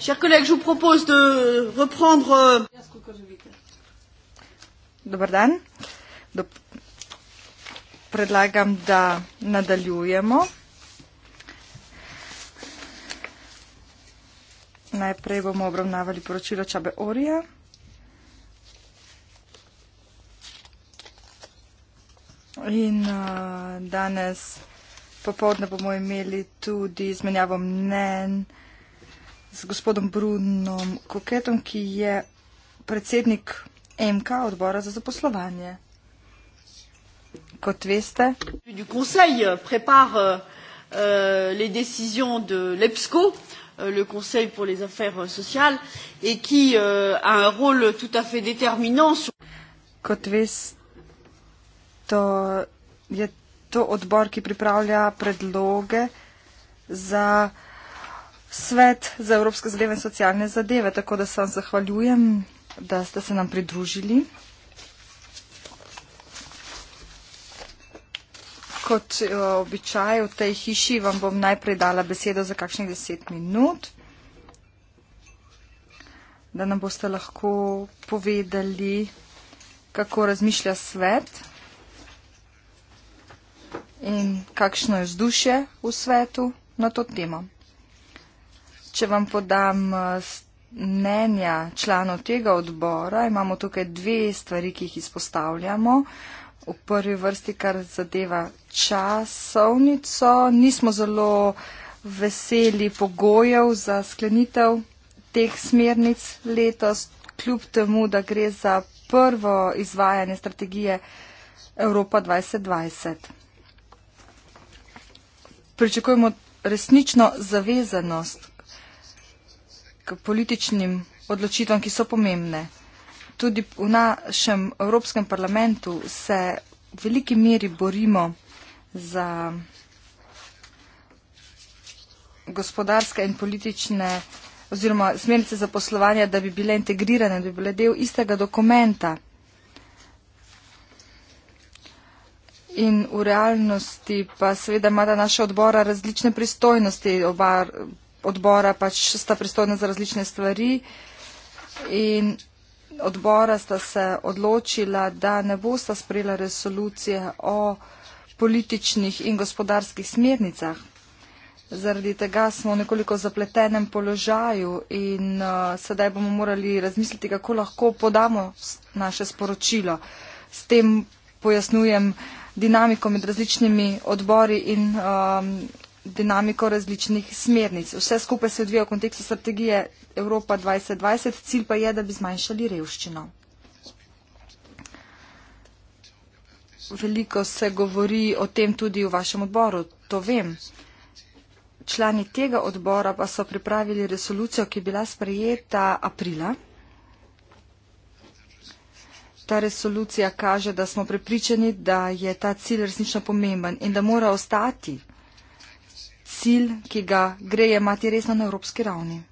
Chers collègues, je vous propose de reprendre. Euh, Dobar dan. Dob... Predlagam, da nadaljujemo. Najprej bomo obravnavali poročilo Čabe Orija. In uh, danes popovdne bomo imeli tudi izmenjavo mnen z gospodom Brunom Koketom, ki je predsednik MK odbora za zaposlovanje. Kot veste. Du conseil prepare uh, les décisions de l'EPSCO, euh, le conseil pour les affaires sociales, et qui uh, a un rôle tout à fait déterminant. Sur... Kot veste, je to odbor, ki pripravlja predloge za svet za evropske zadeve in socialne zadeve, tako da se vam zahvaljujem, da ste se nam pridružili. Kot eh, običaj v tej hiši vam bom najprej dala besedo za kakšnih deset minut, da nam boste lahko povedali, kako razmišlja svet in kakšno je vzdušje v svetu na to temo če vam podam eh, mnenja članov tega odbora, imamo tukaj dve stvari, ki jih izpostavljamo. V prvi vrsti, kar zadeva časovnico, nismo zelo veseli pogojev za sklenitev teh smernic letos, kljub temu, da gre za prvo izvajanje strategije Evropa 2020. Pričakujemo resnično zavezanost k političnim odločitvam, ki so pomembne. Tudi v našem Evropskem parlamentu se v veliki meri borimo za gospodarske in politične oziroma smernice za poslovanje, da bi bile integrirane, da bi bile del istega dokumenta. In v realnosti pa seveda ima ta naša odbora različne pristojnosti, oba odbora pač sta pristojna za različne stvari in odbora sta se odločila, da ne bosta sprejela resolucije o političnih in gospodarskih smernicah. Zaradi tega smo v nekoliko zapletenem položaju in uh, sedaj bomo morali razmisliti, kako lahko podamo naše sporočilo. S tem pojasnjujem dinamiko med različnimi odbori in. Um, dinamiko različnih smernic. Vse skupaj se odvija v kontekstu strategije Evropa 2020, cilj pa je, da bi zmanjšali revščino. Veliko se govori o tem tudi v vašem odboru, to vem. Člani tega odbora pa so pripravili resolucijo, ki je bila sprejeta aprila. Ta resolucija kaže, da smo prepričani, da je ta cilj resnično pomemben in da mora ostati cilj, ki ga gre imati resno na evropski ravni.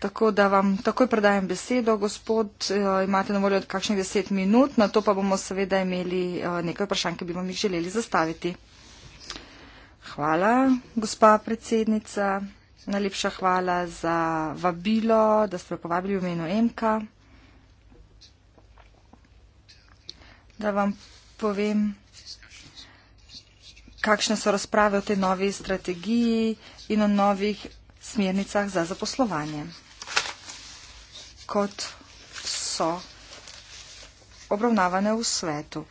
Tako da vam takoj predajem besedo, gospod, eh, imate na voljo kakšnih deset minut, na to pa bomo seveda imeli eh, nekaj vprašanj, ki bi vam jih želeli zastaviti. Hvala, gospa predsednica, najlepša hvala za vabilo, da ste me povabili v imenu Emka. Da vam povem kakšne so razprave o tej novi strategiji in o novih smernicah za zaposlovanje. Kot so obravnavane v svetu.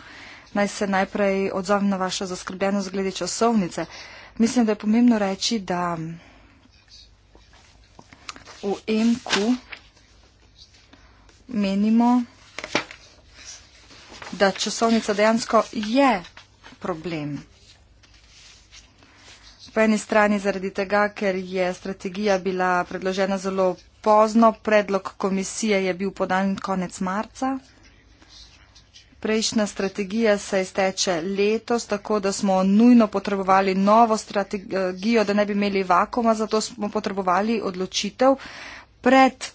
Naj se najprej odzovem na vašo zaskrbljenost glede časovnice. Mislim, da je pomembno reči, da v MQ menimo, da časovnica dejansko je problem eni strani zaradi tega, ker je strategija bila predložena zelo pozno, predlog komisije je bil podan konec marca. Prejšnja strategija se izteče letos, tako da smo nujno potrebovali novo strategijo, da ne bi imeli vakuma, zato smo potrebovali odločitev pred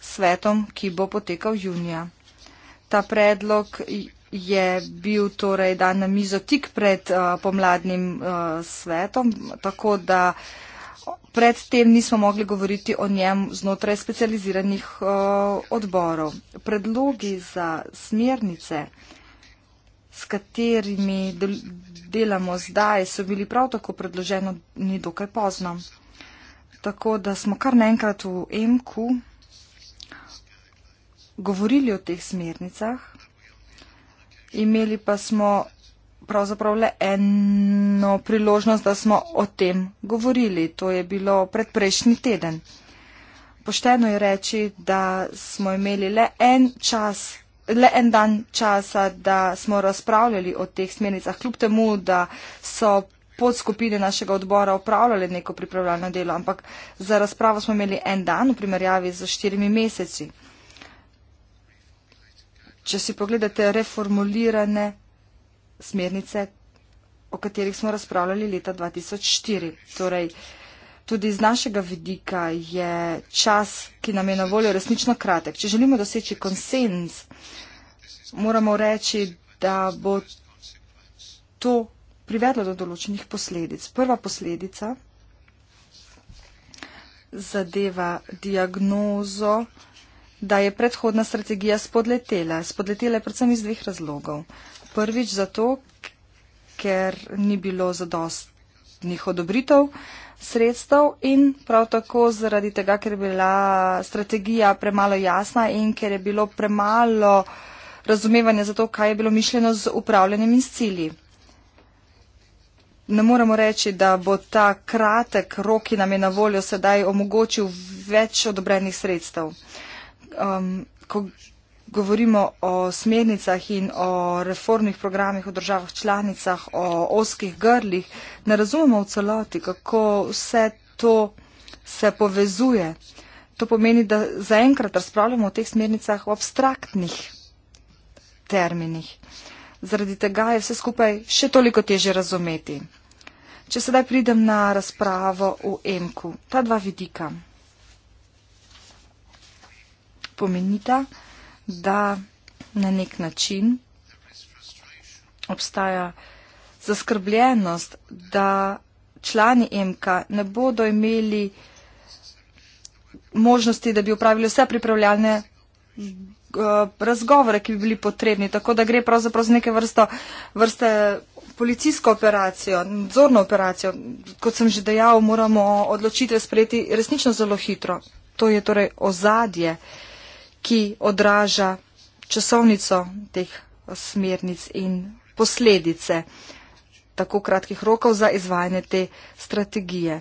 svetom, ki bo potekal junija. Ta predlog je bil torej dan na mizo tik pred uh, pomladnim uh, svetom, tako da predtem nismo mogli govoriti o njem znotraj specializiranih uh, odborov. Predlogi za smernice, s katerimi del delamo zdaj, so bili prav tako predloženo ni dokaj pozno. Tako da smo kar naenkrat v MQ govorili o teh smernicah imeli pa smo pravzaprav le eno priložnost, da smo o tem govorili. To je bilo predprejšnji teden. Pošteno je reči, da smo imeli le en čas. Le en dan časa, da smo razpravljali o teh smernicah, kljub temu, da so podskupine našega odbora upravljali neko pripravljalno delo, ampak za razpravo smo imeli en dan v primerjavi z štirimi meseci če si pogledate reformulirane smernice, o katerih smo razpravljali leta 2004. Torej, tudi z našega vidika je čas, ki nam je na voljo, resnično kratek. Če želimo doseči konsens, moramo reči, da bo to privedlo do določenih posledic. Prva posledica zadeva diagnozo da je predhodna strategija spodletela. Spodletela je predvsem iz dveh razlogov. Prvič zato, ker ni bilo zadostnih odobritev sredstev in prav tako zaradi tega, ker je bila strategija premalo jasna in ker je bilo premalo razumevanja za to, kaj je bilo mišljeno z upravljanjem in s cilji. Ne moremo reči, da bo ta kratek rok, ki nam je na voljo sedaj, omogočil več odobrenih sredstev. Uh, um, ko govorimo o smernicah in o reformnih programih v državah članicah, o oskih grlih, ne razumemo v celoti, kako vse to se povezuje. To pomeni, da zaenkrat razpravljamo o teh smernicah v abstraktnih terminih. Zaradi tega je vse skupaj še toliko teže razumeti. Če sedaj pridem na razpravo v EMK-u, ta dva vidika pomenita, da na nek način obstaja zaskrbljenost, da člani MK ne bodo imeli možnosti, da bi upravili vse pripravljalne eh, razgovore, ki bi bili potrebni. Tako da gre pravzaprav za neke vrsto, vrste policijsko operacijo, nadzorno operacijo. Kot sem že dejal, moramo odločitve sprejeti resnično zelo hitro. To je torej ozadje. Uh, ki odraža časovnico teh smernic in posledice tako kratkih rokov za izvajanje te strategije.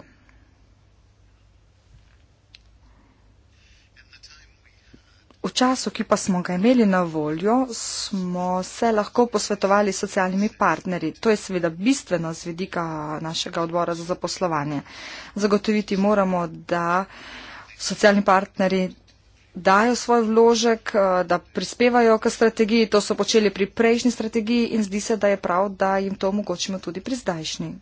V času, ki pa smo ga imeli na voljo, smo se lahko posvetovali s socialnimi partnerji. To je seveda bistveno z vedika našega odbora za zaposlovanje. Zagotoviti moramo, da socialni partnerji dajo svoj vložek, eh, da prispevajo k strategiji. To so počeli pri prejšnji strategiji in zdi se, da je prav, da jim to omogočimo tudi pri zdajšnji.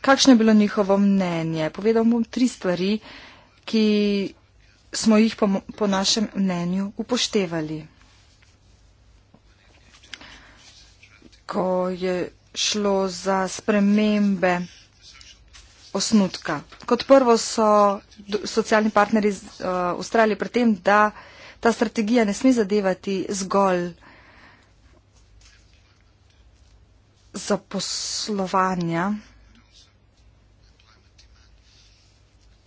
Kakšno je bilo njihovo mnenje? Povedal bom tri stvari, ki smo jih po, po našem mnenju upoštevali. Ko je šlo za spremembe osnutka. Kot prvo so socialni partneri uh, ustrajali pri tem, da ta strategija ne sme zadevati zgolj zaposlovanja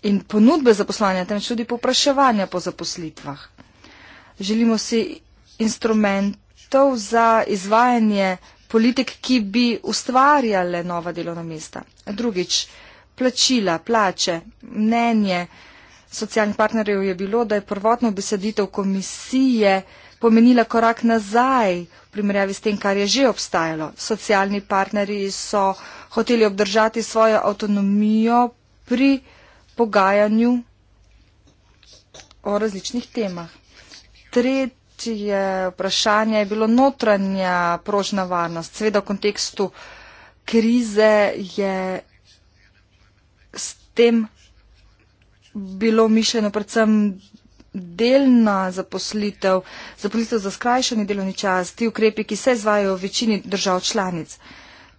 in ponudbe zaposlovanja, temveč tudi popraševanja po zaposlitvah. Želimo si instrumentov za izvajanje politik, ki bi ustvarjale nova delovna mesta. Drugič, uh, plačila, plače, mnenje socialnih partnerjev je bilo, da je prvotno beseditev komisije pomenila korak nazaj v primerjavi s tem, kar je že obstajalo. Socialni partnerji so hoteli obdržati svojo avtonomijo pri pogajanju o različnih temah. Tretje vprašanje je bilo notranja prožna varnost. Sveda v kontekstu krize je tem bilo mišljeno predvsem delna zaposlitev, zaposlitev za skrajšanje delovni čas, ti ukrepi, ki se izvajo v večini držav članic.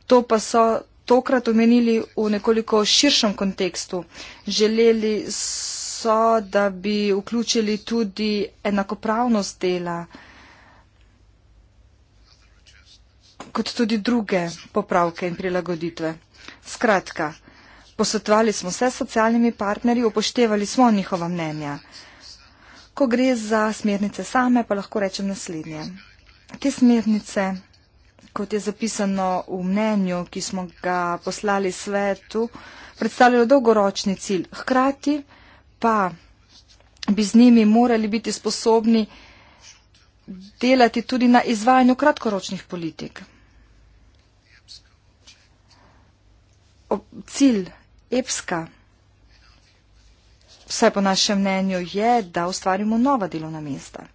To pa so tokrat omenili v nekoliko širšem kontekstu. Želeli so, da bi vključili tudi enakopravnost dela kot tudi druge popravke in prilagoditve. Skratka, Posvetovali smo se s socialnimi partnerji, upoštevali smo njihova mnenja. Ko gre za smernice same, pa lahko rečem naslednje. Te smernice, kot je zapisano v mnenju, ki smo ga poslali svetu, predstavljajo dolgoročni cilj. Hkrati pa bi z njimi morali biti sposobni delati tudi na izvajanju kratkoročnih politik. Cilj EPSKA. Vse po našem mnenju je, da ustvarimo nova delovna mesta.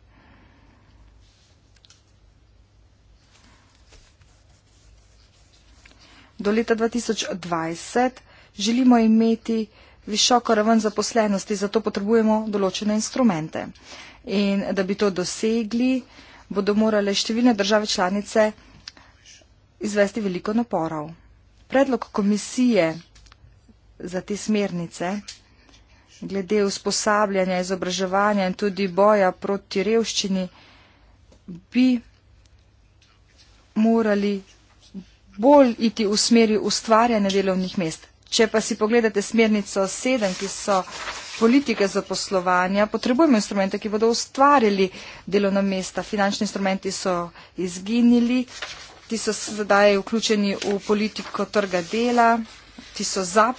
Do leta 2020 želimo imeti visoko raven zaposlenosti, zato potrebujemo določene instrumente. In da bi to dosegli, bodo morale številne države članice izvesti veliko naporov. Predlog komisije za te smernice glede usposabljanja, izobraževanja in tudi boja proti revščini, bi morali bolj iti v smeri ustvarjanja delovnih mest. Če pa si pogledate smernico 7, ki so politike za poslovanja, potrebujemo instrumente, ki bodo ustvarjali delovna mesta. Finančni instrumenti so izginili, ti so sedaj vključeni v politiko trga dela, ti so za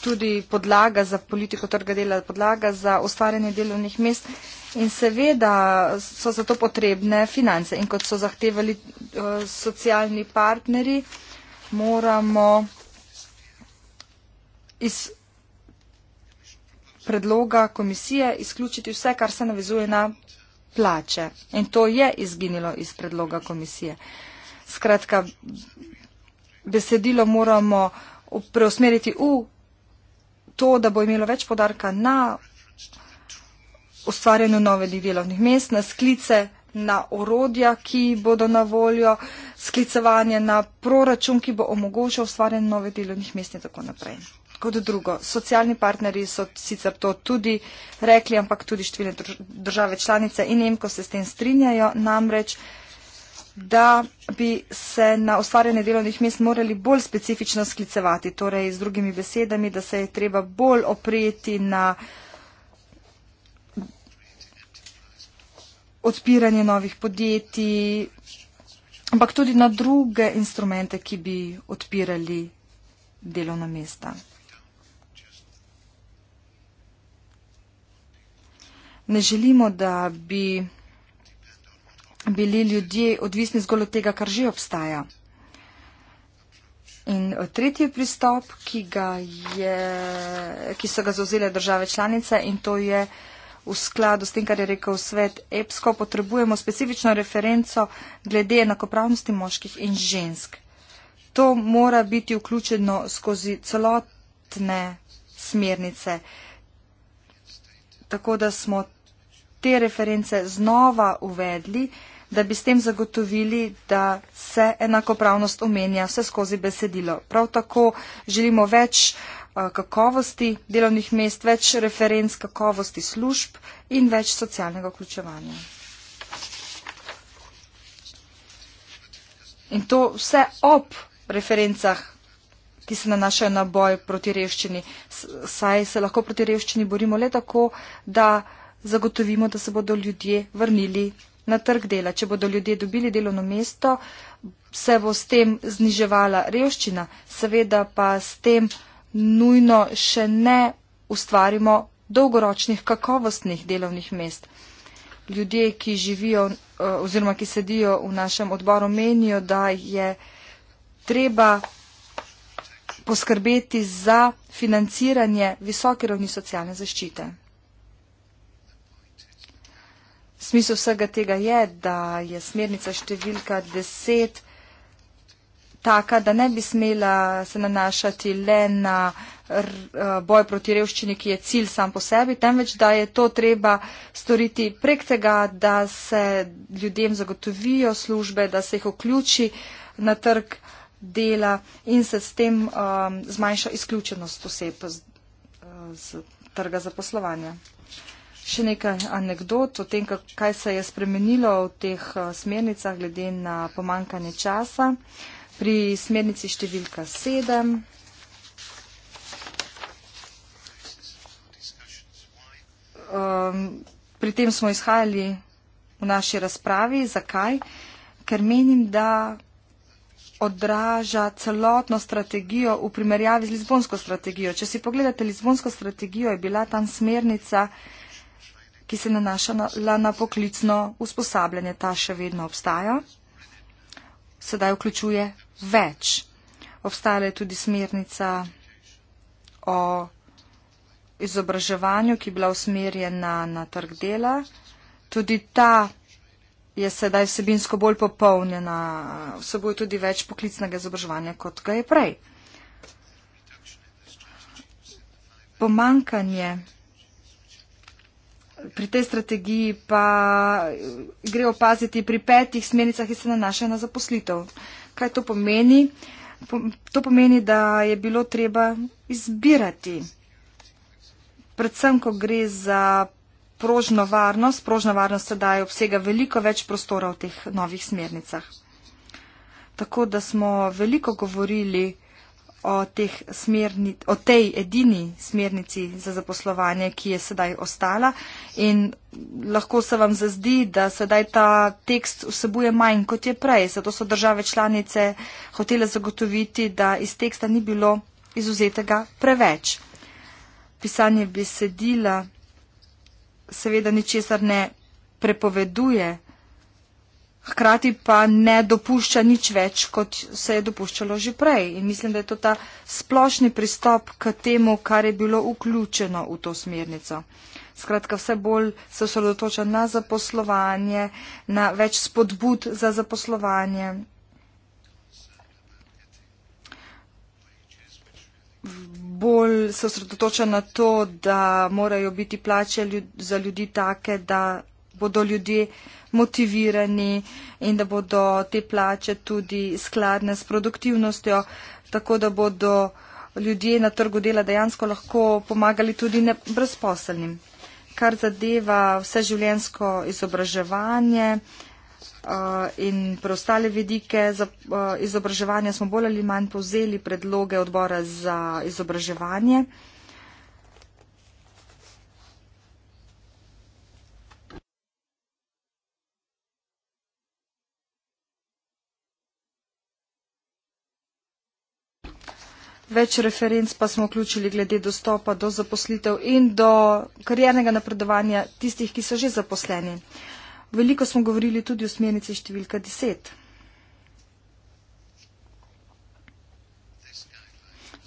tudi podlaga za politiko trga dela, podlaga za ustvarjanje delovnih mest in seveda so za to potrebne finance. In kot so zahtevali uh, socialni partneri, moramo iz predloga komisije izključiti vse, kar se navezuje na plače. In to je izginilo iz predloga komisije. Skratka, besedilo moramo preusmeriti v to, da bo imelo več podarka na ustvarjanju novih delovnih mest, na sklice, na orodja, ki bodo na voljo, sklicevanje na proračun, ki bo omogočal ustvarjanje novih delovnih mest in tako naprej. Kot drugo, socialni partneri so sicer to tudi rekli, ampak tudi številne države članice in Nemko se s tem strinjajo, namreč da bi se na ustvarjanje delovnih mest morali bolj specifično sklicevati, torej z drugimi besedami, da se je treba bolj oprijeti na odpiranje novih podjetij, ampak tudi na druge instrumente, ki bi odpirali delovna mesta. Ne želimo, da bi bili ljudje odvisni zgolj od tega, kar že obstaja. In eh, tretji pristop, ki, je, ki so ga zauzele države članice in to je v skladu s tem, kar je rekel svet EPSKO, potrebujemo specifično referenco glede enakopravnosti moških in žensk. To mora biti vključeno skozi celotne smernice. Tako da smo te reference znova uvedli. Uh, da bi s tem zagotovili, da se enakopravnost omenja vse skozi besedilo. Prav tako želimo več eh, kakovosti delovnih mest, več referenc kakovosti služb in več socialnega vključevanja. In to vse ob referencah, ki se nanašajo na boj proti revščini. Saj se lahko proti revščini borimo le tako, da zagotovimo, da se bodo ljudje vrnili na trg dela. Če bodo ljudje dobili delovno mesto, se bo s tem zniževala revščina, seveda pa s tem nujno še ne ustvarimo dolgoročnih kakovostnih delovnih mest. Ljudje, ki živijo eh, oziroma ki sedijo v našem odboru, menijo, da je treba poskrbeti za financiranje visoke ravni socialne zaščite. Smisel vsega tega je, da je smernica številka 10 taka, da ne bi smela se nanašati le na eh, boj proti revščini, ki je cilj sam po sebi, temveč da je to treba storiti prek tega, da se ljudem zagotovijo službe, da se jih vključi na trg dela in se s tem um, zmanjša izključenost oseb z, eh, z trga zaposlovanja. Še nekaj anegdot o tem, kaj se je spremenilo v teh eh, smernicah glede na pomankanje časa. Pri smernici številka 7. Um, ehm, pri tem smo izhajali v naši razpravi. Zakaj? Ker menim, da odraža celotno strategijo v primerjavi z Lizbonsko strategijo. Če si pogledate Lizbonsko strategijo, je bila tam smernica ki se nanaša na, na poklicno usposabljanje, ta še vedno obstaja. Sedaj vključuje več. Obstala je tudi smernica o izobraževanju, ki je bila usmerjena na trg dela. Tudi ta je sedaj vsebinsko bolj popolnjena, vsebuje tudi več poklicnega izobraževanja, kot ga je prej. Pomankanje pri tej strategiji pa eh, gre opaziti pri petih smernicah, ki se nanašajo na zaposlitev. Kaj to pomeni? To pomeni, da je bilo treba izbirati. Predvsem, ko gre za prožno varnost, prožna varnost sedaj obsega veliko več prostora v teh novih smernicah. Tako da smo veliko govorili o, smerni, o tej edini smernici za zaposlovanje, ki je sedaj ostala. In lahko se vam zazdi, da sedaj ta tekst vsebuje manj kot je prej. Zato so države članice hotele zagotoviti, da iz teksta ni bilo izuzetega preveč. Pisanje besedila seveda ničesar ne prepoveduje hkrati pa ne dopušča nič več, kot se je dopuščalo že prej. In mislim, da je to ta splošni pristop k temu, kar je bilo vključeno v to smernico. Skratka, vse bolj se osredotoča na zaposlovanje, na več spodbud za zaposlovanje. Bolj se osredotoča na to, da morajo biti plače ljud, za ljudi take, da bodo ljudje motivirani in da bodo te plače tudi skladne s produktivnostjo, tako da bodo ljudje na trgu dela dejansko lahko pomagali tudi brezposelnim. Kar zadeva vseživljensko izobraževanje eh, in preostale vidike za eh, izobraževanje, smo bolj ali manj povzeli predloge odbora za izobraževanje. več referenc pa smo vključili glede dostopa do zaposlitev in do karjernega napredovanja tistih, ki so že zaposleni. Veliko smo govorili tudi o smernici številka 10.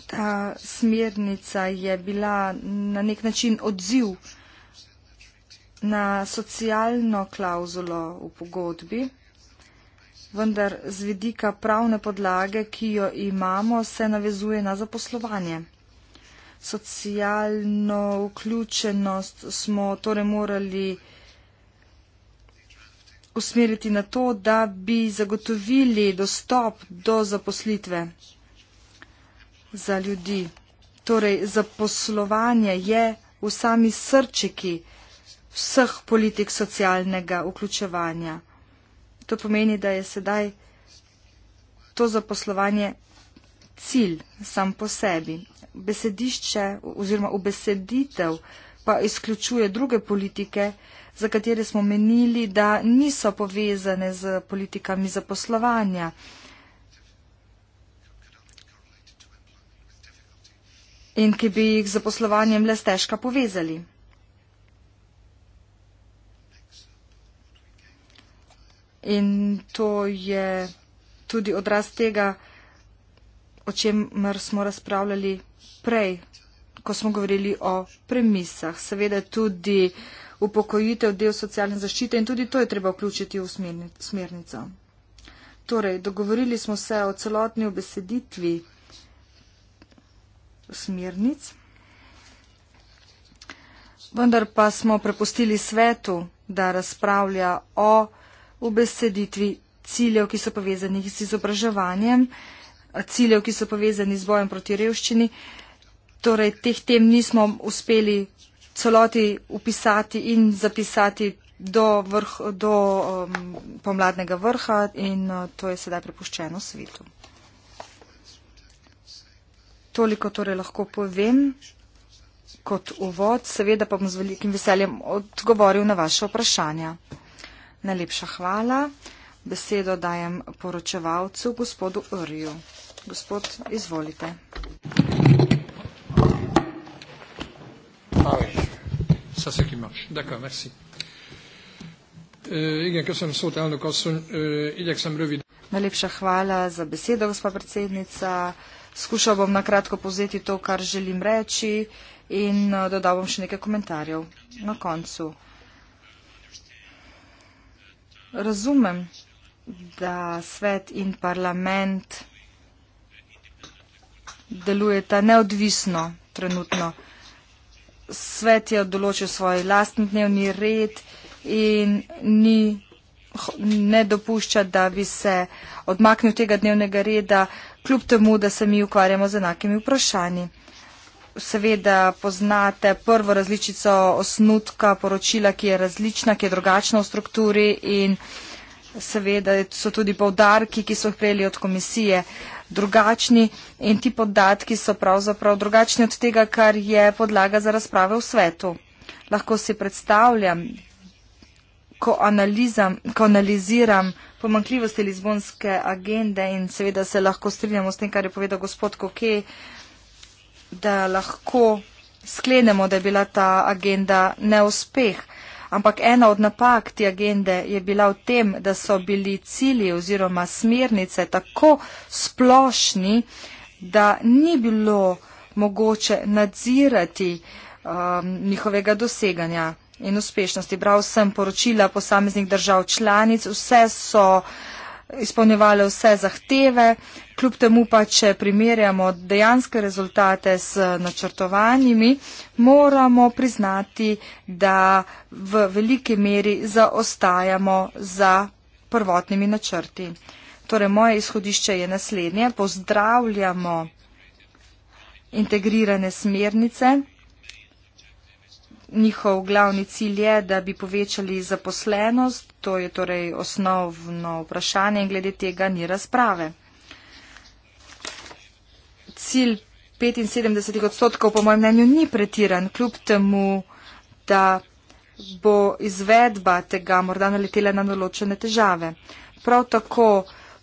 Ta smernica je bila na nek način odziv na socialno klauzulo v pogodbi vendar z vidika pravne podlage, ki jo imamo, se navezuje na zaposlovanje. Socialno vključenost smo torej morali usmeriti na to, da bi zagotovili dostop do zaposlitve za ljudi. Torej, zaposlovanje je v sami srčiki vseh politik socialnega vključevanja. To pomeni, da je sedaj to zaposlovanje cilj sam po sebi. Besedišče oziroma obeseditev pa izključuje druge politike, za katere smo menili, da niso povezane z politikami zaposlovanja. In ki bi jih z zaposlovanjem le stežka povezali. In to je tudi odraz tega, o čem smo razpravljali prej, ko smo govorili o premisah. Seveda tudi upokojitev del socialne zaščite in tudi to je treba vključiti v smernico. Torej, dogovorili smo se o celotni obeseditvi smernic, vendar pa smo prepustili svetu, da razpravlja o v beseditvi ciljev, ki so povezani z izobraževanjem, ciljev, ki so povezani z bojem proti revščini. Torej, teh tem nismo uspeli celoti upisati in zapisati do, vrh, do um, pomladnega vrha in uh, to je sedaj prepuščeno svetu. Toliko torej lahko povem kot uvod, seveda pa bom z velikim veseljem odgovoril na vaše vprašanja. Najlepša hvala. Besedo dajem poročevalcu, gospodu Urju. Gospod, izvolite. Ah Ça, ce qui marche. D'accord, merci. Euh, euh, Najlepša hvala za besedo, gospa predsednica. Skušal bom na kratko povzeti to, kar želim reči in dodal bom še nekaj komentarjev na koncu razumem, da svet in parlament delujeta neodvisno trenutno. Svet je določil svoj lastni dnevni red in ni, ne dopušča, da bi se odmaknil tega dnevnega reda, kljub temu, da se mi ukvarjamo z enakimi vprašanji seveda poznate prvo različico osnutka poročila, ki je različna, ki je drugačna v strukturi in seveda so tudi povdarki, ki so jih prejeli od komisije, drugačni in ti podatki so pravzaprav drugačni od tega, kar je podlaga za razprave v svetu. Lahko si predstavljam, ko, analizam, ko analiziram pomankljivosti Lizbonske agende in seveda se lahko strinjamo s tem, kar je povedal gospod Koke, uh, da lahko sklenemo, da je bila ta agenda neuspeh. Ampak ena od napak te agende je bila v tem, da so bili cilji oziroma smernice tako splošni, da ni bilo mogoče nadzirati um, njihovega doseganja in uspešnosti. Bral sem poročila posameznih držav članic, vse so uh, izpolnjevale vse zahteve, kljub temu pa, če primerjamo dejanske rezultate s načrtovanjimi, moramo priznati, da v veliki meri zaostajamo za prvotnimi načrti. Torej, moje izhodišče je naslednje. Pozdravljamo integrirane smernice. Njihov glavni cilj je, da bi povečali zaposlenost, to je torej osnovno vprašanje in glede tega ni razprave. Cilj 75 odstotkov po mojem mnenju ni pretiran, kljub temu, da bo izvedba tega morda naletela na določene težave. Prav tako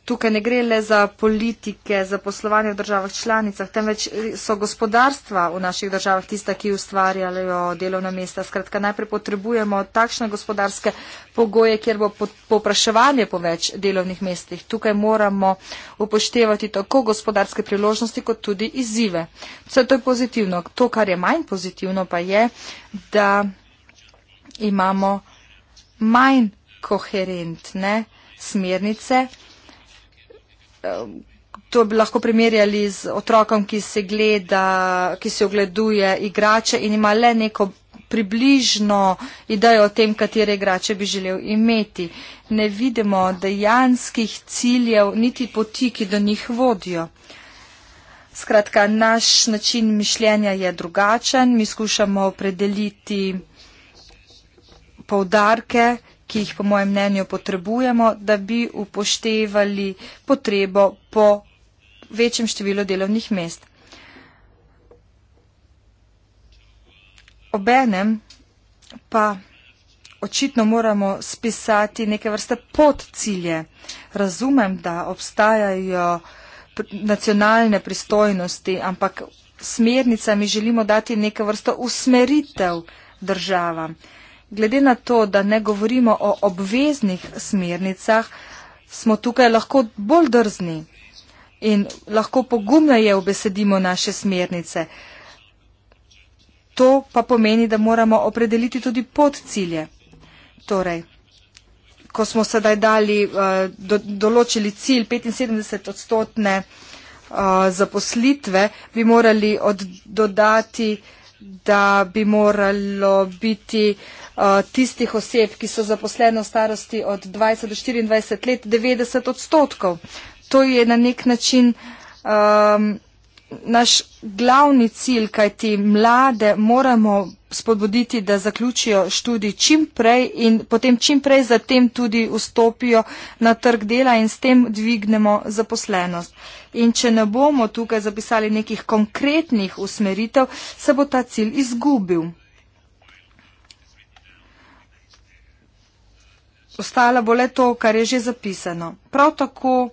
tukaj ne gre le za politike, za poslovanje v državah članicah, temveč so gospodarstva v naših državah tista, ki ustvarjajo delovna mesta. Skratka, najprej potrebujemo takšne gospodarske pogoje, kjer bo popraševanje po več delovnih mestih. Tukaj moramo upoštevati tako gospodarske priložnosti, kot tudi izzive. Vse to je pozitivno. To, kar je manj pozitivno, pa je, da imamo manj koherentne smernice, Eh, to bi lahko primerjali z otrokom, ki se gleda, ki se ogleduje igrače in ima le neko približno idejo o tem, katere igrače bi želel imeti. Ne vidimo dejanskih ciljev, niti poti, ki do njih vodijo. Skratka, naš način mišljenja je drugačen, mi skušamo opredeliti poudarke, ki jih po mojem mnenju potrebujemo, da bi upoštevali potrebo po večjem številu delovnih mest. Obenem pa očitno moramo spisati neke vrste podcilje. Razumem, da obstajajo nacionalne pristojnosti, ampak smernicami želimo dati neke vrste usmeritev državam glede na to, da ne govorimo o obveznih smernicah, smo tukaj lahko bolj drzni in lahko pogumneje obesedimo naše smernice. To pa pomeni, da moramo opredeliti tudi pod cilje. Torej, ko smo sedaj dali, eh, do, določili cilj 75 odstotne eh, zaposlitve, bi morali od, dodati, da bi moralo biti uh, Eh, tistih oseb, ki so zaposlene v starosti od 20 do 24 let, 90 odstotkov. To je na nek način um, naš glavni cilj, kajti mlade moramo spodbuditi, da zaključijo študij čim prej in potem čim prej zatem tudi vstopijo na trg dela in s tem dvignemo zaposlenost. In če ne bomo tukaj zapisali nekih konkretnih usmeritev, se bo ta cilj izgubil. ostala bo le to, kar je že zapisano. Prav tako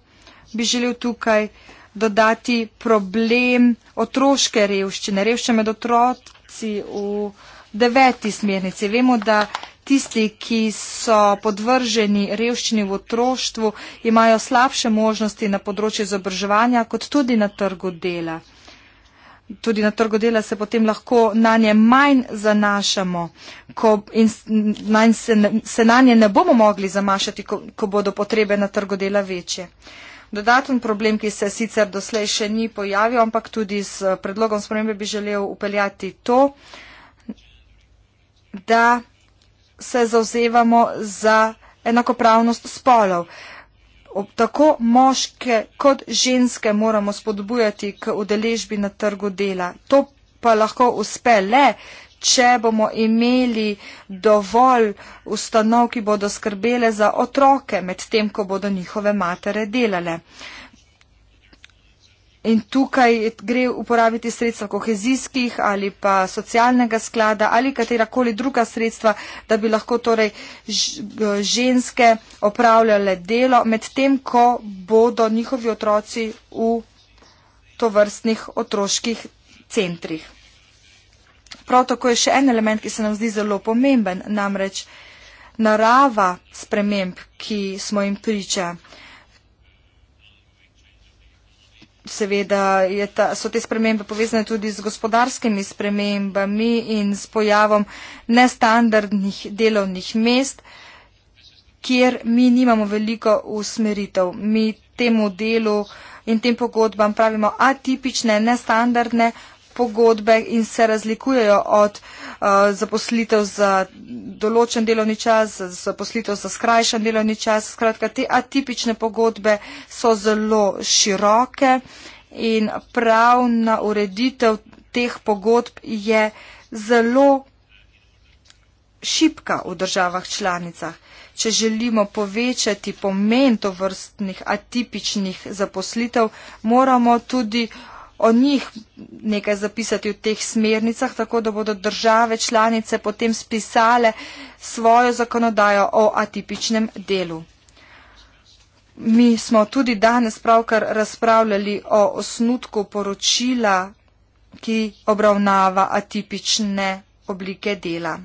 bi želel tukaj dodati problem otroške revščine, revščine med otroci v deveti smernici. Vemo, da tisti, ki so podvrženi revščini v otroštvu, imajo slabše možnosti na področju izobraževanja kot tudi na trgu dela tudi na trgu dela se potem lahko na nje manj zanašamo ko, in na se, se na nje ne bomo mogli zamašati, ko, ko bodo potrebe na trgu dela večje. Dodaten problem, ki se sicer doslej še ni pojavil, ampak tudi s predlogom spremembe bi želel upeljati to, da se zauzevamo za enakopravnost spolov. Uh, ob tako moške kot ženske moramo spodbujati k udeležbi na trgu dela. To pa lahko uspe le, če bomo imeli dovolj ustanov, ki bodo skrbele za otroke, medtem ko bodo njihove matere delale. In tukaj gre uporabiti sredstva kohezijskih ali pa socialnega sklada ali katerakoli druga sredstva, da bi lahko torej ženske opravljale delo, medtem ko bodo njihovi otroci v tovrstnih otroških centrih. Prav tako je še en element, ki se nam zdi zelo pomemben, namreč narava sprememb, ki smo jim pričali. Seveda ta, so te spremembe povezane tudi z gospodarskimi spremembami in s pojavom nestandardnih delovnih mest, kjer mi nimamo veliko usmeritev. Mi temu delu in tem pogodbam pravimo atipične, nestandardne pogodbe in se razlikujejo od uh, Eh, zaposlitev za določen delovni čas, zaposlitev za skrajšan delovni čas. Skratka, te atipične pogodbe so zelo široke in pravna ureditev teh pogodb je zelo šipka v državah članicah. Če želimo povečati pomen to vrstnih atipičnih zaposlitev, moramo tudi uh, o njih nekaj zapisati v teh smernicah, tako da bodo države članice potem spisale svojo zakonodajo o atipičnem delu. Mi smo tudi danes pravkar razpravljali o osnutku poročila, ki obravnava atipične oblike dela.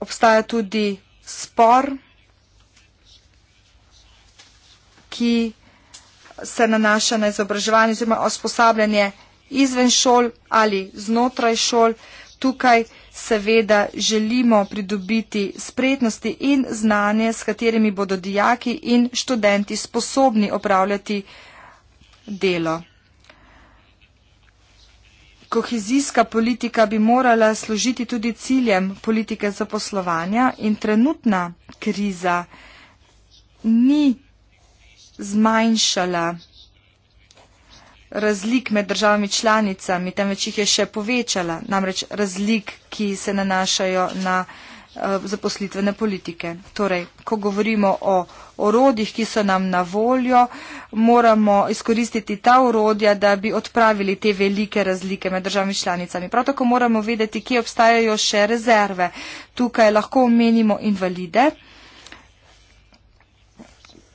Obstaja tudi spor, ki se nanaša na izobraževanje oziroma osposabljanje izven šol ali znotraj šol. Tukaj seveda želimo pridobiti spretnosti in znanje, s katerimi bodo dijaki in študenti sposobni opravljati delo. Kohezijska politika bi morala služiti tudi ciljem politike zaposlovanja in trenutna kriza ni zmanjšala razlik med državami članicami, temveč jih je še povečala, namreč razlik, ki se nanašajo na eh, zaposlitvene politike. Torej, ko govorimo o orodjih, ki so nam na voljo, moramo izkoristiti ta orodja, da bi odpravili te velike razlike med državami članicami. Prav tako moramo vedeti, kje obstajajo še rezerve. Tukaj lahko omenimo invalide,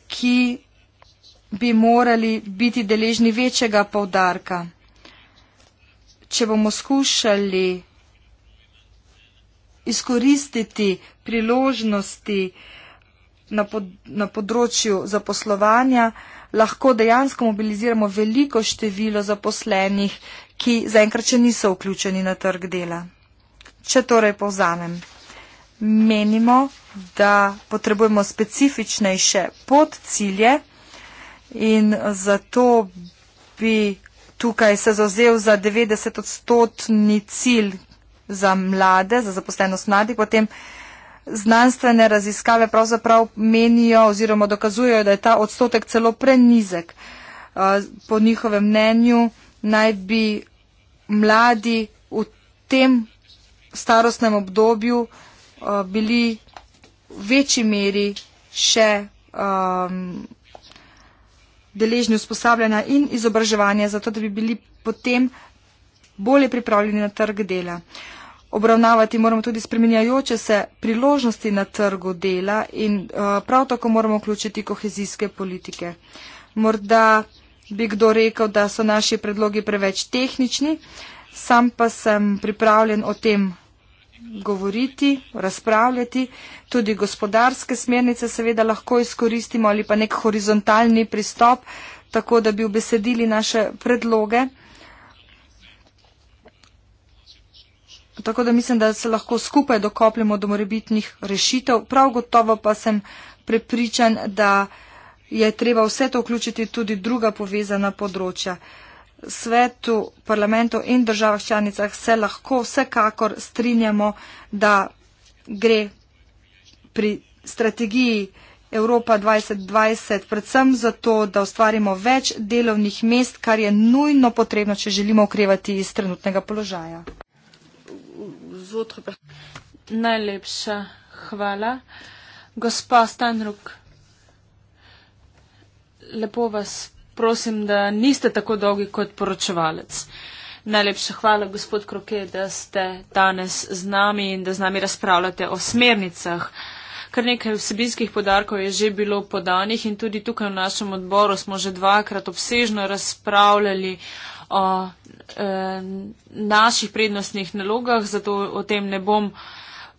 ki bi morali biti deležni večjega povdarka. Če bomo skušali izkoristiti priložnosti na, pod, na področju zaposlovanja, lahko dejansko mobiliziramo veliko število zaposlenih, ki zaenkrat še niso vključeni na trg dela. Če torej povzamem, menimo, da potrebujemo specifičnejše podcilje, in zato bi tukaj se zauzel za 90 odstotni cilj za mlade, za zaposlenost mladih, potem znanstvene raziskave pravzaprav menijo oziroma dokazujejo, da je ta odstotek celo prenizek. Eh, po njihovem mnenju naj bi mladi v tem starostnem obdobju eh, bili v večji meri še um, deležni usposabljanja in izobraževanja, zato da bi bili potem bolje pripravljeni na trg dela. Obravnavati moramo tudi spremenjajoče se priložnosti na trgu dela in eh, prav tako moramo vključiti kohezijske politike. Morda bi kdo rekel, da so naši predlogi preveč tehnični, sam pa sem pripravljen o tem govoriti, razpravljati. Tudi gospodarske smernice seveda lahko izkoristimo ali pa nek horizontalni pristop, tako da bi obesedili naše predloge. Tako da mislim, da se lahko skupaj dokopljamo do morebitnih rešitev. Prav gotovo pa sem prepričan, da je treba vse to vključiti tudi druga povezana področja svetu, parlamentu in državah članicah se lahko vsekakor strinjamo, da gre pri strategiji Evropa 2020 predvsem zato, da ustvarimo več delovnih mest, kar je nujno potrebno, če želimo ukrevati iz trenutnega položaja. Najlepša hvala. Gospa Stanruk, lepo vas prosim, da niste tako dolgi kot poročevalec. Najlepša hvala, gospod Kroke, da ste danes z nami in da z nami razpravljate o smernicah. Kar nekaj vsebinskih podarkov je že bilo podanih in tudi tukaj v našem odboru smo že dvakrat obsežno razpravljali o e, naših prednostnih nalogah, zato o tem ne bom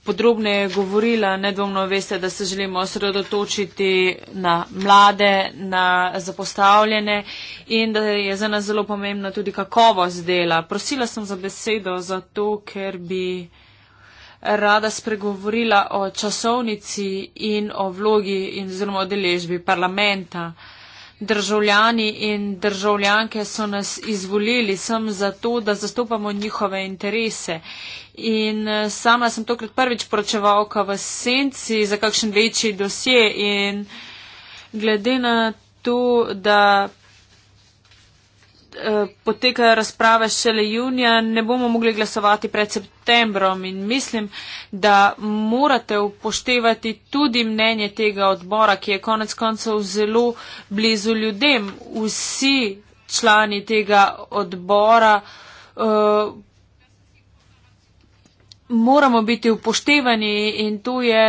podrobneje govorila, nedvomno veste, da se želimo osredotočiti na mlade, na zapostavljene in da je za nas zelo pomembna tudi kakovost dela. Prosila sem za besedo zato, ker bi rada spregovorila o časovnici in o vlogi in zelo o deležbi parlamenta državljani in državljanke so nas izvolili sem zato, da zastopamo njihove interese. In eh, sama sem tokrat prvič poročevalka v senci za kakšen večji dosje in glede na to, da Eh, potekajo razprave šele junija, ne bomo mogli glasovati pred septembrom in mislim, da morate upoštevati tudi mnenje tega odbora, ki je konec koncev zelo blizu ljudem. Vsi člani tega odbora eh, moramo biti upoštevani in to je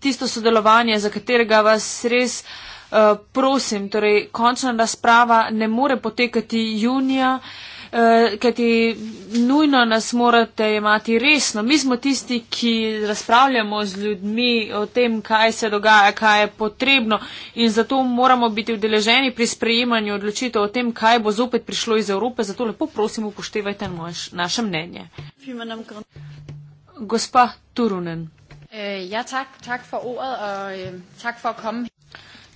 tisto sodelovanje, za katerega vas res. Eh, prosim, torej končna razprava ne more potekati junija, eh, kajti nujno nas morate imati resno. Mi smo tisti, ki razpravljamo z ljudmi o tem, kaj se dogaja, kaj je potrebno in zato moramo biti vdeleženi pri sprejemanju odločitev o tem, kaj bo zopet prišlo iz Evrope. Zato lepo prosim, upoštevajte naš, naše mnenje. Gospa Turunen. Eh, ja, tak, tak for ordet, og tak for at komme.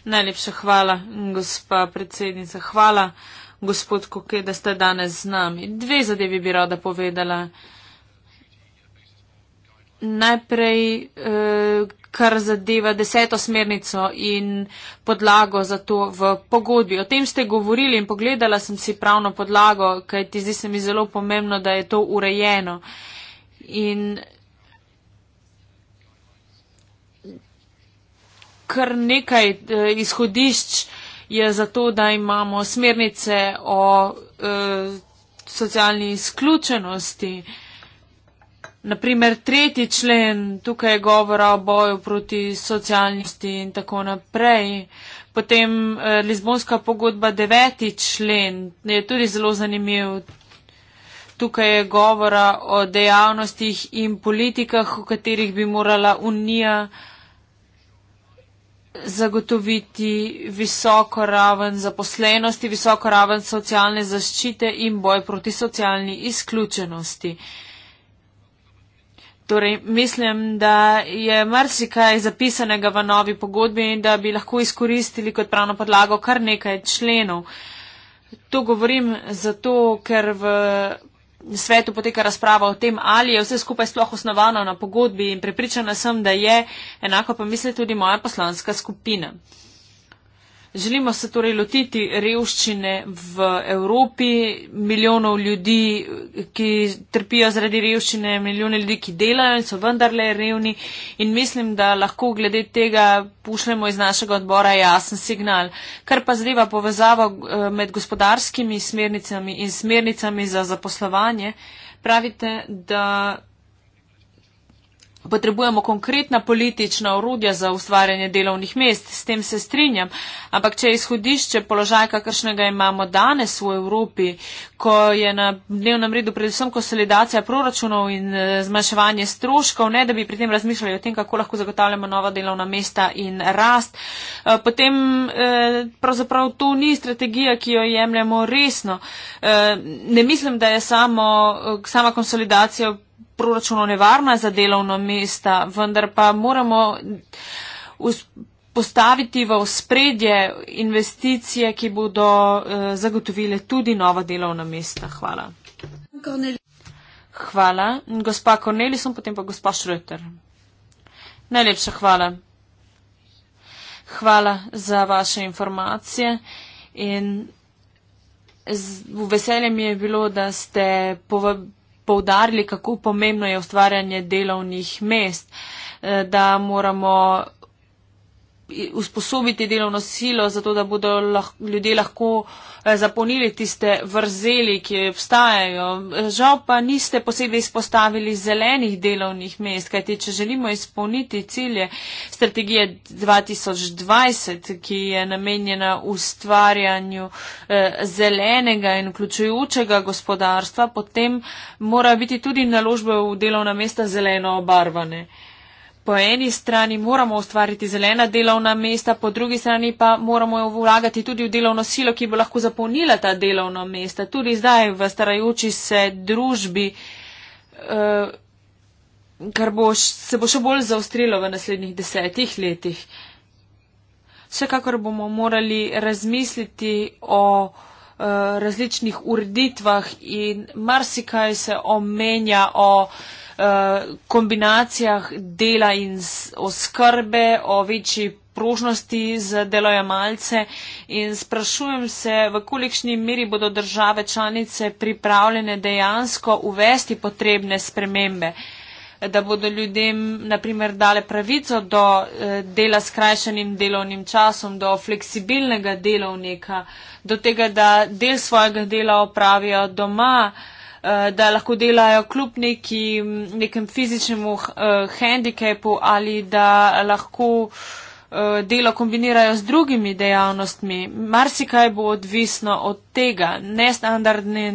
Najlepša hvala, gospa predsednica. Hvala, gospod Koke, da ste danes z nami. Dve zadevi bi rada povedala. Najprej, eh, kar zadeva deseto smernico in podlago za to v pogodbi. O tem ste govorili in pogledala sem si pravno podlago, kajti zdi se mi zelo pomembno, da je to urejeno. In kar nekaj eh, izhodišč je za to, da imamo smernice o uh, socialni izključenosti. Naprimer, tretji člen, tukaj je govora o boju proti socialnosti in tako naprej. Potem uh, Lizbonska pogodba, deveti člen, je tudi zelo zanimiv. Tukaj je govora o dejavnostih in politikah, v katerih bi morala unija uh, zagotoviti visoko raven zaposlenosti, visoko raven socialne zaščite in boj proti socialni izključenosti. Torej, mislim, da je marsikaj zapisanega v novi pogodbi in da bi lahko izkoristili kot pravno podlago kar nekaj členov. To govorim zato, ker v svetu poteka razprava o tem, ali je vse skupaj sploh osnovano na pogodbi in prepričana sem, da je enako pa misli tudi moja poslanska skupina. Želimo se torej lotiti revščine v Evropi, milijonov ljudi, ki trpijo zaradi revščine, milijone ljudi, ki delajo in so vendarle revni in mislim, da lahko glede tega pušljemo iz našega odbora jasen signal. Kar pa zadeva povezavo eh, med gospodarskimi smernicami in smernicami za zaposlovanje, pravite, da Potrebujemo konkretna politična urodja za ustvarjanje delovnih mest, s tem se strinjam, ampak če je izhodišče položaja, kakršnega imamo danes v Evropi, ko je na dnevnem redu predvsem konsolidacija proračunov in eh, zmanjševanje stroškov, ne da bi pri tem razmišljali o tem, kako lahko zagotavljamo nova delovna mesta in rast, eh, potem eh, pravzaprav to ni strategija, ki jo jemljamo resno. Ne mislim, da je samo, sama konsolidacija proračunov nevarna za delovno mesta, vendar pa moramo postaviti v spredje investicije, ki bodo eh, zagotovile tudi nova delovna mesta. Hvala. Hvala. Gospa Kornelison, potem pa gospa Šrötter. Najlepša hvala. Hvala za vaše informacije in z, v veselje mi je bilo, da ste povabili poudarili, kako pomembno je ustvarjanje delovnih mest, eh, da moramo usposobiti delovno silo, zato da bodo lahko, ljudje lahko eh, zapolnili tiste vrzeli, ki obstajajo. Žal pa niste posebej izpostavili zelenih delovnih mest, kajti če želimo izpolniti cilje strategije 2020, ki je namenjena ustvarjanju eh, zelenega in vključujočega gospodarstva, potem mora biti tudi naložbe v delovna mesta zeleno obarvane. Eh, po eni strani moramo ustvariti zelena delovna mesta, po drugi strani pa moramo vlagati tudi v delovno silo, ki bo lahko zapolnila ta delovna mesta. Tudi zdaj v starajoči se družbi, uh, kar bo se bo še bolj zaostrilo v naslednjih desetih letih. Vsekakor bomo morali razmisliti o uh, različnih ureditvah in marsikaj se omenja o uh, Eh, kombinacijah dela in oskrbe, o večji prožnosti za delojemalce in sprašujem se, v kolikšni meri bodo države članice pripravljene dejansko uvesti potrebne spremembe, da bodo ljudem naprimer dale pravico do eh, dela s krajšanim delovnim časom, do fleksibilnega delovnika, do tega, da del svojega dela opravijo doma. Eh, da lahko delajo kljub neki, nekem fizičnemu eh, handikepu ali da lahko eh, delo kombinirajo z drugimi dejavnostmi. Marsikaj bo odvisno od tega. Nestandardne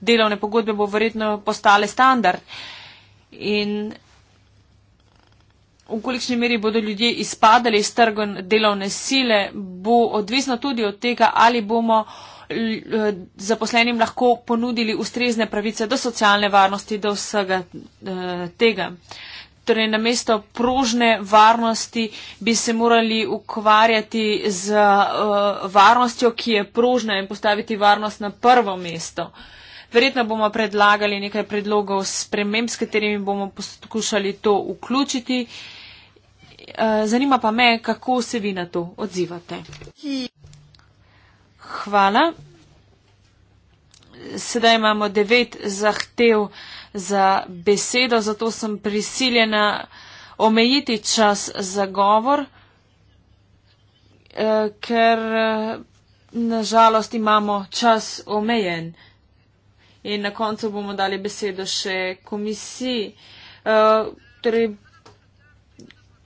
delovne pogodbe bo verjetno postale standard. In v kolikšni meri bodo ljudje izpadali iz trga delovne sile, bo odvisno tudi od tega, ali bomo Eh, zaposlenim lahko ponudili ustrezne pravice do socialne varnosti, do vsega eh, tega. Torej, namesto prožne varnosti bi se morali ukvarjati z eh, varnostjo, ki je prožna in postaviti varnost na prvo mesto. Verjetno bomo predlagali nekaj predlogov sprememb, s katerimi bomo poskušali to vključiti. Zanima pa me, kako se vi na to odzivate. Hvala. Sedaj imamo devet zahtev za besedo, zato sem prisiljena omejiti čas za govor, eh, ker eh, nažalost imamo čas omejen. In na koncu bomo dali besedo še komisiji. Eh, torej,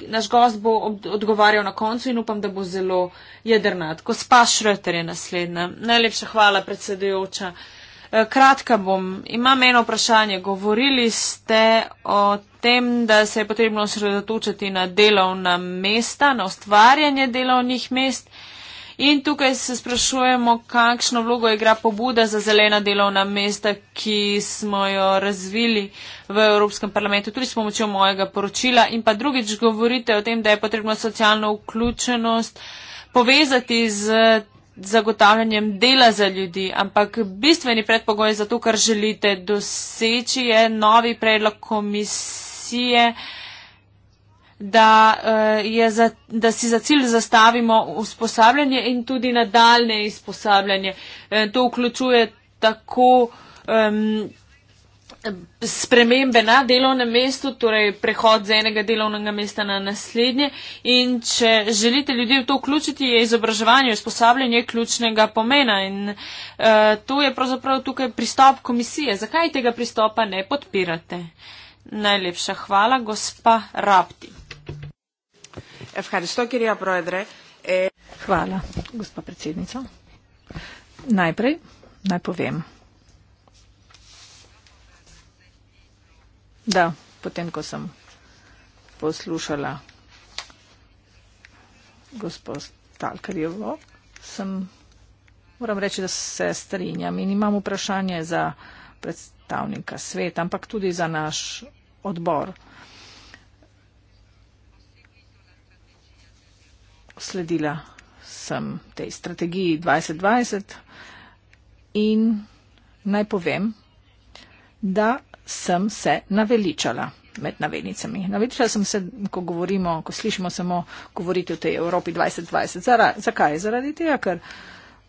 naš gost bo odgovarjal na koncu in upam, da bo zelo jedrnat. Gospa Šreter je naslednja. Najlepša hvala, predsedujoča. Eh, kratka bom, imam eno vprašanje. Govorili ste o tem, da se je potrebno osredotočiti na delovna mesta, na ustvarjanje delovnih mest. In tukaj se sprašujemo, kakšno vlogo igra pobuda za zelena delovna mesta, ki smo jo razvili v Evropskem parlamentu, tudi s pomočjo mojega poročila. In pa drugič govorite o tem, da je potrebno socialno vključenost povezati z zagotavljanjem dela za ljudi, ampak bistveni predpogoj za to, kar želite doseči, je novi predlog komisije. Uh, da, eh, za, da si za cilj zastavimo usposabljanje in tudi nadaljne izposabljanje. Eh, to vključuje tako um, spremembe na delovnem mestu, torej prehod z enega delovnega mesta na naslednje in če želite ljudi v to vključiti, je izobraževanje, usposabljanje ključnega pomena in uh, to je pravzaprav tukaj pristop komisije. Zakaj tega pristopa ne podpirate? Najlepša hvala, gospa Rapti. Hvala, gospod predsednica. Najprej naj povem, da potem, ko sem poslušala gospod Stalkarjevo, sem, moram reči, da se strinjam in imam vprašanje za predstavnika sveta, ampak tudi za naš odbor. sledila sem tej strategiji 2020 in naj povem, da sem se naveličala med navednicami. Naveličala sem se, ko govorimo, ko slišimo samo govoriti o tej Evropi 2020. Zara, zakaj? Zaradi tega, ker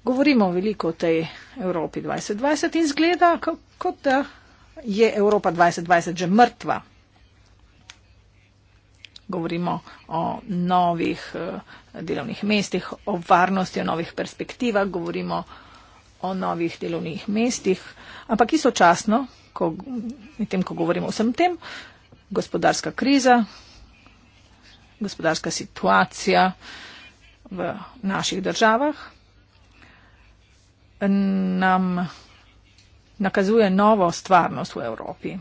govorimo veliko o tej Evropi 2020 in zgleda, kot da je Evropa 2020 že mrtva govorimo o novih eh, delovnih mestih, o varnosti, o novih perspektivah, govorimo o novih delovnih mestih, ampak istočasno, ko, tem, ko govorimo o vsem tem, gospodarska kriza, gospodarska situacija v naših državah nam nakazuje novo stvarnost v Evropi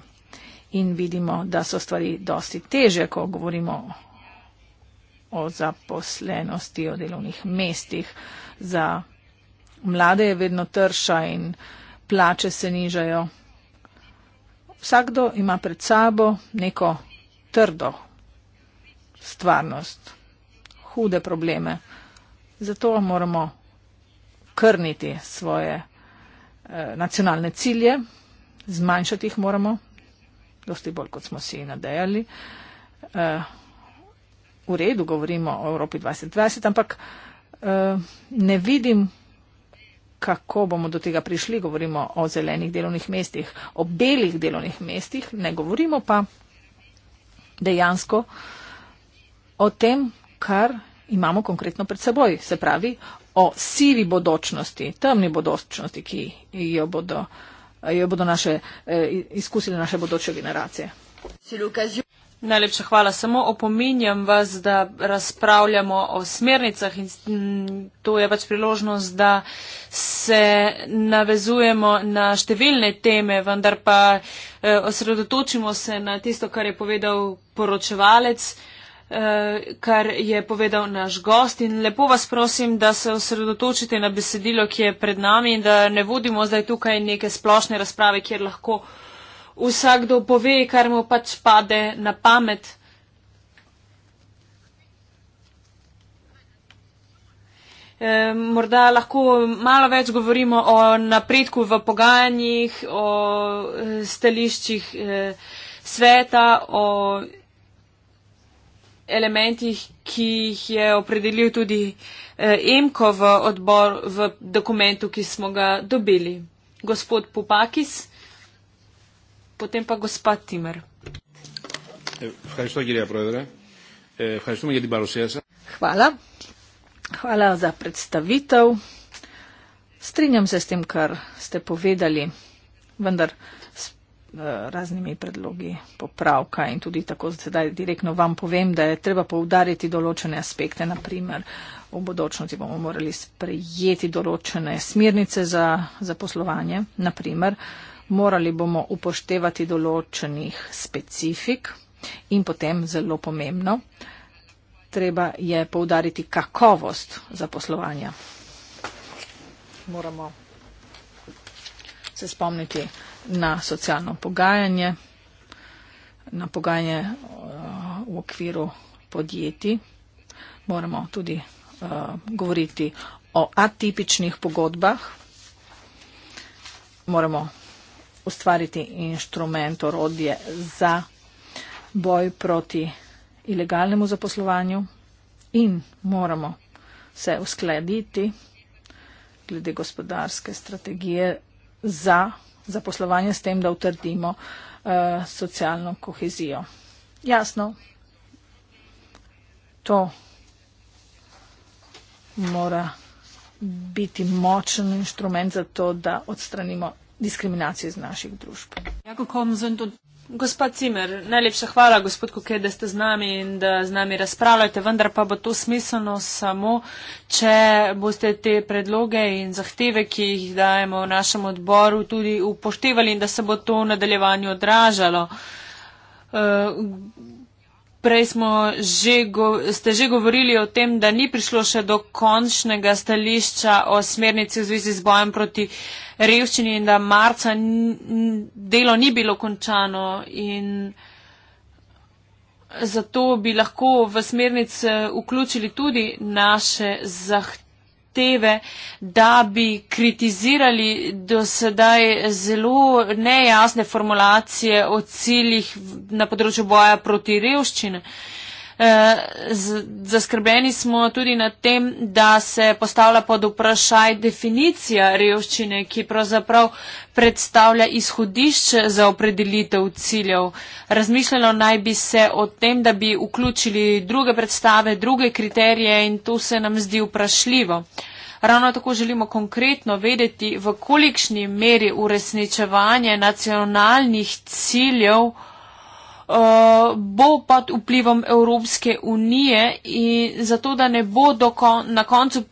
in vidimo, da so stvari dosti teže, ko govorimo o zaposlenosti, o delovnih mestih. Za mlade je vedno trša in plače se nižajo. Vsakdo ima pred sabo neko trdo stvarnost, hude probleme. Zato moramo krniti svoje eh, nacionalne cilje, zmanjšati jih moramo dosti bolj, kot smo si nadejali. Eh, v redu govorimo o Evropi 2020, ampak eh, ne vidim, kako bomo do tega prišli. Govorimo o zelenih delovnih mestih, o belih delovnih mestih, ne govorimo pa dejansko o tem, kar imamo konkretno pred seboj. Se pravi, o sivi bodočnosti, temni bodočnosti, ki jo bodo jo bodo naše, eh, izkusile naše bodoče generacije. Najlepša hvala. Samo opominjam vas, da razpravljamo o smernicah in to je pač priložnost, da se navezujemo na številne teme, vendar pa eh, osredotočimo se na tisto, kar je povedal poročevalec. Eh, kar je povedal naš gost in lepo vas prosim, da se osredotočite na besedilo, ki je pred nami in da ne vodimo zdaj tukaj neke splošne razprave, kjer lahko vsakdo pove, kar mu pač pade na pamet. Eh, morda lahko malo več govorimo o napredku v pogajanjih, o eh, stališčih sveta, o elementih, ki jih je opredelil tudi eh, Emko v odbor v dokumentu, ki smo ga dobili. Gospod Popakis, potem pa gospod Timer. Eh, hvala. Hvala za predstavitev. Strinjam se s tem, kar ste povedali, vendar. Eh, raznimi predlogi popravka in tudi tako sedaj direktno vam povem, da je treba poudariti določene aspekte, naprimer v bodočnosti bomo morali sprejeti določene smirnice za, za poslovanje, naprimer morali bomo upoštevati določenih specifik in potem zelo pomembno, treba je poudariti kakovost za poslovanje. Moramo se spomniti, na socialno pogajanje, na pogajanje eh, v okviru podjetij. Moramo tudi eh, govoriti o atipičnih pogodbah. Moramo ustvariti inštrument, orodje za boj proti ilegalnemu zaposlovanju in moramo se uskladiti glede gospodarske strategije za zaposlovanje s tem, da utrdimo eh, socialno kohezijo. Jasno, to mora biti močen inštrument za to, da odstranimo diskriminacijo iz naših družb. Ja, Gospa Cimer, najlepša hvala, gospod Kuke, da ste z nami in da z nami razpravljate, vendar pa bo to smiselno samo, če boste te predloge in zahteve, ki jih dajemo v našem odboru, tudi upoštevali in da se bo to v nadaljevanju odražalo. Eh, prej smo že, ste že govorili o tem, da ni prišlo še do končnega stališča o smernici v zvezi z bojem proti revščini in da marca delo ni bilo končano in zato bi lahko v smernic eh, vključili tudi naše zahteve, da bi kritizirali do sedaj zelo nejasne formulacije o ciljih na področju boja proti revščini. Zaskrbeni smo tudi nad tem, da se postavlja pod vprašaj definicija revščine, ki pravzaprav predstavlja izhodišče za opredelitev ciljev. Razmišljalo naj bi se o tem, da bi vključili druge predstave, druge kriterije in to se nam zdi vprašljivo. Ravno tako želimo konkretno vedeti, v kolikšni meri uresničevanje nacionalnih ciljev bo pod vplivom Evropske unije in zato, da ne bo kon, na koncu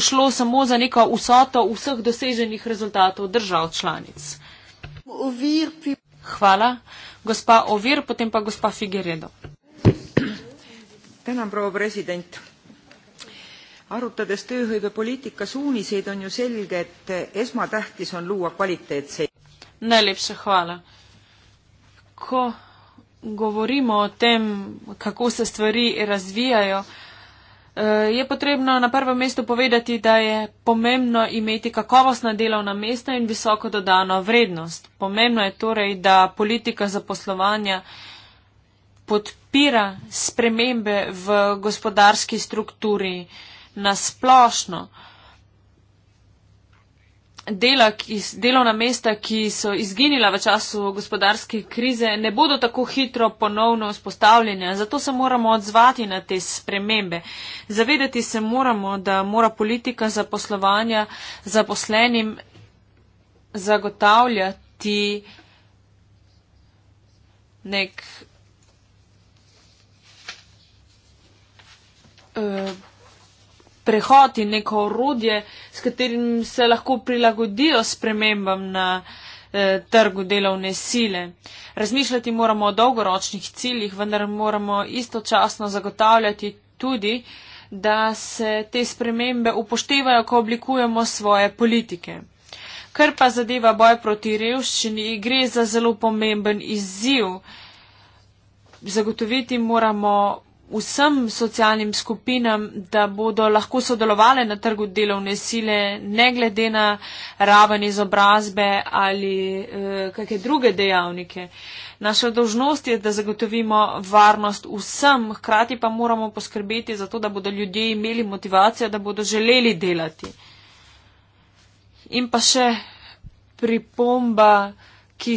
šlo samo za neko vsoto vseh doseženih rezultatov držav članic. Hvala. Gospa Ovir, potem pa gospa Figueredo. Tänan, proua president. Arutades tööhõive poliitika suuniseid, on ju selge, et esmatähtis on luua kvaliteetseid. Najlepša hvala. Ko govorimo o tem, kako se stvari razvijajo, eh, je potrebno na prvem mestu povedati, da je pomembno imeti kakovostna delovna mesta in visoko dodano vrednost. Pomembno je torej, da politika zaposlovanja podpira spremembe v gospodarski strukturi na splošno. Uh, dela, ki, delovna mesta, ki so izginila v času gospodarske krize, ne bodo tako hitro ponovno vzpostavljena. Zato se moramo odzvati na te spremembe. Zavedati se moramo, da mora politika zaposlovanja zaposlenim zagotavljati nek. Uh, prehod in neko orodje, s katerim se lahko prilagodijo spremembam na eh, trgu delovne sile. Razmišljati moramo o dolgoročnih ciljih, vendar moramo istočasno zagotavljati tudi, da se te spremembe upoštevajo, ko oblikujemo svoje politike. Kar pa zadeva boj proti revščini, gre za zelo pomemben izziv. Zagotoviti moramo vsem socialnim skupinam, da bodo lahko sodelovali na trgu delovne sile, ne glede na raven izobrazbe ali eh, kakšne druge dejavnike. Naša dožnost je, da zagotovimo varnost vsem, hkrati pa moramo poskrbeti za to, da bodo ljudje imeli motivacijo, da bodo želeli delati. In pa še pripomba, ki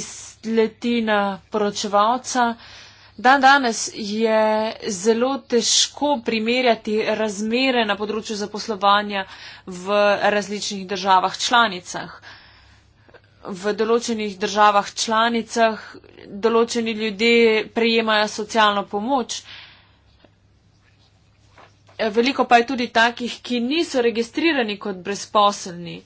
leti na poročevalca. Eh, Dan danes je zelo težko primerjati razmere na področju zaposlovanja v različnih državah članicah. V določenih državah članicah določeni ljudje prejemajo socialno pomoč. Veliko pa je tudi takih, ki niso registrirani kot brezposelni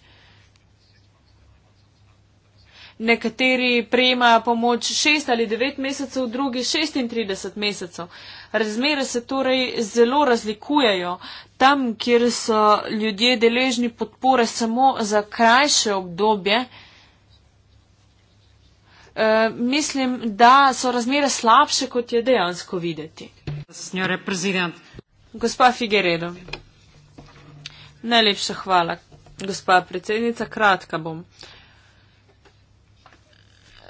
nekateri prejemajo pomoč 6 ali 9 mesecev, drugi 36 mesecev. Razmere se torej zelo razlikujejo. Tam, kjer so ljudje deležni podpore samo za krajše obdobje, e, mislim, da so razmere slabše, kot je dejansko videti. Gospa Figueredo. Najlepša hvala, gospa predsednica. Kratka bom.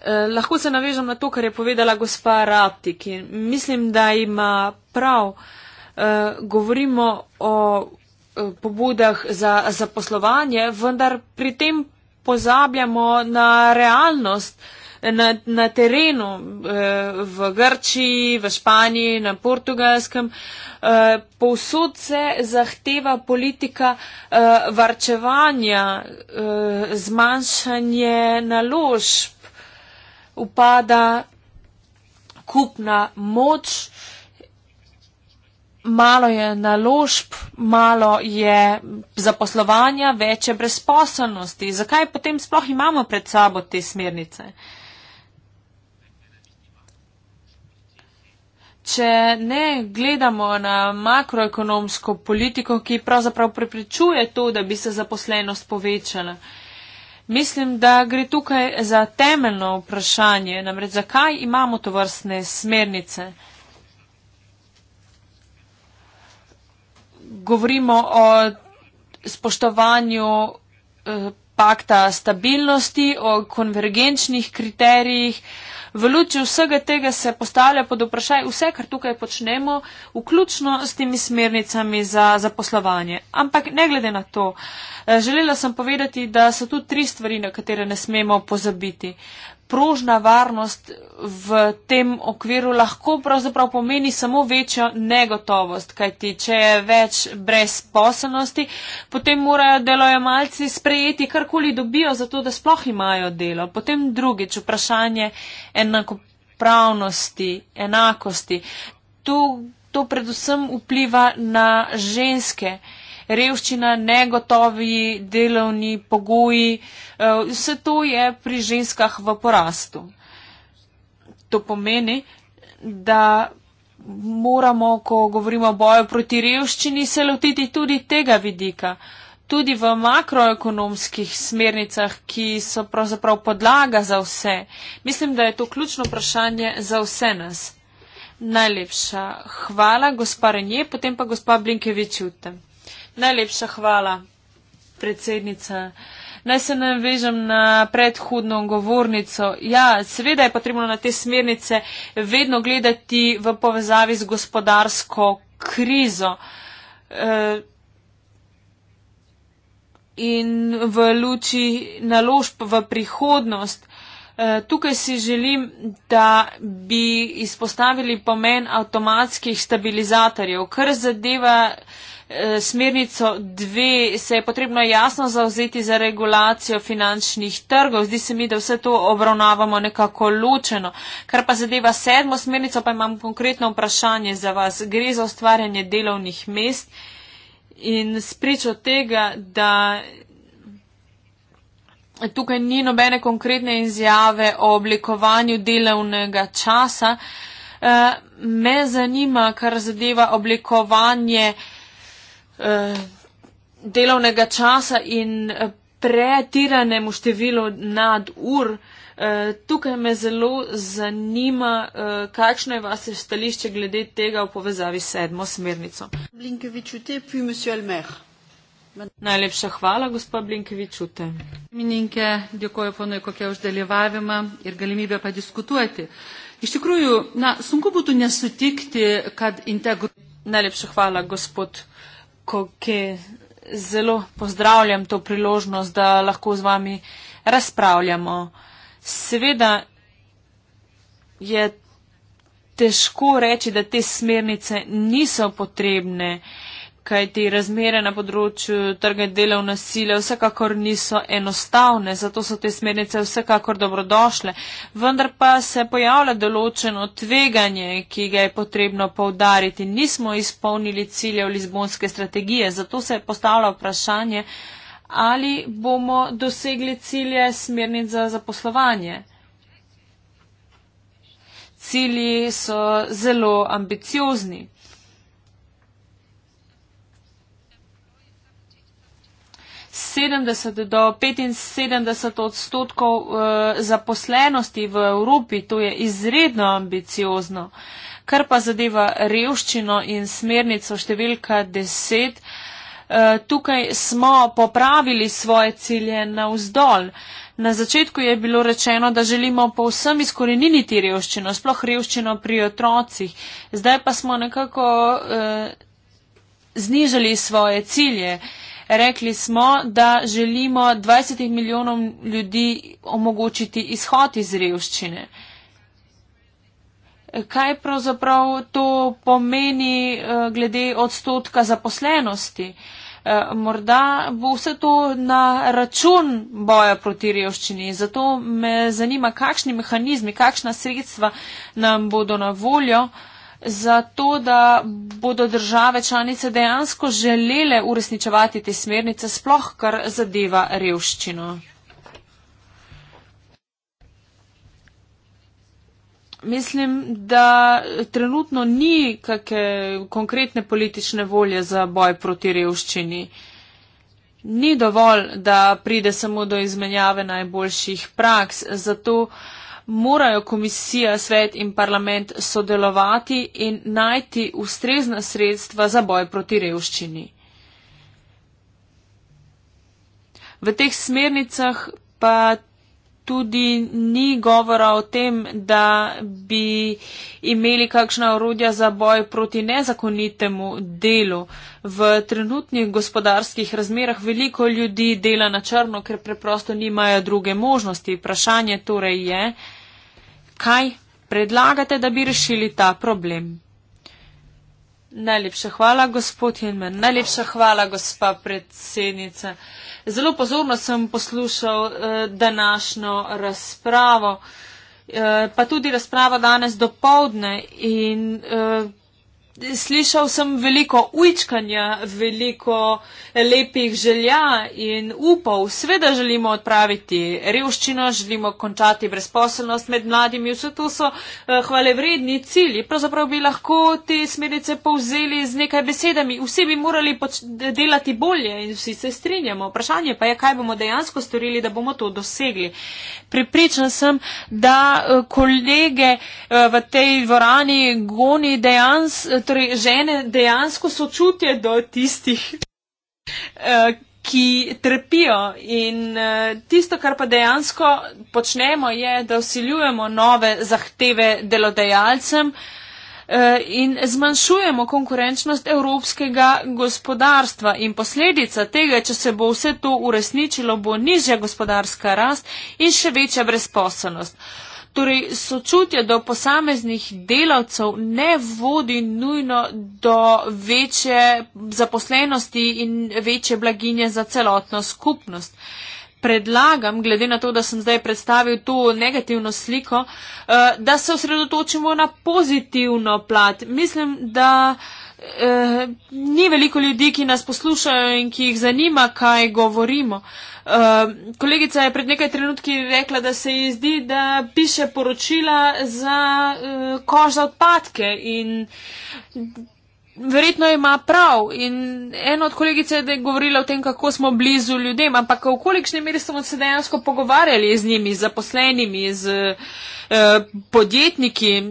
Eh, lahko se navežem na to, kar je povedala gospa Raptik in mislim, da ima prav. E, govorimo o e, pobudah za zaposlovanje, vendar pri tem pozabljamo na realnost na, na terenu e, v Grčiji, v Španiji, na Portugalskem. E, povsod se zahteva politika e, varčevanja, e, zmanjšanje naložb upada kupna moč, malo je naložb, malo je zaposlovanja, več je brezposobnosti. Zakaj potem sploh imamo pred sabo te smernice? Če ne gledamo na makroekonomsko politiko, ki pravzaprav preprečuje to, da bi se zaposlenost povečala, Mislim, da gre tukaj za temeljno vprašanje, namreč zakaj imamo to vrstne smernice. Govorimo o spoštovanju eh, pakta stabilnosti, o konvergenčnih kriterijih, eh, V luči vsega tega se postavlja pod vprašaj vse, kar tukaj počnemo, vključno s temi smernicami za zaposlovanje. Ampak ne glede na to, eh, želela sem povedati, da so tu tri stvari, na katere ne smemo pozabiti prožna varnost v tem okviru lahko pravzaprav pomeni samo večjo negotovost, kajti če je več brezposobnosti, potem morajo delojemalci sprejeti karkoli dobijo, zato da sploh imajo delo. Potem drugič vprašanje enakopravnosti, enakosti. To, to predvsem vpliva na ženske revščina, negotovi delovni pogoji, eh, vse to je pri ženskah v porastu. To pomeni, da moramo, ko govorimo o boju proti revščini, se lotiti tudi tega vidika. Tudi v makroekonomskih smernicah, ki so pravzaprav podlaga za vse, mislim, da je to ključno vprašanje za vse nas. Najlepša hvala, gospa Renje, potem pa gospa Blinkevičute. Najlepša hvala, predsednica. Naj se navežem na predhodno govornico. Ja, seveda je potrebno na te smernice vedno gledati v povezavi z gospodarsko krizo. E, In v luči naložb v prihodnost. E, tukaj si želim, da bi izpostavili pomen avtomatskih stabilizatorjev, kar zadeva uh, Eh, smernico dve se je potrebno jasno zauzeti za regulacijo finančnih trgov. Zdi se mi, da vse to obravnavamo nekako ločeno. Kar pa zadeva sedmo smernico, pa imam konkretno vprašanje za vas. Gre za ustvarjanje delovnih mest in spričo tega, da. Tukaj ni nobene konkretne izjave o oblikovanju delovnega časa. Eh, me zanima, kar zadeva oblikovanje uh, Eh, delovnega časa in eh, pretiranemu številu nad ur. Eh, tukaj me zelo zanima, kakšno je vaše stališče glede tega v povezavi s sedmo smernico. Blinkevičute, puj monsieur Almer. Najlepša hvala, gospod Blinkevičute. Mininke, dėkoju ponui, kokia uždalyvavimą ir galimybę padiskutuoti. Iš tikrųjų, na, sunku būtų nesutikti, kad integruoti. Najlepša hvala, gospod ki zelo pozdravljam to priložnost, da lahko z vami razpravljamo. Seveda je težko reči, da te smernice niso potrebne. Uh, kaj te razmere na področju trga delovne sile vsekakor niso enostavne, zato so te smernice vsekakor dobrodošle. Vendar pa se pojavlja določeno tveganje, ki ga je potrebno povdariti. Nismo izpolnili ciljev Lizbonske strategije, zato se je postavljalo vprašanje, ali bomo dosegli cilje smernic za zaposlovanje. Cilji so zelo ambiciozni. 70 do 75 odstotkov eh, zaposlenosti v Evropi. To je izredno ambiciozno. Kar pa zadeva revščino in smernico številka 10, eh, tukaj smo popravili svoje cilje na vzdolj. Na začetku je bilo rečeno, da želimo povsem izkoreniniti revščino, sploh revščino pri otrocih. Zdaj pa smo nekako eh, znižali svoje cilje. Eh, Rekli smo, da želimo 20 milijonom ljudi omogočiti izhod iz revščine. Kaj pravzaprav to pomeni eh, glede odstotka zaposlenosti? Eh, morda bo vse to na račun boja proti revščini. Zato me zanima, kakšni mehanizmi, kakšna sredstva nam bodo na voljo zato da bodo države članice dejansko želele uresničevati te smernice, sploh kar zadeva revščino. Mislim, da trenutno ni kakšne konkretne politične volje za boj proti revščini. Ni dovolj, da pride samo do izmenjave najboljših praks, zato uh, morajo komisija, svet in parlament sodelovati in najti ustrezna sredstva za boj proti revščini. V teh smernicah pa tudi ni govora o tem, da bi imeli kakšna orodja za boj proti nezakonitemu delu. V trenutnih gospodarskih razmerah veliko ljudi dela na črno, ker preprosto nimajo druge možnosti. Vprašanje torej je, kaj predlagate, da bi rešili ta problem? Najlepša hvala, gospod Hinman. Najlepša hvala, gospa predsednica. Zelo pozorno sem poslušal eh, današnjo razpravo, eh, pa tudi razpravo danes do povdne in eh, slišal sem veliko ujčkanja, veliko lepih želja in upov. Sveda želimo odpraviti revščino, želimo končati brezposelnost med mladimi. Vse to so eh, hvale vredni cilji. Pravzaprav bi lahko te smerice povzeli z nekaj besedami. Vsi bi morali delati bolje in vsi se strinjamo. Vprašanje pa je, kaj bomo dejansko storili, da bomo to dosegli. Pripričan sem, da eh, kolege eh, v tej dvorani goni dejansko torej žene dejansko sočutje do tistih, eh, ki trpijo. In eh, tisto, kar pa dejansko počnemo, je, da usiljujemo nove zahteve delodajalcem eh, in zmanjšujemo konkurenčnost evropskega gospodarstva. In posledica tega, če se bo vse to uresničilo, bo nižja gospodarska rast in še večja brezposobnost. Torej, sočutje do posameznih delavcev ne vodi nujno do večje zaposlenosti in večje blaginje za celotno skupnost. Predlagam, glede na to, da sem zdaj predstavil to negativno sliko, eh, da se osredotočimo na pozitivno plat. Mislim, da eh, ni veliko ljudi, ki nas poslušajo in ki jih zanima, kaj govorimo. Eh, kolegica je pred nekaj trenutki rekla, da se ji zdi, da piše poročila za eh, kož za odpadke in verjetno ima prav. In ena od kolegice je govorila o tem, kako smo blizu ljudem, ampak v kolikšni meri smo se dejansko pogovarjali z njimi, z zaposlenimi, z eh, podjetniki.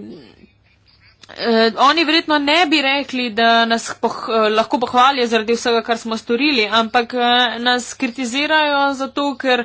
Eh, oni verjetno ne bi rekli, da nas poh eh, lahko pohvalijo zaradi vsega, kar smo storili, ampak eh, nas kritizirajo zato, ker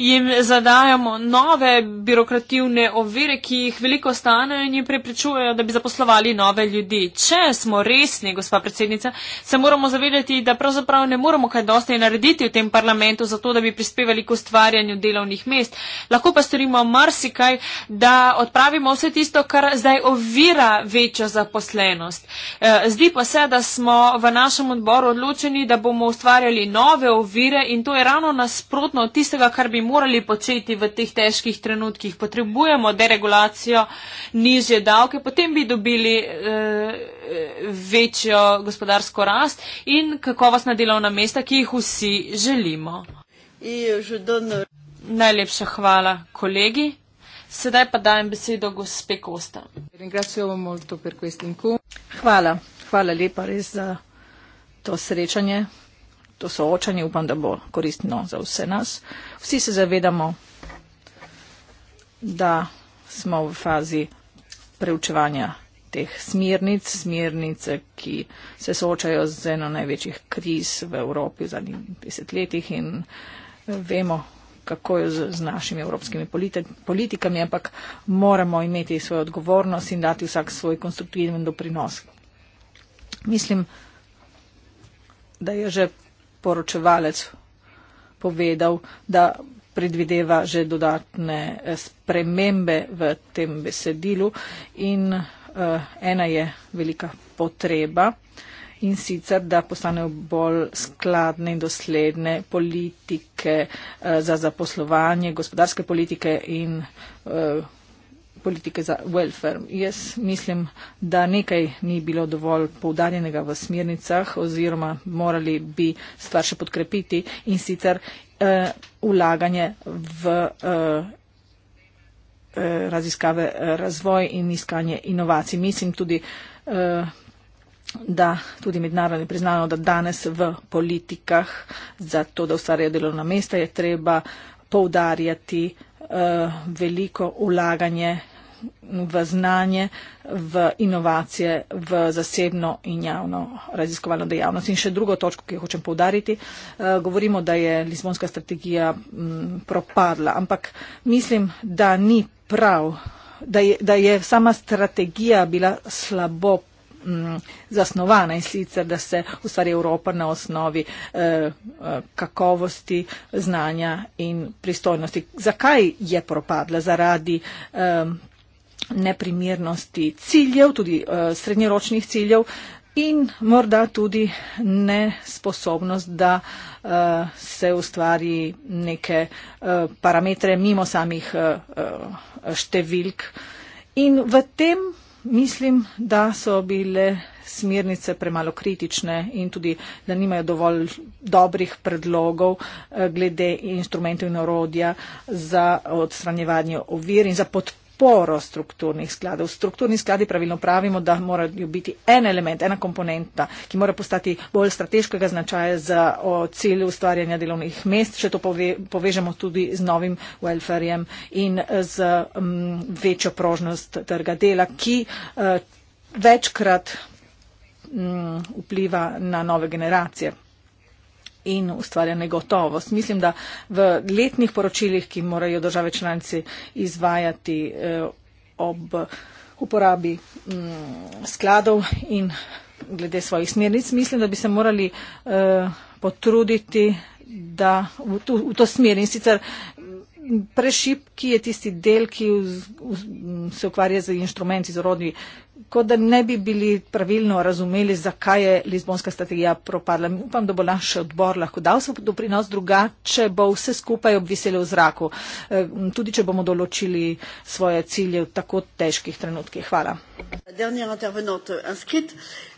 jim zadajamo nove birokrativne ovire, ki jih veliko stanejo in jim preprečujejo, da bi zaposlovali nove ljudi. Če smo resni, gospa predsednica, se moramo zavedati, da pravzaprav ne moramo kaj dosti narediti v tem parlamentu zato, da bi prispevali k ustvarjanju delovnih mest. Lahko pa storimo marsikaj, da odpravimo vse tisto, kar zdaj ovira večjo zaposlenost. Eh, zdi pa se, da smo v našem odboru odločeni, da bomo ustvarjali nove ovire in to je ravno nasprotno od tistega, kar bi morali početi v teh težkih trenutkih. Potrebujemo deregulacijo, nižje davke, potem bi dobili eh, večjo gospodarsko rast in kakovostna delovna mesta, ki jih vsi želimo. Najlepša hvala, kolegi. Sedaj pa dajem besedo gospe Kosta. Hvala. Hvala lepa res za to srečanje, to soočanje. Upam, da bo koristno za vse nas. Vsi se zavedamo, da smo v fazi preučevanja teh smernic, smernice, ki se soočajo z eno največjih kriz v Evropi v zadnjih desetletjih in vemo, kako je z, z našimi evropskimi politikami, ampak moramo imeti svojo odgovornost in dati vsak svoj konstruktiven doprinos. Mislim, da je že poročevalec povedal, da predvideva že dodatne eh, spremembe v tem besedilu in uh, ena je velika potreba. Uh, in sicer da postanejo bolj skladne in dosledne politike eh, za zaposlovanje, gospodarske politike in eh, politike za welfare. Jaz mislim, da nekaj ni bilo dovolj poudarjenega v smernicah oziroma morali bi stvar še podkrepiti in sicer eh, ulaganje v eh, eh raziskave, razvoj in iskanje inovacij. Mislim tudi, eh, da tudi mednarodno je priznano, da danes v politikah za to, da ustvarjajo delovna mesta, je treba poudarjati uh, veliko ulaganje v znanje, v inovacije, v zasebno in javno raziskovalno dejavnost. In še drugo točko, ki jo hočem poudariti, uh, govorimo, da je Lizbonska strategija m, mm, propadla, ampak mislim, da ni prav, da je, da je sama strategija bila slabo m, mm, zasnovana in sicer, da se ustvari Evropa na osnovi e, kakovosti, znanja in pristojnosti. Zakaj je propadla? Zaradi e, neprimernosti ciljev, tudi e, srednjeročnih ciljev in morda tudi nesposobnost, da e, se ustvari neke e, parametre mimo samih e, e, številk. In v tem Mislim, da so bile smernice premalo kritične in tudi, da nimajo dovolj dobrih predlogov eh, glede instrumentov in orodja za odstranjevanje ovir in za podporo podporo strukturnih skladov. Strukturni skladi pravilno pravimo, da morajo biti en element, ena komponenta, ki mora postati bolj strateškega značaja za cilj ustvarjanja delovnih mest, če to pove, povežemo tudi z novim welfarjem in z um, večjo prožnost trga dela, ki uh, večkrat um, vpliva na nove generacije in ustvarja negotovost. Mislim, da v letnih poročilih, ki morajo države članice izvajati eh, ob uporabi mm, skladov in glede svojih smernic, mislim, da bi se morali eh, potruditi, da v to, v to smer in sicer mm, prešipki je tisti del, ki se ukvarja z inštrumenti, z orodji, kot da ne bi bili pravilno razumeli, zakaj je Lizbonska strategija propadla. Upam, da bo naš odbor lahko dal svoj doprinos, drugače bo vse skupaj obviselo v zraku, eh, tudi če bomo določili svoje cilje v tako težkih trenutkih. Hvala. Euh,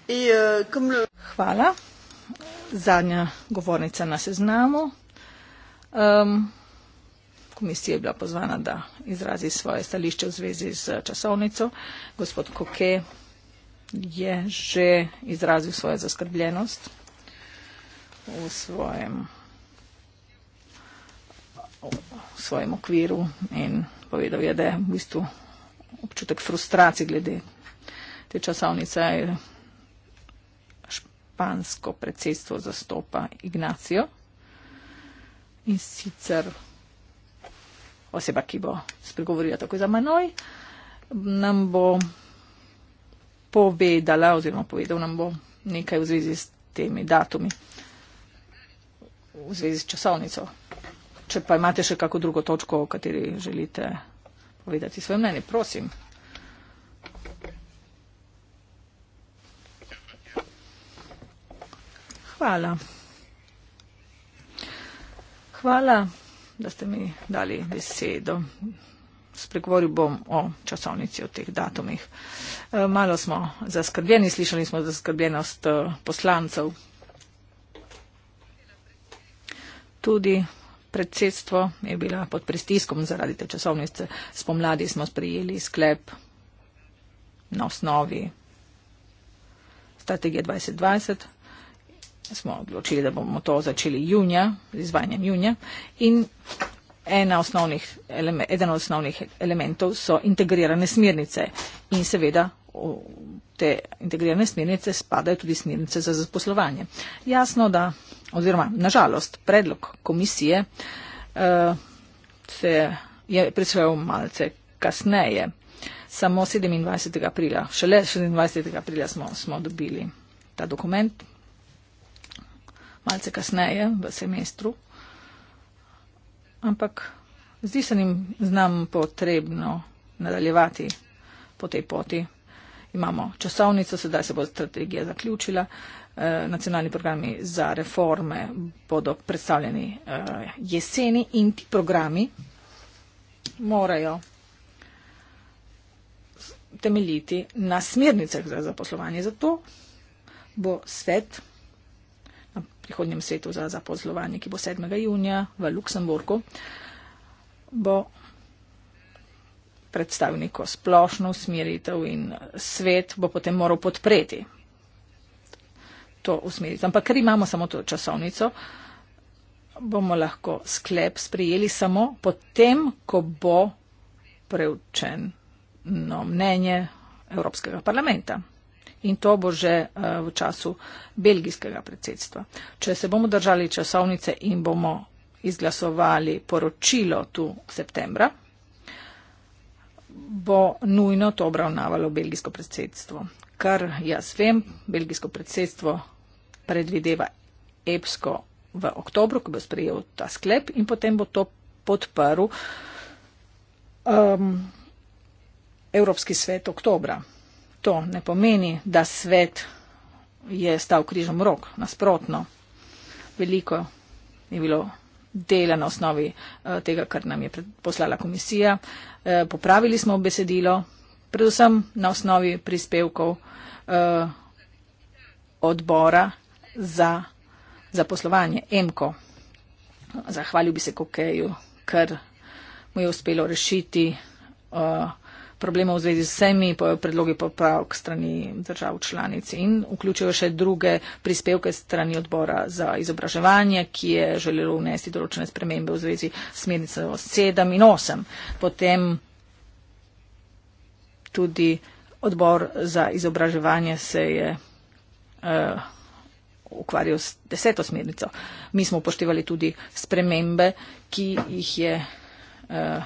euh, Hvala. Zadnja govornica na seznamu. Um, Komisija je bila pozvana, da izrazi svoje stališče v zvezi z časovnico. Gospod Koke je že izrazil svojo zaskrbljenost v svojem, v svojem okviru in povedal je, da je v bistvu občutek frustracije glede te časovnice. Špansko predsedstvo zastopa Ignacijo in sicer oseba, ki bo spregovorila tako za menoj, nam bo povedala oziroma povedal nam bo nekaj v zvezi s temi datumi, v zvezi s časovnico. Če pa imate še kako drugo točko, o kateri želite povedati svoje mnenje, prosim. Hvala. Hvala da ste mi dali besedo. Spregovoril bom o časovnici, o teh datumih. E, malo smo zaskrbljeni, slišali smo zaskrbljenost e, poslancev. Tudi predsedstvo je bila pod pristiskom zaradi te časovnice. Spomladi smo sprejeli sklep na osnovi strategije 2020 smo odločili, da bomo to začeli junija, z izvajanjem junija. In osnovnih eleme, eden od osnovnih elementov so integrirane smernice. In seveda v te integrirane smernice spadajo tudi smernice za zaposlovanje. Jasno, da, oziroma nažalost, predlog komisije uh, se je prišel malce kasneje. Samo 27. aprila, šele 27. aprila smo, smo dobili ta dokument, malce kasneje v semestru. Ampak zdi se jim znam potrebno nadaljevati po tej poti. Imamo časovnico, sedaj se bo strategija zaključila. Eh, nacionalni programi za reforme bodo predstavljeni eh, jeseni in ti programi morajo temeljiti na smernicah za zaposlovanje. Zato bo svet prihodnjem svetu za zaposlovanje, ki bo 7. junija v Luksemburgu, bo predstavil neko splošno usmeritev in svet bo potem moral podpreti to usmeritev. Ampak ker imamo samo to časovnico, bomo lahko sklep sprijeli samo potem, ko bo preučeno mnenje Evropskega parlamenta in to bo že eh, v času belgijskega predsedstva. Če se bomo držali časovnice in bomo izglasovali poročilo tu septembra, bo nujno to obravnavalo belgijsko predsedstvo. Kar jaz vem, belgijsko predsedstvo predvideva EPSKO v oktobru, ko bo sprejel ta sklep in potem bo to podprl um, Evropski svet oktobra to ne pomeni, da svet je stal križom rok, nasprotno. Veliko je bilo dela na osnovi eh, tega, kar nam je poslala komisija. Eh, popravili smo besedilo, predvsem na osnovi prispevkov eh, odbora za zaposlovanje EMKO. Zahvalil bi se Kokeju, ker mu je uspelo rešiti uh, problemov v zvezi z vsemi predlogi popravk strani držav članic in vključijo še druge prispevke strani odbora za izobraževanje, ki je želelo vnesti določene spremembe v zvezi s smernicami 7 in 8. Potem tudi odbor za izobraževanje se je. Uh, ukvarjal s deseto smernico. Mi smo upoštevali tudi spremembe, ki jih je uh,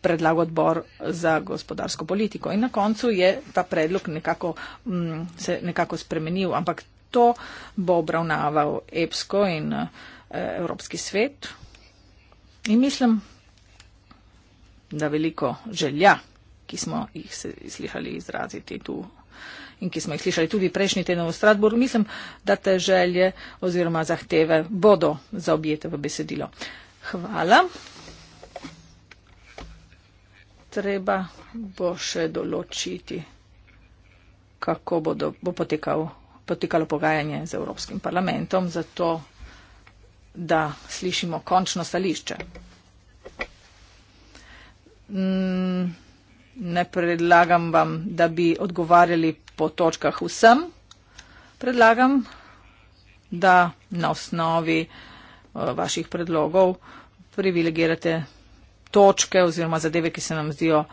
predlagal odbor za gospodarsko politiko. In na koncu je ta predlog nekako, m, mm, se nekako spremenil, ampak to bo obravnaval EPSKO in e, Evropski svet. In mislim, da veliko želja, ki smo jih slišali izraziti tu in ki smo jih slišali tudi prejšnji teden v Stratburgu, mislim, da te želje oziroma zahteve bodo zaobjete v besedilo. Hvala treba bo še določiti, kako bodo, bo potekal, potekalo pogajanje z Evropskim parlamentom, zato da slišimo končno stališče. Mm, ne predlagam vam, da bi odgovarjali po točkah vsem. Predlagam, da na osnovi eh, vaših predlogov privilegirate točke oziroma zadeve, ki se nam zdijo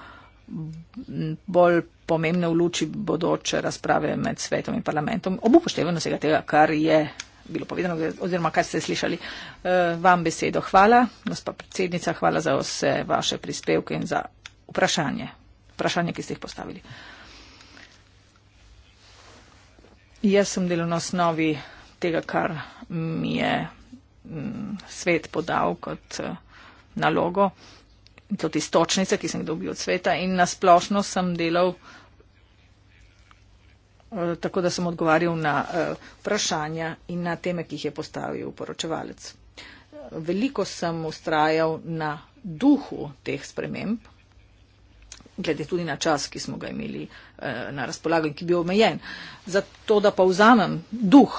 bolj pomembne v luči bodoče razprave med svetom in parlamentom, ob upoštevanju vsega tega, kar je bilo povedano oziroma kar ste slišali. Eh, vam besedo hvala, gospod predsednica, hvala za vse vaše prispevke in za vprašanje, vprašanje, ki ste jih postavili. Jaz sem delovno osnovi tega, kar mi je mm, svet podal kot eh, nalogo to istočnice, ki sem jih dobil od sveta in nasplošno sem delal eh, tako, da sem odgovarjal na eh, vprašanja in na teme, ki jih je postavil poročevalec. Eh, veliko sem ustrajal na duhu teh sprememb, glede tudi na čas, ki smo ga imeli na razpolago in ki je bil omejen. Zato, da pa vzamem duh,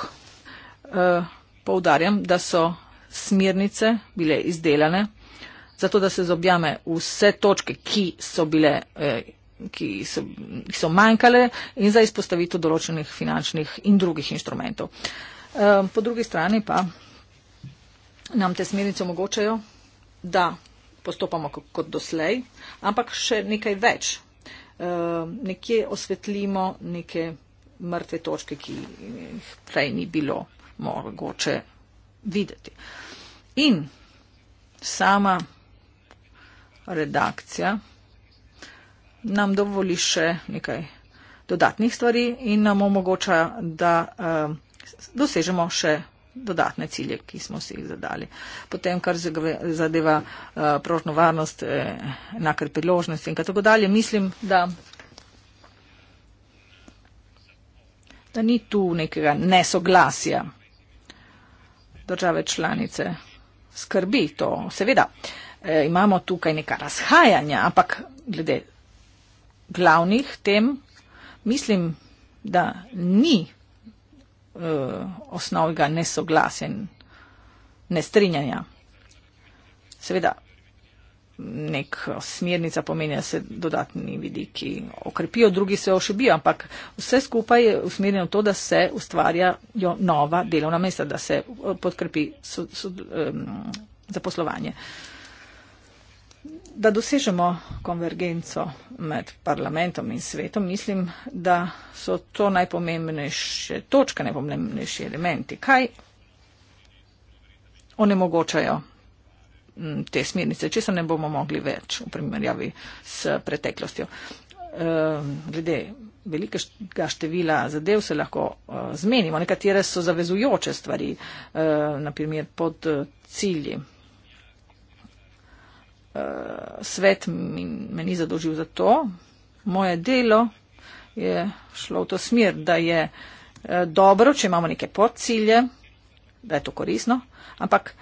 poudarjam, da so smernice bile izdelane zato da se zobjame vse točke, ki so bile. Eh, Ki so, ki so manjkale in za izpostavitev določenih finančnih in drugih inštrumentov. E, po drugi strani pa nam te smernice omogočajo, da postopamo kot, kot doslej, ampak še nekaj več. E, nekje osvetlimo neke mrtve točke, ki jih prej ni bilo mogoče videti. In sama redakcija nam dovoli še nekaj dodatnih stvari in nam omogoča, da eh, dosežemo še dodatne cilje, ki smo si jih zadali. Potem, kar zadeva eh, prožno varnost, eh, enake priložnosti in tako dalje, mislim, da, da ni tu nekega nesoglasja države članice. Skrbi to, seveda. Uh, Eh, imamo tukaj neka razhajanja, ampak glede glavnih tem mislim, da ni eh, osnovnega nesoglasja in nestrinjanja. Seveda, nek smernica pomeni, da se dodatni vidiki okrepijo, drugi se ošibijo, ampak vse skupaj je usmerjeno v to, da se ustvarjajo nova delovna mesta, da se eh, podkrepi so, so, um, zaposlovanje. Uh, da dosežemo konvergenco med parlamentom in svetom, mislim, da so to najpomembnejše točke, najpomembnejši elementi. Kaj onemogočajo mm, te smernice, če se ne bomo mogli več v primerjavi s preteklostjo? Ehm, glede velikega števila zadev se lahko eh, zmenimo. Nekatere so zavezujoče stvari, eh, naprimer pod eh, cilji uh, svet mi, me ni zadolžil za to. Moje delo je šlo v to smer, da je uh, dobro, če imamo neke podcilje, da je to korisno, ampak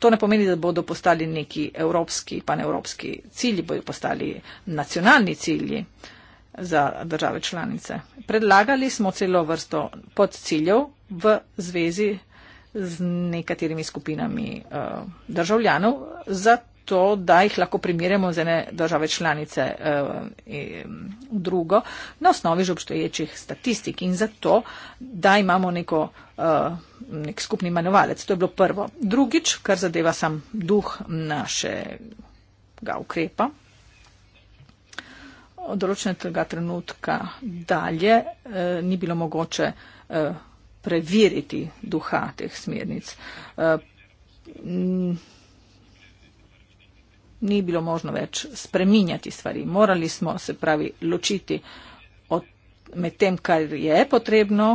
to ne pomeni, da bodo postali neki evropski, panevropski cilji, bodo postali nacionalni cilji za države članice. Predlagali smo celo vrsto podciljev v zvezi z nekaterimi skupinami uh, državljanov, zato to, da jih lahko primerjamo z ene države članice v eh, drugo na osnovi že obstoječih statistik in zato, da imamo neko, eh, nek skupni imenovalec. To je bilo prvo. Drugič, kar zadeva sam duh našega ukrepa, od določenega trenutka dalje eh, ni bilo mogoče preveriti duha teh smernic ni bilo možno več spreminjati stvari. Morali smo se pravi ločiti od, med tem, kar je potrebno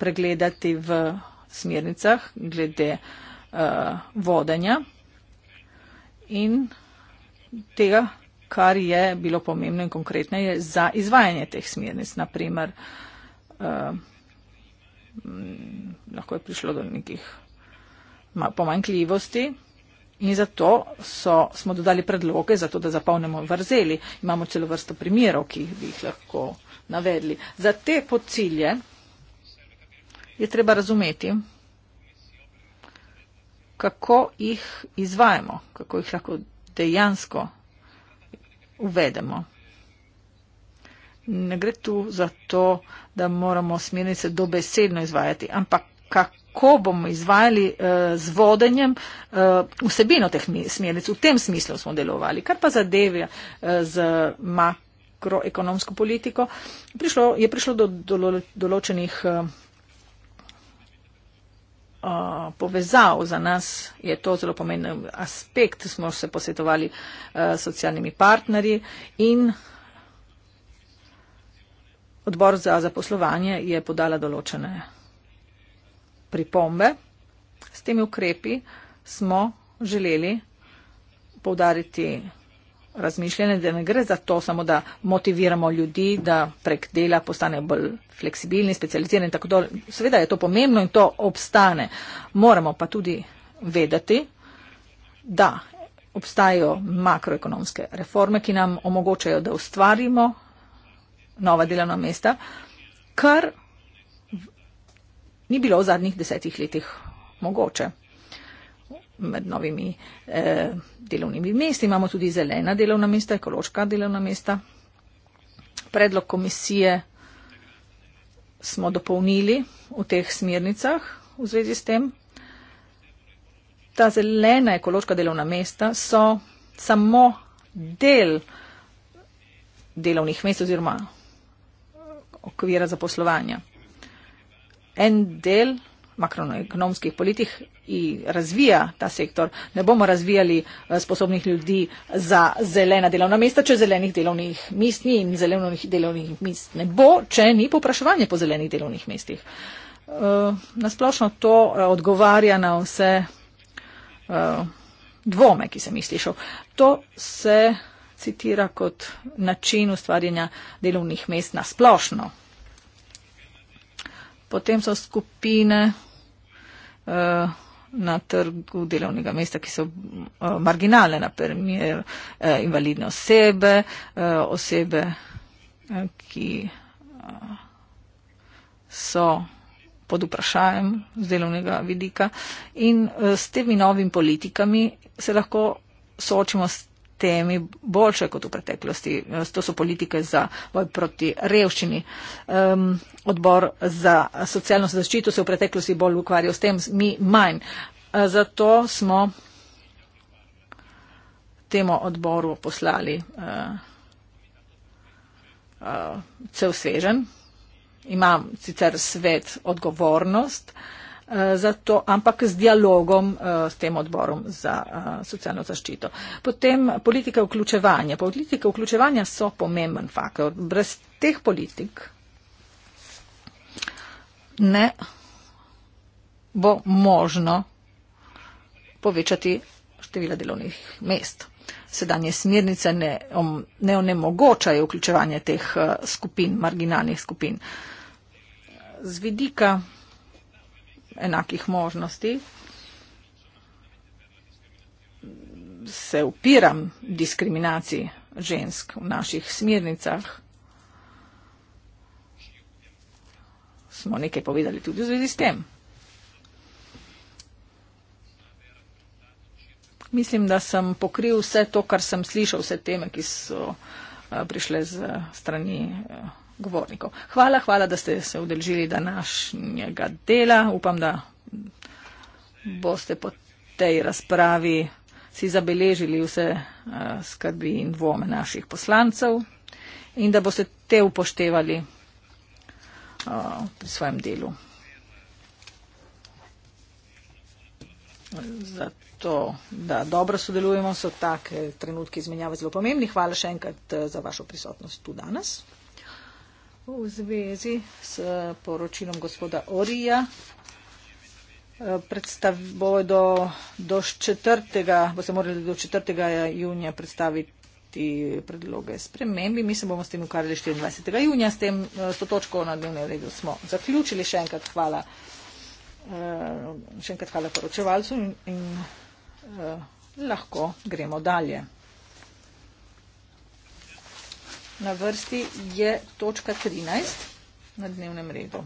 pregledati v smernicah glede uh, eh, vodanja in tega, kar je bilo pomembno in konkretno je za izvajanje teh smernic. Naprimer, uh, eh, lahko je prišlo do nekih pomankljivosti In zato so, smo dodali predloge, zato da zapolnemo vrzeli. Imamo celo vrsto primerov, ki bi jih lahko navedli. Za te pocilje je treba razumeti, kako jih izvajamo, kako jih lahko dejansko uvedemo. Ne gre tu za to, da moramo smernice dobesedno izvajati, ampak kako bomo izvajali eh, z vodenjem eh, vsebino teh smernic. V tem smislu smo delovali. Kar pa zadeve eh, z makroekonomsko politiko, prišlo, je prišlo do določenih povezav. Za nas je to zelo pomenen aspekt. Smo se posvetovali s socialnimi partnerji in odbor za zaposlovanje je podala določene pripombe. S temi ukrepi smo želeli povdariti razmišljanje, da ne gre za to samo, da motiviramo ljudi, da prek dela postanejo bolj fleksibilni, specializirani in tako dalje. Seveda je to pomembno in to obstane. Moramo pa tudi vedeti, da obstajajo makroekonomske reforme, ki nam omogočajo, da ustvarimo nova delovna mesta, kar ni bilo v zadnjih desetih letih mogoče. Med novimi eh, delovnimi mesti imamo tudi zelena delovna mesta, ekološka delovna mesta. Predlog komisije smo dopolnili v teh smernicah v zvezi s tem. Ta zelena ekološka delovna mesta so samo del delovnih mest oziroma okvira za poslovanje en del makroekonomskih politik in razvija ta sektor. Ne bomo razvijali eh, sposobnih ljudi za zelena delovna mesta, če zelenih delovnih mest ni in zelenih delovnih mest ne bo, če ni popraševanje po zelenih delovnih mestih. Eh, nasplošno to eh, odgovarja na vse dvome, ki sem jih slišal. To se citira kot način ustvarjanja delovnih mest nasplošno. Potem so skupine uh, na trgu delovnega mesta, ki so uh, marginalne, naprimer uh, eh, invalidne osebe, uh, osebe, uh, ki uh, so pod vprašajem z delovnega vidika. In uh, s temi novimi politikami se lahko soočimo s temi boljše kot v preteklosti. Eh, to so politike za boj proti revščini. Um, odbor za socialno zaščito se v preteklosti bolj ukvarjal s tem, mi manj. Eh, zato smo temu odboru poslali uh, uh, cel svežen. Imam sicer svet odgovornost. Uh, Eh, zato, ampak z dialogom eh, s tem odborom za eh, socialno zaščito. Potem politika vključevanja. Politike vključevanja so pomemben faktor. Brez teh politik ne bo možno povečati števila delovnih mest. Sedanje smernice ne, om, ne onemogočajo vključevanje teh skupin, marginalnih skupin. Z vidika enakih možnosti. Se upiram diskriminaciji žensk v naših smirnicah. Smo nekaj povedali tudi v zvezi s tem. Mislim, da sem pokril vse to, kar sem slišal, vse teme, ki so eh, prišle z strani eh, govornikov. Hvala, hvala, da ste se udeležili današnjega dela. Upam, da boste po tej razpravi si zabeležili vse eh, skrbi in dvome naših poslancev in da boste te upoštevali pri eh, svojem delu. Zato, da dobro sodelujemo, so take trenutke izmenjave zelo pomembni. Hvala še enkrat eh, za vašo prisotnost tu danes v zvezi s poročilom gospoda Orija. Eh, Bodo, do bo se morali do 4. junija predstaviti predloge spremembi. Mi se bomo s tem ukvarjali 24. junija. S tem eh, s to točko na dnevnem redu smo zaključili. Še enkrat hvala, eh, še enkrat hvala poročevalcu in, in lahko gremo dalje na vrsti je točka 13 na dnevnem redu.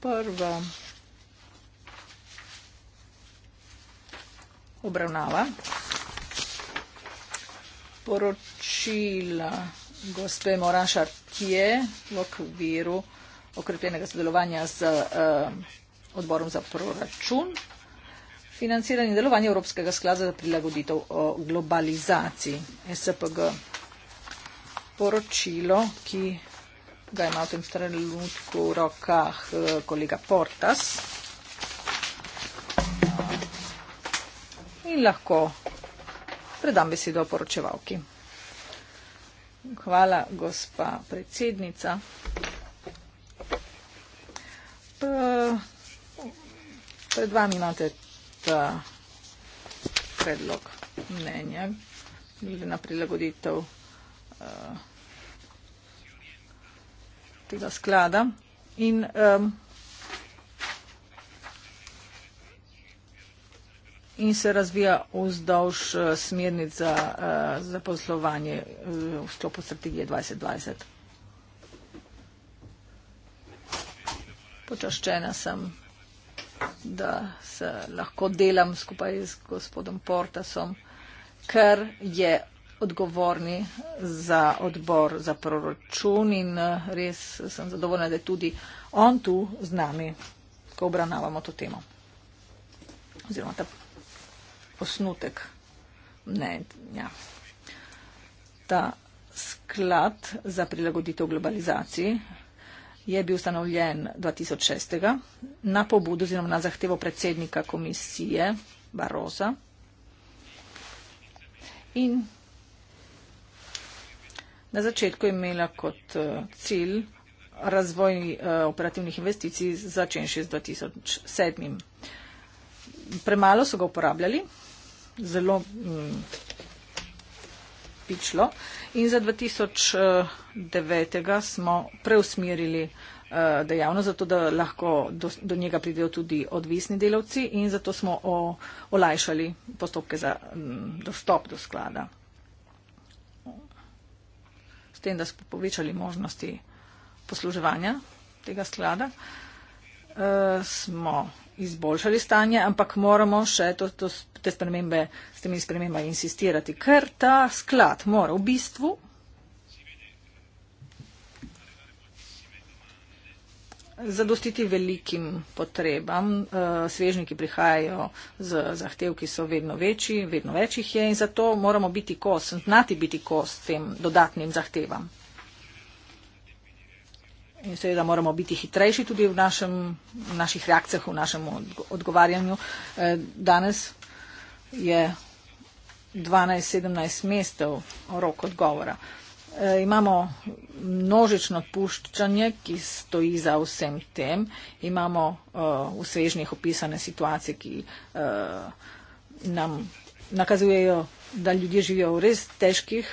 Prva obravnava poročila gospe Morašar, ki je v okviru okrepljenega sodelovanja z eh, odborom za proračun financiranje in delovanje Evropskega sklada za prilagoditev o globalizaciji SPG. Poročilo, ki ga ima v tem trenutku v rokah e, kolega Portas. In lahko predam besedo poročevalki. Hvala, gospa predsednica. E, pred vami imate ta predlog mnenja, glede na prilagoditev eh, tega sklada. In in se razvija vzdolž eh, smernic za, eh, za poslovanje v sklopu strategije 2020. Počaščena sem da se lahko delam skupaj z gospodom Portasom, ker je odgovorni za odbor za proračun in eh, res sem zadovoljna, da je tudi on tu z nami, ko obravnavamo to temo. Oziroma ta osnutek. Ne, ja. Ta sklad za prilagoditev globalizaciji, je bil ustanovljen 2006. na pobudo oziroma na zahtevo predsednika komisije Barosa. In na začetku je imela kot eh, cilj razvoj eh, operativnih investicij začenši z 2007. Premalo so ga uporabljali, zelo mm, pičlo. Hm, in za 2009 eh, smo preusmerili eh, dejavnost, zato da lahko do, do njega pridejo tudi odvisni delavci in zato smo o, olajšali postopke za dostop do sklada. S tem, da smo povečali možnosti posluževanja tega sklada, eh, smo izboljšali stanje, ampak moramo še to, to, te spremembe, s temi spremembami insistirati, ker ta sklad mora v bistvu zadostiti velikim potrebam. Eh, svežniki prihajajo z zahtevki, so vedno večji, vedno večjih je in zato moramo biti kost, znati biti kost tem dodatnim zahtevam in seveda moramo biti hitrejši tudi v, našem, v naših reakcijah, v našem odgovarjanju. Eh, danes je 12-17 mestov rok odgovora. Eh, imamo množično puščanje, ki stoji za vsem tem. Imamo eh, v svežnjih opisane situacije, ki nam nakazujejo, da ljudje živijo v res težkih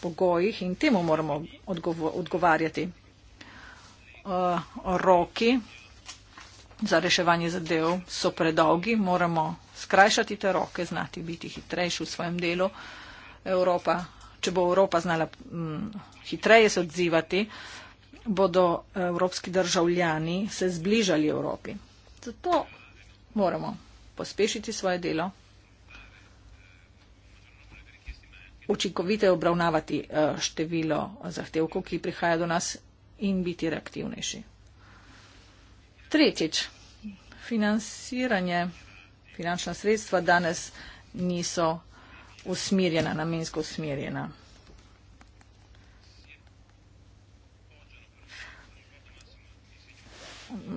pogojih in temu moramo odgovarjati. Eh, roki za reševanje zadev so predolgi, moramo skrajšati te roke, znati biti hitrejši v svojem delu. Evropa, če bo Evropa znala hm, hitreje se odzivati, bodo evropski državljani se zbližali Evropi. Zato moramo pospešiti svoje delo, učinkovite obravnavati eh, število zahtevkov, ki prihaja do nas in biti reaktivnejši. Tretjič, financiranje, finančna sredstva danes niso usmirjena, namensko usmirjena.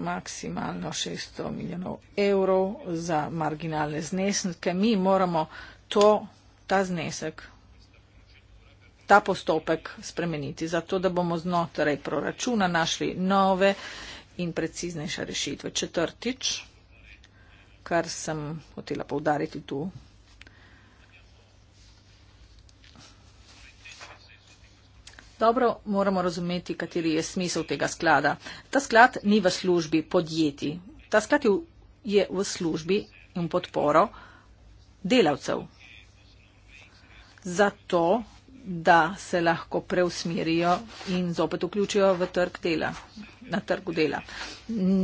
maksimalno 600 milijonov evrov za marginalne zneske. Mi moramo to, ta znesek ta postopek spremeniti, zato da bomo znotraj proračuna našli nove in preciznejše rešitve. Četrtič, kar sem hotela povdariti tu. Dobro, moramo razumeti, kateri je smisel tega sklada. Ta sklad ni v službi podjetij. Ta sklad je v, je v službi in podporo delavcev. Zato da se lahko preusmerijo in zopet vključijo v trg dela, na trgu dela.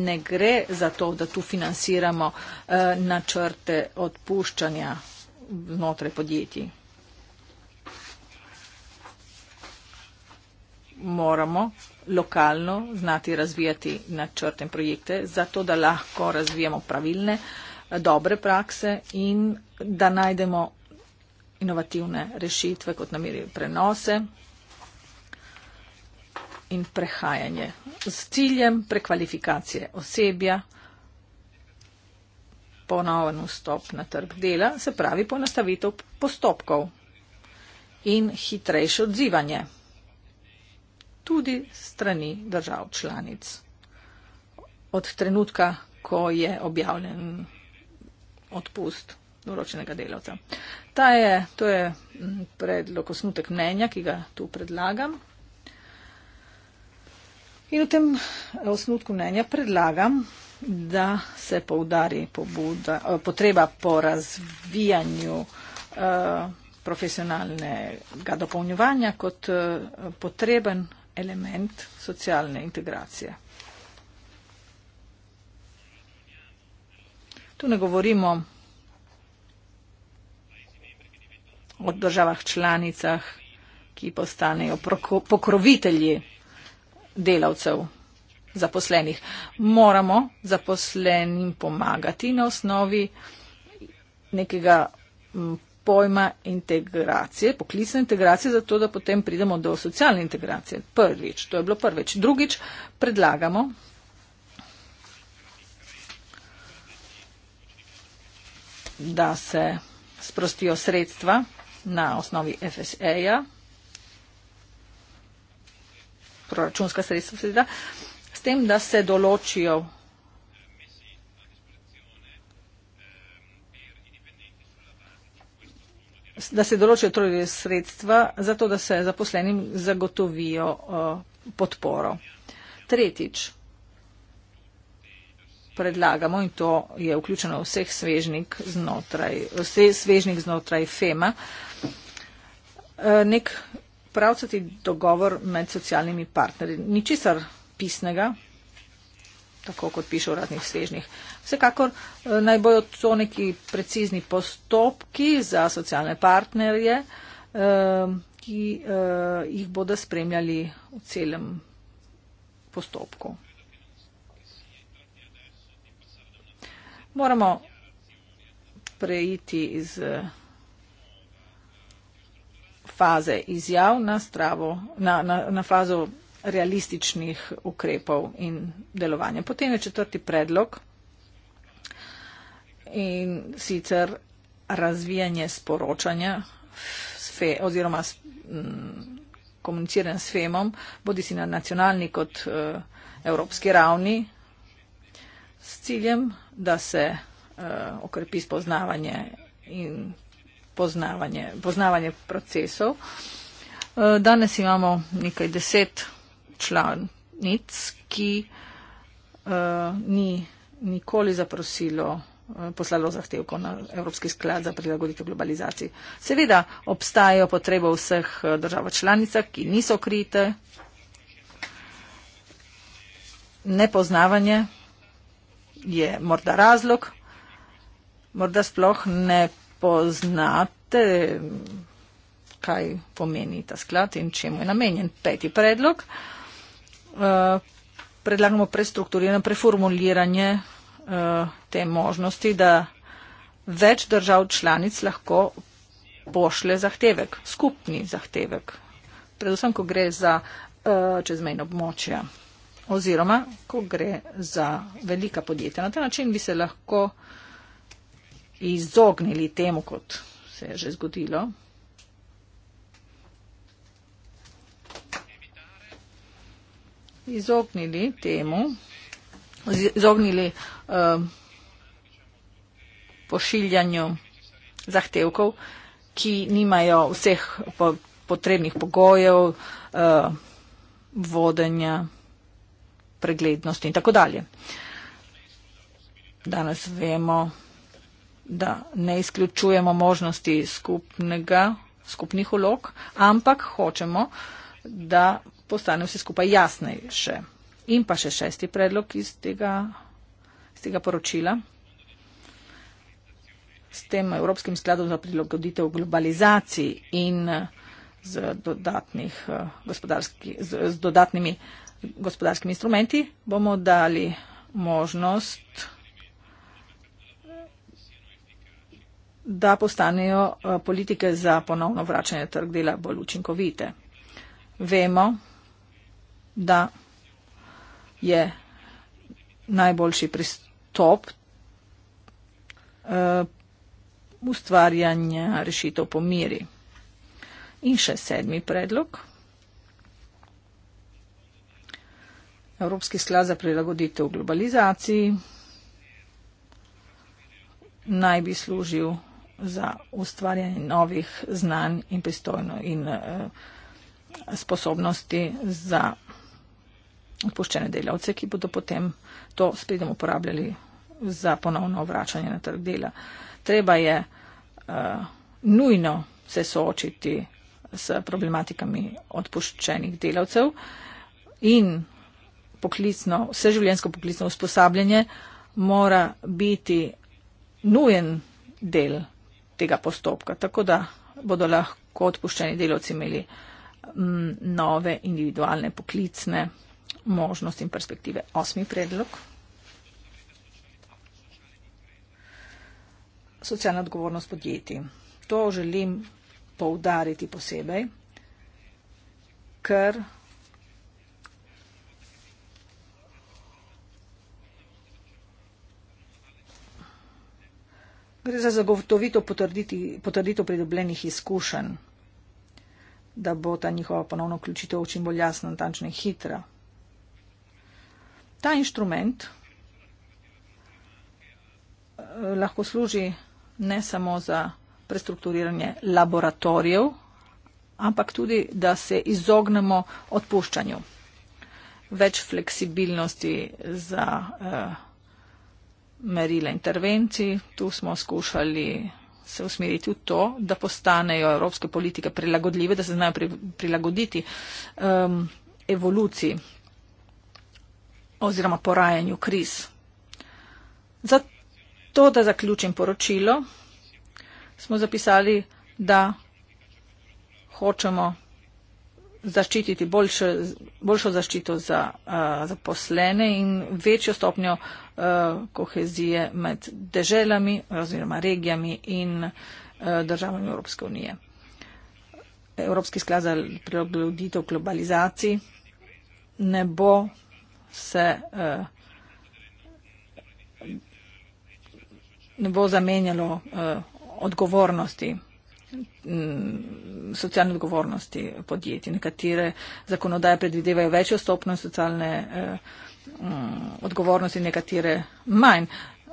Ne gre za to, da tu financiramo eh, načrte odpuščanja znotraj podjetij. Moramo lokalno znati razvijati načrte in projekte, zato da lahko razvijamo pravilne, eh, dobre prakse in da najdemo inovativne rešitve kot namiri prenose in prehajanje s ciljem prekvalifikacije osebja, ponoven vstop na trg dela, se pravi ponastavitev postopkov in hitrejše odzivanje tudi strani držav članic. Od trenutka, ko je objavljen odpust določenega delavca. Ta je, to je mm, predlog osnutek mnenja, ki ga tu predlagam. In v tem eh, osnutku mnenja predlagam, da se poudari pobuda, eh, potreba po razvijanju eh, profesionalnega dopolnjevanja kot eh, potreben element socialne integracije. Tu ne govorimo o državah članicah, ki postanejo pokrovitelji delavcev zaposlenih. Moramo zaposlenim pomagati na osnovi nekega pojma integracije, poklicne integracije, zato da potem pridemo do socialne integracije. Prvič, to je bilo prvič. Drugič, predlagamo, da se sprostijo sredstva na osnovi FSA-ja, proračunska sredstva seveda, s tem, da se določijo da se določijo torej sredstva za to, da se zaposlenim zagotovijo eh, podporo. Tretjič, predlagamo in to je vključeno v vseh svežnik znotraj, vse svežnik znotraj FEMA, eh, nek pravcati dogovor med socialnimi partnerji. Ni česar pisnega, tako kot piše v raznih svežnih. Vsekakor eh, naj bojo to neki precizni postopki za socialne partnerje, eh, ki jih bodo spremljali v celem postopku. moramo preiti iz eh, faze izjav na, stravo, na, na, na fazo realističnih ukrepov in delovanja. Potem je četrti predlog in sicer razvijanje sporočanja fe, oziroma s, m, mm, komuniciranje s FEMom, bodi si na nacionalni kot uh, evropski ravni s ciljem, da se uh, okrepi spoznavanje in poznavanje, poznavanje procesov. Uh, danes imamo nekaj deset članic, ki uh, ni nikoli zaprosilo poslalo zahtevko na Evropski sklad za prilagoditev globalizaciji. Seveda obstajajo potrebe vseh držav članica, ki niso krite. Nepoznavanje je morda razlog, morda sploh ne poznate, kaj pomeni ta sklad in čemu je namenjen. Peti predlog. Eh, predlagamo prestrukturirano preformuliranje eh, te možnosti, da več držav članic lahko pošle zahtevek, skupni zahtevek, predvsem, ko gre za eh, čezmejno območje oziroma ko gre za velika podjetja. Na ta način bi se lahko izognili temu, kot se je že zgodilo. Izognili temu, izognili uh, pošiljanju zahtevkov, ki nimajo vseh potrebnih pogojev uh, vodenja preglednosti in tako dalje. Danes vemo, da ne izključujemo možnosti skupnega, skupnih ulog, ampak hočemo, da postane vse skupaj jasnejše. In pa še šesti predlog iz tega, iz tega poročila. S tem Evropskim skladom za prilagoditev globalizaciji in z, dodatnih, eh, z, z dodatnimi uh, gospodarskimi instrumenti, bomo dali možnost, da postanejo eh, politike za ponovno vračanje trg dela bolj učinkovite. Vemo, da je najboljši pristop uh, eh, ustvarjanja rešitev po miri. In še sedmi predlog. Evropski sklad za prilagoditev globalizaciji naj bi služil za ustvarjanje novih znanj in pristojno in eh, sposobnosti za odpuščene delavce, ki bodo potem to spredem uporabljali za ponovno vračanje na trg dela. Treba je eh, nujno se soočiti s problematikami odpuščenih delavcev in poklicno, vse življensko poklicno usposabljanje mora biti nujen del tega postopka, tako da bodo lahko odpuščeni delovci imeli mm, nove individualne poklicne možnosti in perspektive. Osmi predlog. Socialna odgovornost podjetij. To želim poudariti posebej, ker Gre za zagotovitev potrditev pridobljenih izkušenj, da bo ta njihova ponovna vključitev čim bolj jasna, natančna in hitra. Ta inštrument eh, lahko služi ne samo za prestrukturiranje laboratorijev, ampak tudi, da se izognemo odpuščanju. Več fleksibilnosti za. Eh, merila intervencij. Tu smo skušali se usmeriti v to, da postanejo evropske politike prilagodljive, da se znajo pri, prilagoditi um, evoluciji oziroma porajanju kriz. Zato, da zaključim poročilo, smo zapisali, da hočemo zaščititi boljšo, boljšo zaščito za eh, zaposlene in večjo stopnjo eh, kohezije med deželami oziroma regijami in eh, državami Evropske unije. Evropski sklad za prilagoditev globalizaciji ne bo se ne bo zamenjalo odgovornosti Mm, socialne odgovornosti podjetij. Nekatere zakonodaje predvidevajo večjo stopnjo socialne eh, mm, odgovornosti, nekatere manj.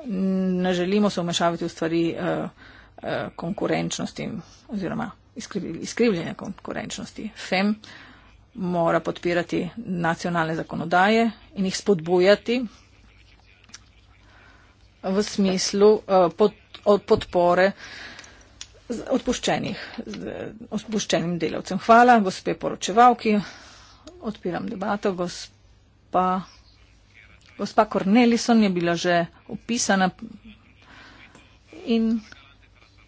Ne želimo se vmešavati v stvari eh, eh, konkurenčnosti oziroma izkrivljenja konkurenčnosti. FEM mora podpirati nacionalne zakonodaje in jih spodbujati v smislu pod, podpore uh, odpuščenih, odpuščenim delavcem. Hvala, gospe poročevalki. Odpiram debato. Gospa, gospa Cornelison je bila že opisana in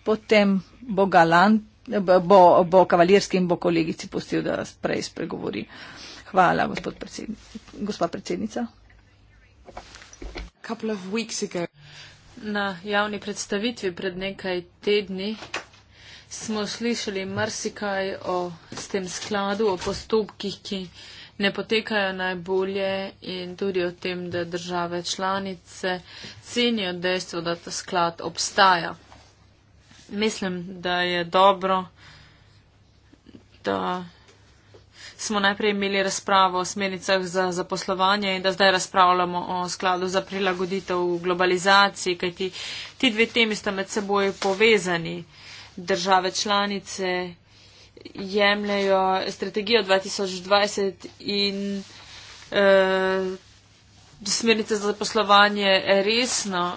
potem bo galant. Bo, bo kavalirski in bo kolegici pustil, da prej spregovori. Hvala, gospod predsednica. Na javni predstavitvi pred nekaj tedni smo slišali marsikaj o tem skladu, o postopkih, ki ne potekajo najbolje in tudi o tem, da države članice cenijo dejstvo, da ta sklad obstaja. Mislim, da je dobro, da smo najprej imeli razpravo o smernicah za zaposlovanje in da zdaj razpravljamo o skladu za prilagoditev globalizaciji, kajti ti dve temi sta med seboj povezani države članice jemljajo strategijo 2020 in uh, smernice za poslovanje resno.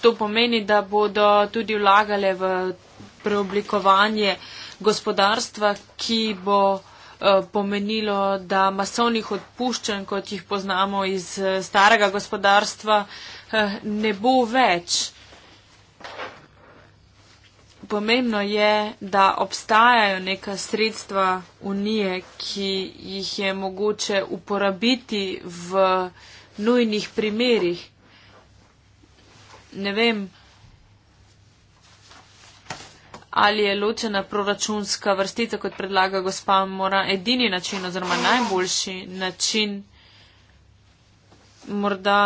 To pomeni, da bodo tudi vlagale v preoblikovanje gospodarstva, ki bo eh, pomenilo, da masovnih odpuščanj, kot jih poznamo iz eh, starega gospodarstva, ne bo več pomembno je, da obstajajo neka sredstva unije, ki jih je mogoče uporabiti v nujnih primerih. Ne vem, ali je ločena proračunska vrstica, kot predlaga gospa Moran, edini način oziroma najboljši način morda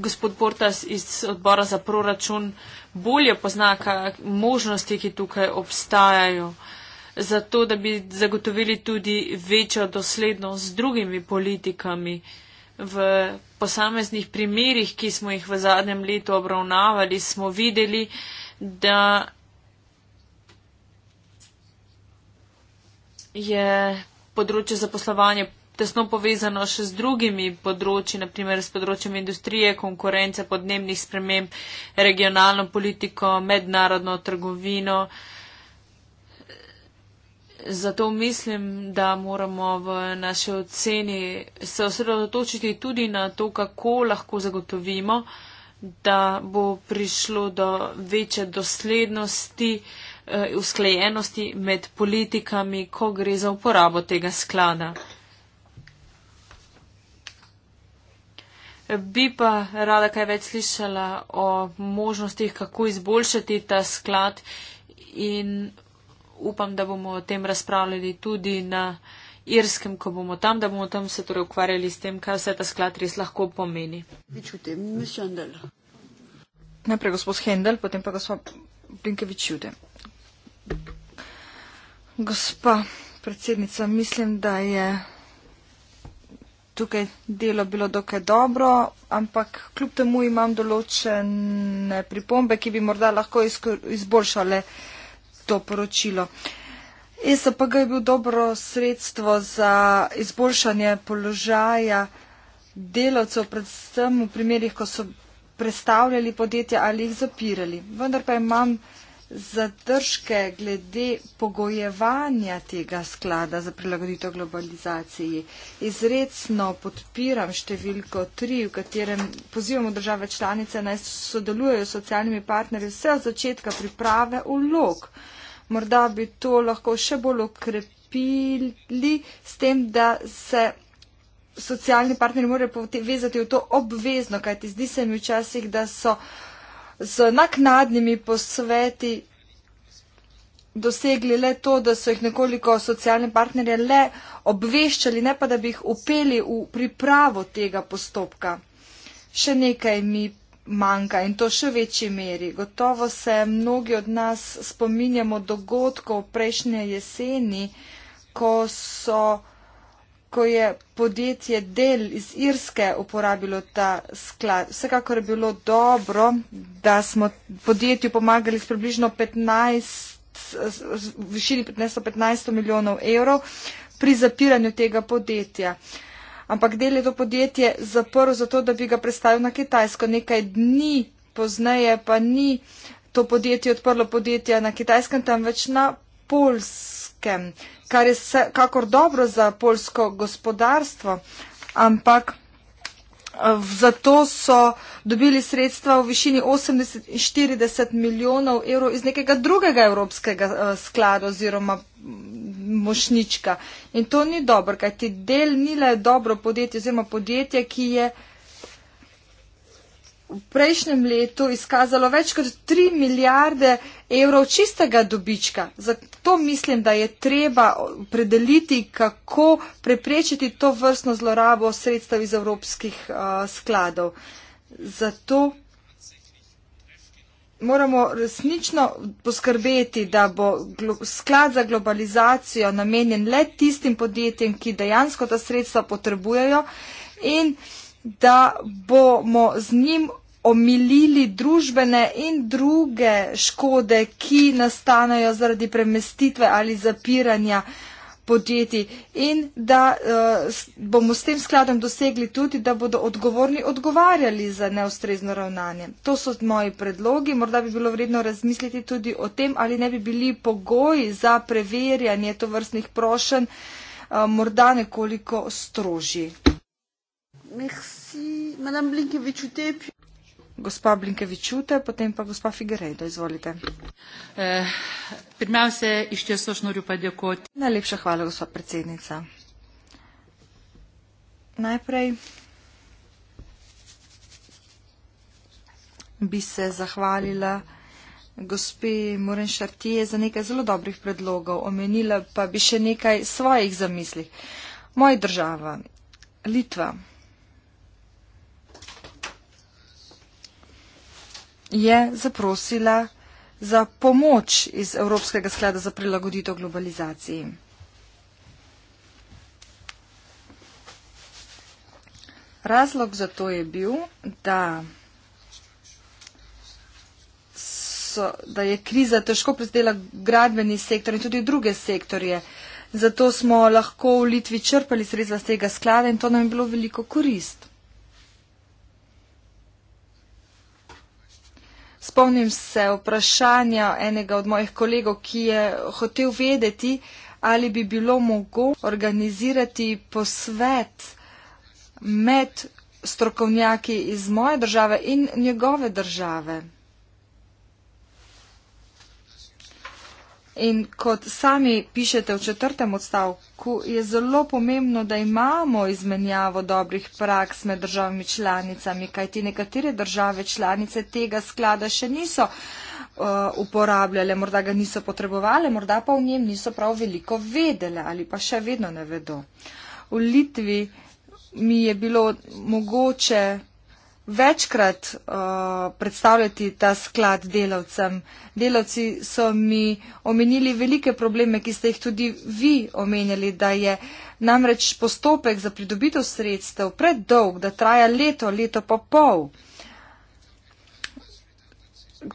gospod Portas iz odbora za proračun bolje pozna, kak možnosti, ki tukaj obstajajo, zato da bi zagotovili tudi večjo doslednost z drugimi politikami v posameznih primerjih, ki smo jih v zadnjem letu obravnavali, smo videli, da je področje zaposlovanja tesno povezano še z drugimi področji, naprimer s področjem industrije, konkurence, podnebnih sprememb, regionalno politiko, mednarodno trgovino. Zato mislim, da moramo v naši oceni se osredotočiti tudi na to, kako lahko zagotovimo, da bo prišlo do večje doslednosti, eh, usklajenosti med politikami, ko gre za uporabo tega sklada. Bi pa rada kaj več slišala o možnostih, kako izboljšati ta sklad in upam, da bomo o tem razpravljali tudi na Irskem, ko bomo tam, da bomo tam se torej ukvarjali s tem, kaj vse ta sklad res lahko pomeni. Najprej gospod Hendel, potem pa gospod Blinkevič Jude. Gospa predsednica, mislim, da je tukaj delo bilo dokaj dobro, ampak kljub temu imam določene pripombe, ki bi morda lahko izboljšale to poročilo. ESPG je bil dobro sredstvo za izboljšanje položaja delavcev, predvsem v primerjih, ko so prestavljali podjetja ali jih zapirali. Vendar pa imam zadržke glede pogojevanja tega sklada za prilagoditev globalizaciji. Izredno podpiram številko tri, v katerem pozivamo države članice naj sodelujejo s socialnimi partnerji vse od začetka priprave vlog. Morda bi to lahko še bolj okrepili s tem, da se socialni partneri morajo povezati v to obvezno, kajti zdi se mi včasih, da so z naknadnimi posveti dosegli le to, da so jih nekoliko socialni partnerje le obveščali, ne pa da bi jih upeli v pripravo tega postopka. Še nekaj mi manjka in to še večji meri. Gotovo se mnogi od nas spominjamo dogodkov prejšnje jeseni, ko so ko je podjetje Del iz Irske uporabilo ta sklad. Vsekakor je bilo dobro, da smo podjetju pomagali s približno 15, 15-15 milijonov evrov pri zapiranju tega podjetja. Ampak Del je to podjetje zaprl zato, da bi ga predstavil na Kitajsko. Nekaj dni pozneje pa ni to podjetje odprlo podjetja na Kitajskem, temveč na Poljskem kar je se, kakor dobro za polsko gospodarstvo, ampak eh, zato so dobili sredstva v višini 840 milijonov evrov iz nekega drugega evropskega eh, skladu oziroma mm, mošnička. In to ni dobro, kajti del Nila je dobro podjetje oziroma podjetje, ki je v prejšnjem letu izkazalo več kot 3 milijarde evrov čistega dobička. Zato mislim, da je treba predeliti, kako preprečiti to vrstno zlorabo sredstev iz evropskih uh, skladov. Zato moramo resnično poskrbeti, da bo sklad za globalizacijo namenjen le tistim podjetjem, ki dejansko ta sredstva potrebujejo in da bomo z njim omilili družbene in druge škode, ki nastanejo zaradi premestitve ali zapiranja podjetij in da uh, bomo s tem skladom dosegli tudi, da bodo odgovorni odgovarjali za neustrezno ravnanje. To so moji predlogi. Morda bi bilo vredno razmisliti tudi o tem, ali ne bi bili pogoji za preverjanje tovrstnih prošen uh, eh, morda nekoliko strožji. Merci. Madame Blinkevičute, puis... Gospa Blinkevičute, potem pa gospa Figueredo, izvolite. Eh, Najlepša hvala, gospa predsednica. Najprej bi se zahvalila gospe Moren Šartije za nekaj zelo dobrih predlogov, omenila pa bi še nekaj svojih zamislih. Moja država, Litva, je zaprosila za pomoč iz Evropskega sklada za prilagoditev globalizaciji. Razlog za to je bil, da, so, da je kriza težko prizdela gradbeni sektor in tudi druge sektorje. Zato smo lahko v Litvi črpali sredstva z tega sklada in to nam je bilo veliko korist. spomnim se vprašanja enega od mojih kolegov, ki je hotel vedeti, ali bi bilo mogo organizirati posvet med strokovnjaki iz moje države in njegove države. In kot sami pišete v četrtem odstavku, je zelo pomembno, da imamo izmenjavo dobrih praks med državami članicami, kajti nekatere države članice tega sklada še niso uh, uporabljale, morda ga niso potrebovali, morda pa v njem niso prav veliko vedele ali pa še vedno ne vedo. V Litvi mi je bilo mogoče večkrat uh, predstavljati ta sklad delavcem. Delavci so mi omenili velike probleme, ki ste jih tudi vi omenjali, da je namreč postopek za pridobitev sredstev predolg, da traja leto, leto pa pol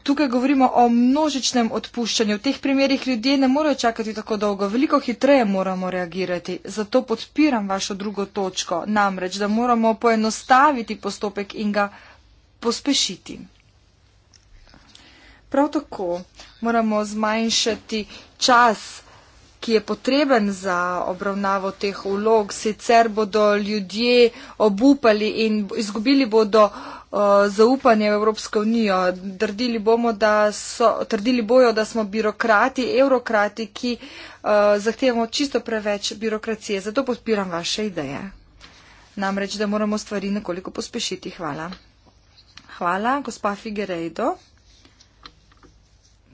tukaj govorimo o množičnem odpuščanju. V teh primerih ljudje ne morejo čakati tako dolgo, veliko hitreje moramo reagirati. Zato podpiram vašo drugo točko, namreč, da moramo poenostaviti postopek in ga pospešiti. Prav tako moramo zmanjšati čas, ki je potreben za obravnavo teh vlog, sicer bodo ljudje obupali in izgubili bodo uh, zaupanje v Evropsko unijo. Trdili, bomo, da so, trdili bojo, da smo birokrati, evrokrati, ki zahtevamo čisto preveč birokracije. Zato podpiram vaše ideje. Namreč, da moramo stvari nekoliko pospešiti. Hvala. Hvala, gospa Figerejdo.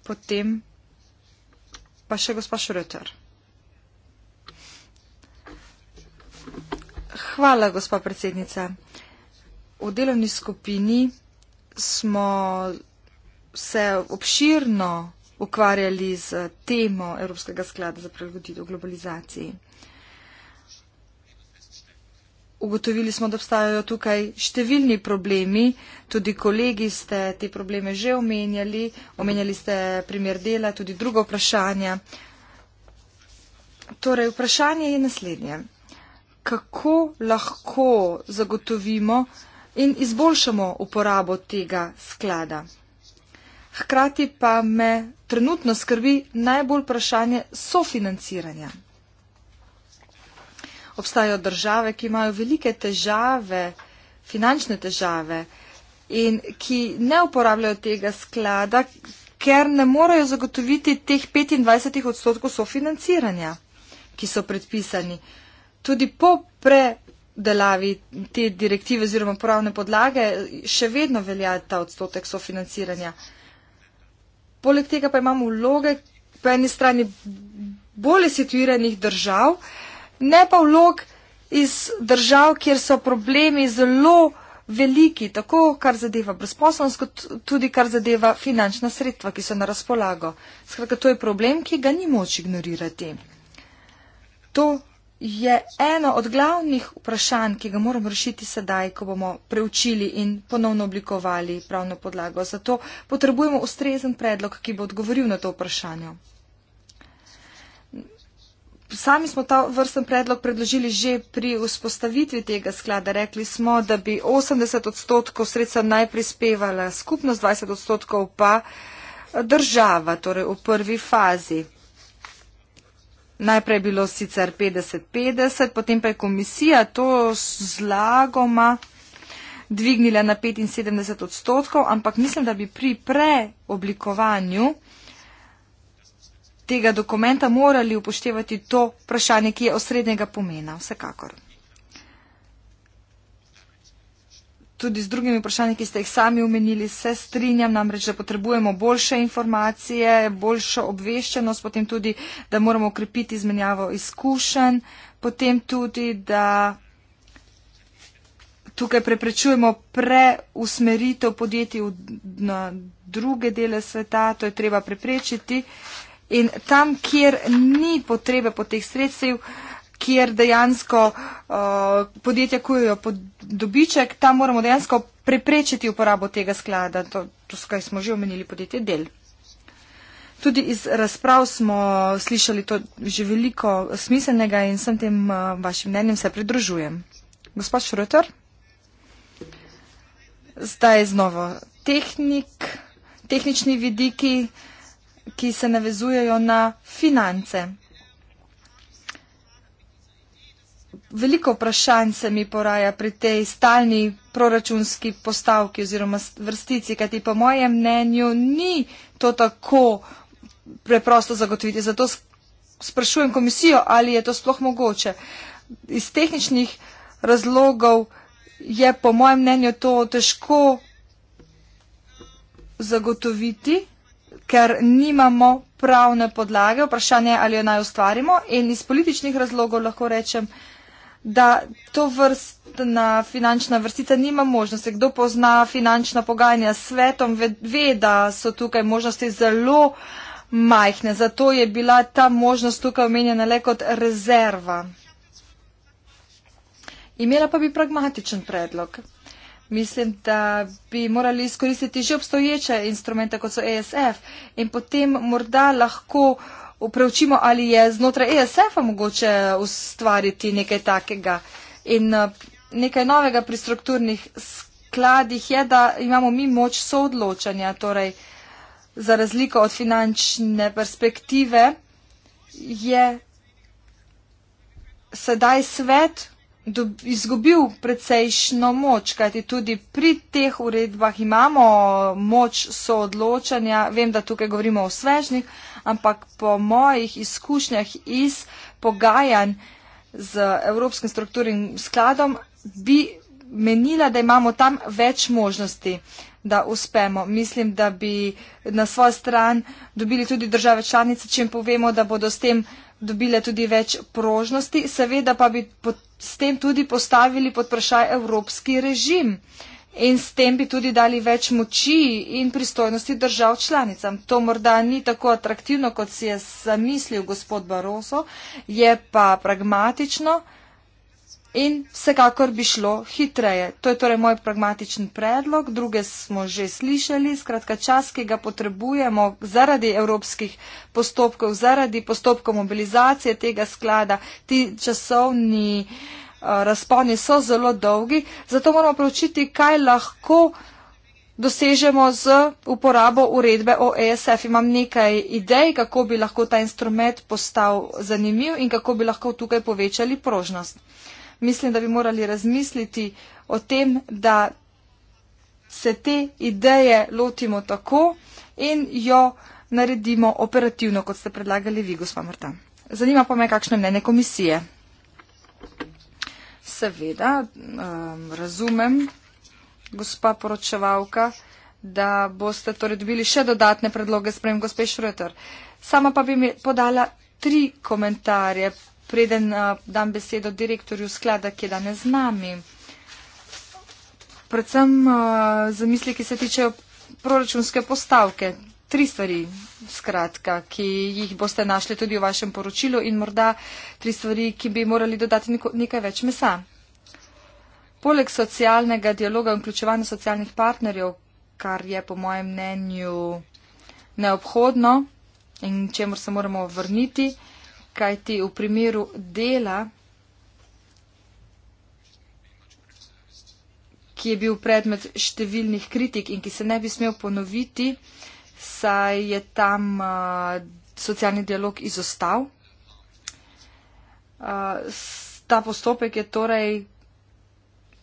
Potem pa še gospa Šrotar. Hvala, gospa predsednica v delovni skupini smo se obširno ukvarjali z temo Evropskega sklada za prilagoditev globalizaciji. Ugotovili smo, da obstajajo tukaj številni problemi, tudi kolegi ste te probleme že omenjali, omenjali ste primer dela, tudi druga vprašanja. Torej, vprašanje je naslednje. Kako lahko zagotovimo, in izboljšamo uporabo tega sklada. Hkrati pa me trenutno skrbi najbolj vprašanje sofinanciranja. Obstajajo države, ki imajo velike težave, finančne težave in ki ne uporabljajo tega sklada, ker ne morejo zagotoviti teh 25 odstotkov sofinanciranja, ki so predpisani. Tudi po preprečanju obdelavi te direktive oziroma pravne podlage še vedno velja ta odstotek sofinanciranja. Poleg tega pa imamo vloge po eni strani bolje situiranih držav, ne pa vlog iz držav, kjer so problemi zelo veliki, tako kar zadeva brezposlenost, kot tudi kar zadeva finančna sredstva, ki so na razpolago. Skratka, to je problem, ki ga ni moč ignorirati. To je eno od glavnih vprašanj, ki ga moramo rešiti sedaj, ko bomo preučili in ponovno oblikovali pravno podlago. Zato potrebujemo ustrezen predlog, ki bo odgovoril na to vprašanje. Sami smo ta vrsten predlog predložili že pri vzpostavitvi tega sklada. Rekli smo, da bi 80 odstotkov sredstva naj prispevala skupnost, 20 odstotkov pa država, torej v prvi fazi. Najprej je bilo sicer 50-50, potem pa je komisija to zlagoma dvignila na 75 odstotkov, ampak mislim, da bi pri preoblikovanju tega dokumenta morali upoštevati to vprašanje, ki je osrednjega pomena vsekakor. tudi z drugimi vprašanji, ki ste jih sami omenili, se strinjam namreč, da potrebujemo boljše informacije, boljšo obveščenost, potem tudi, da moramo okrepiti izmenjavo izkušenj, potem tudi, da tukaj preprečujemo preusmeritev podjetij v, na druge dele sveta, to je treba preprečiti. In tam, kjer ni potrebe po teh sredstev, kjer dejansko uh, podjetja kujejo pod dobiček, tam moramo dejansko preprečiti uporabo tega sklada. To, to skaj smo že omenili podjetje del. Tudi iz razprav smo slišali to že veliko smiselnega in sem tem uh, vašim mnenjem se pridružujem. Gospod Šrotor, zdaj znova tehnik, tehnični vidiki, ki se navezujejo na finance. Veliko vprašanj se mi poraja pri tej stalni proračunski postavki oziroma vrstici, kajti po mojem mnenju ni to tako preprosto zagotoviti. Zato sprašujem komisijo, ali je to sploh mogoče. Iz tehničnih razlogov je po mojem mnenju to težko zagotoviti, ker nimamo pravne podlage. Vprašanje je, ali jo naj ustvarimo. In iz političnih razlogov lahko rečem, da to vrstna finančna vrstica nima možnosti. Kdo pozna finančna pogajanja s svetom, ve, ve, da so tukaj možnosti zelo majhne. Zato je bila ta možnost tukaj omenjena le kot rezerva. Imela pa bi pragmatičen predlog. Mislim, da bi morali izkoristiti že obstoječe instrumente, kot so ESF, in potem morda lahko uh, upravčimo, ali je znotraj ESF-a mogoče ustvariti nekaj takega. In eh, nekaj novega pri strukturnih skladih je, da imamo mi moč soodločanja, torej za razliko od finančne perspektive je sedaj svet izgubil precejšno moč, kajti tudi pri teh uredbah imamo moč soodločanja. Vem, da tukaj govorimo o svežnih, ampak po mojih izkušnjah iz pogajanj z Evropskim strukturnim skladom bi menila, da imamo tam več možnosti, da uspemo. Mislim, da bi na svojo stran dobili tudi države članice, če jim povemo, da bodo s tem dobile tudi več prožnosti, seveda pa bi s tem tudi postavili pod vprašaj evropski režim in s tem bi tudi dali več moči in pristojnosti držav članicam. To morda ni tako atraktivno, kot si je zamislil gospod Baroso, je pa pragmatično. In vsekakor bi šlo hitreje. To je torej moj pragmatičen predlog, druge smo že slišali. Skratka, čas, ki ga potrebujemo zaradi evropskih postopkov, zaradi postopkov mobilizacije tega sklada, ti časovni eh, razponi so zelo dolgi. Zato moramo pravčiti, kaj lahko dosežemo z uporabo uredbe o ESF. Imam nekaj idej, kako bi lahko ta instrument postal zanimiv in kako bi lahko tukaj povečali prožnost mislim, da bi morali razmisliti o tem, da se te ideje lotimo tako in jo naredimo operativno, kot ste predlagali vi, gospa Marta. Zanima pa me, kakšno mnenje komisije. Seveda, ehm, razumem, gospa poročevalka, da boste torej dobili še dodatne predloge, sprem gospe Šreter. Sama pa bi mi podala tri komentarje preden uh, dam besedo direktorju sklada, ki je danes z nami. Predvsem uh, eh, za misli, ki se tičejo proračunske postavke. Tri stvari, skratka, ki jih boste našli tudi v vašem poročilu in morda tri stvari, ki bi morali dodati nekaj več mesa. Poleg socialnega dialoga in vključevanja socialnih partnerjev, kar je po mojem mnenju neobhodno in čemur se moramo vrniti, uh, kaj ti v primeru dela, ki je bil predmet številnih kritik in ki se ne bi smel ponoviti, saj je tam uh, socialni dialog izostal. Uh, ta postopek je torej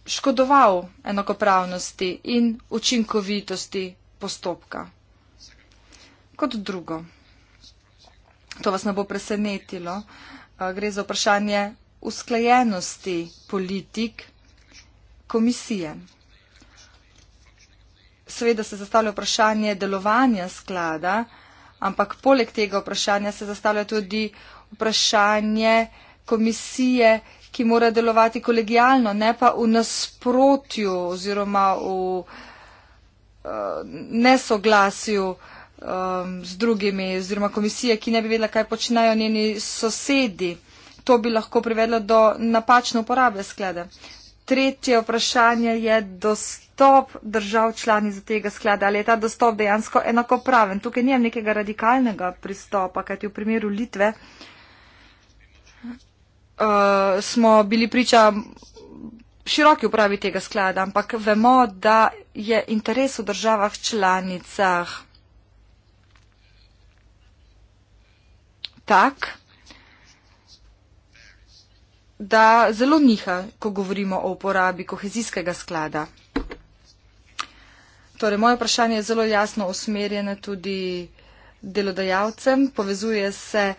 škodoval enakopravnosti in učinkovitosti postopka. Kot drugo to vas ne bo presenetilo. Gre za vprašanje usklajenosti politik komisije. Seveda se zastavlja vprašanje delovanja sklada, ampak poleg tega vprašanja se zastavlja tudi vprašanje komisije, ki mora delovati kolegijalno, ne pa v nasprotju oziroma v uh, nesoglasju uh, um, z drugimi, oziroma komisije, ki ne bi vedela, kaj počnejo njeni sosedi. To bi lahko privedlo do napačne uporabe sklada. Tretje vprašanje je dostop držav člani za tega sklada. Ali je ta dostop dejansko enakopraven? Tukaj nijem nekega radikalnega pristopa, kajti v primeru Litve uh, smo bili priča široki upravi tega sklada, ampak vemo, da je interes v državah članicah. tak, da zelo niha, ko govorimo o uporabi kohezijskega sklada. Torej, moje vprašanje je zelo jasno usmerjeno tudi delodajalcem, povezuje se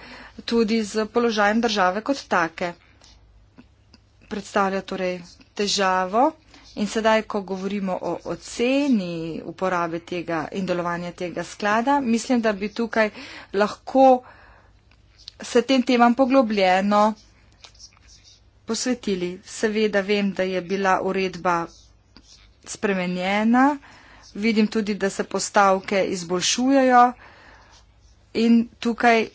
tudi z položajem države kot take. Predstavlja torej težavo in sedaj, ko govorimo o oceni uporabe tega in delovanja tega sklada, mislim, da bi tukaj lahko uh, se tem temam poglobljeno posvetili. Seveda vem, da je bila uredba spremenjena, vidim tudi, da se postavke izboljšujejo in tukaj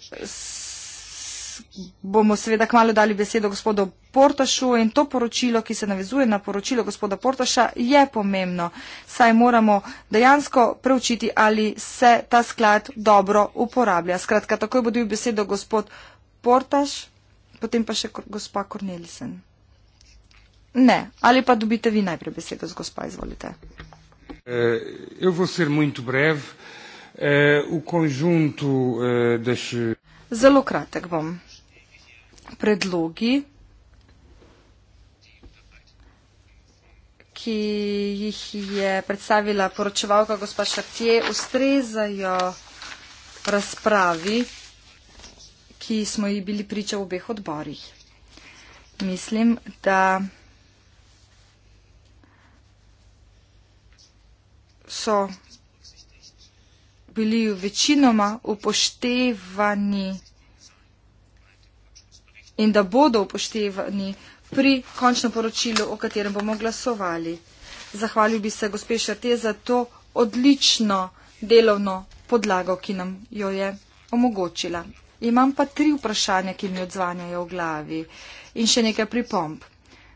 bomo seveda kmalo dali besedo gospodu Portašu in to poročilo, ki se navezuje na poročilo gospoda Portaša, je pomembno, saj moramo dejansko preučiti, ali se ta sklad dobro uporablja. Skratka, takoj bodil besedo gospod Portaš, potem pa še gospa Kornelisen. Ne, ali pa dobite vi najprej besedo z gospa, izvolite. Eh, eh, eh, Zelo kratek bom. Predlogi ki jih je predstavila poročevalka gospa Šatje, ustrezajo razpravi, ki smo jih bili priča v obeh odborih. Mislim, da so bili večinoma upoštevani in da bodo upoštevani pri končnem poročilu, o katerem bomo glasovali. Zahvalil bi se gospe Šate za to odlično delovno podlago, ki nam jo je omogočila. Imam pa tri vprašanja, ki mi odzvanjajo v glavi in še nekaj pripomb.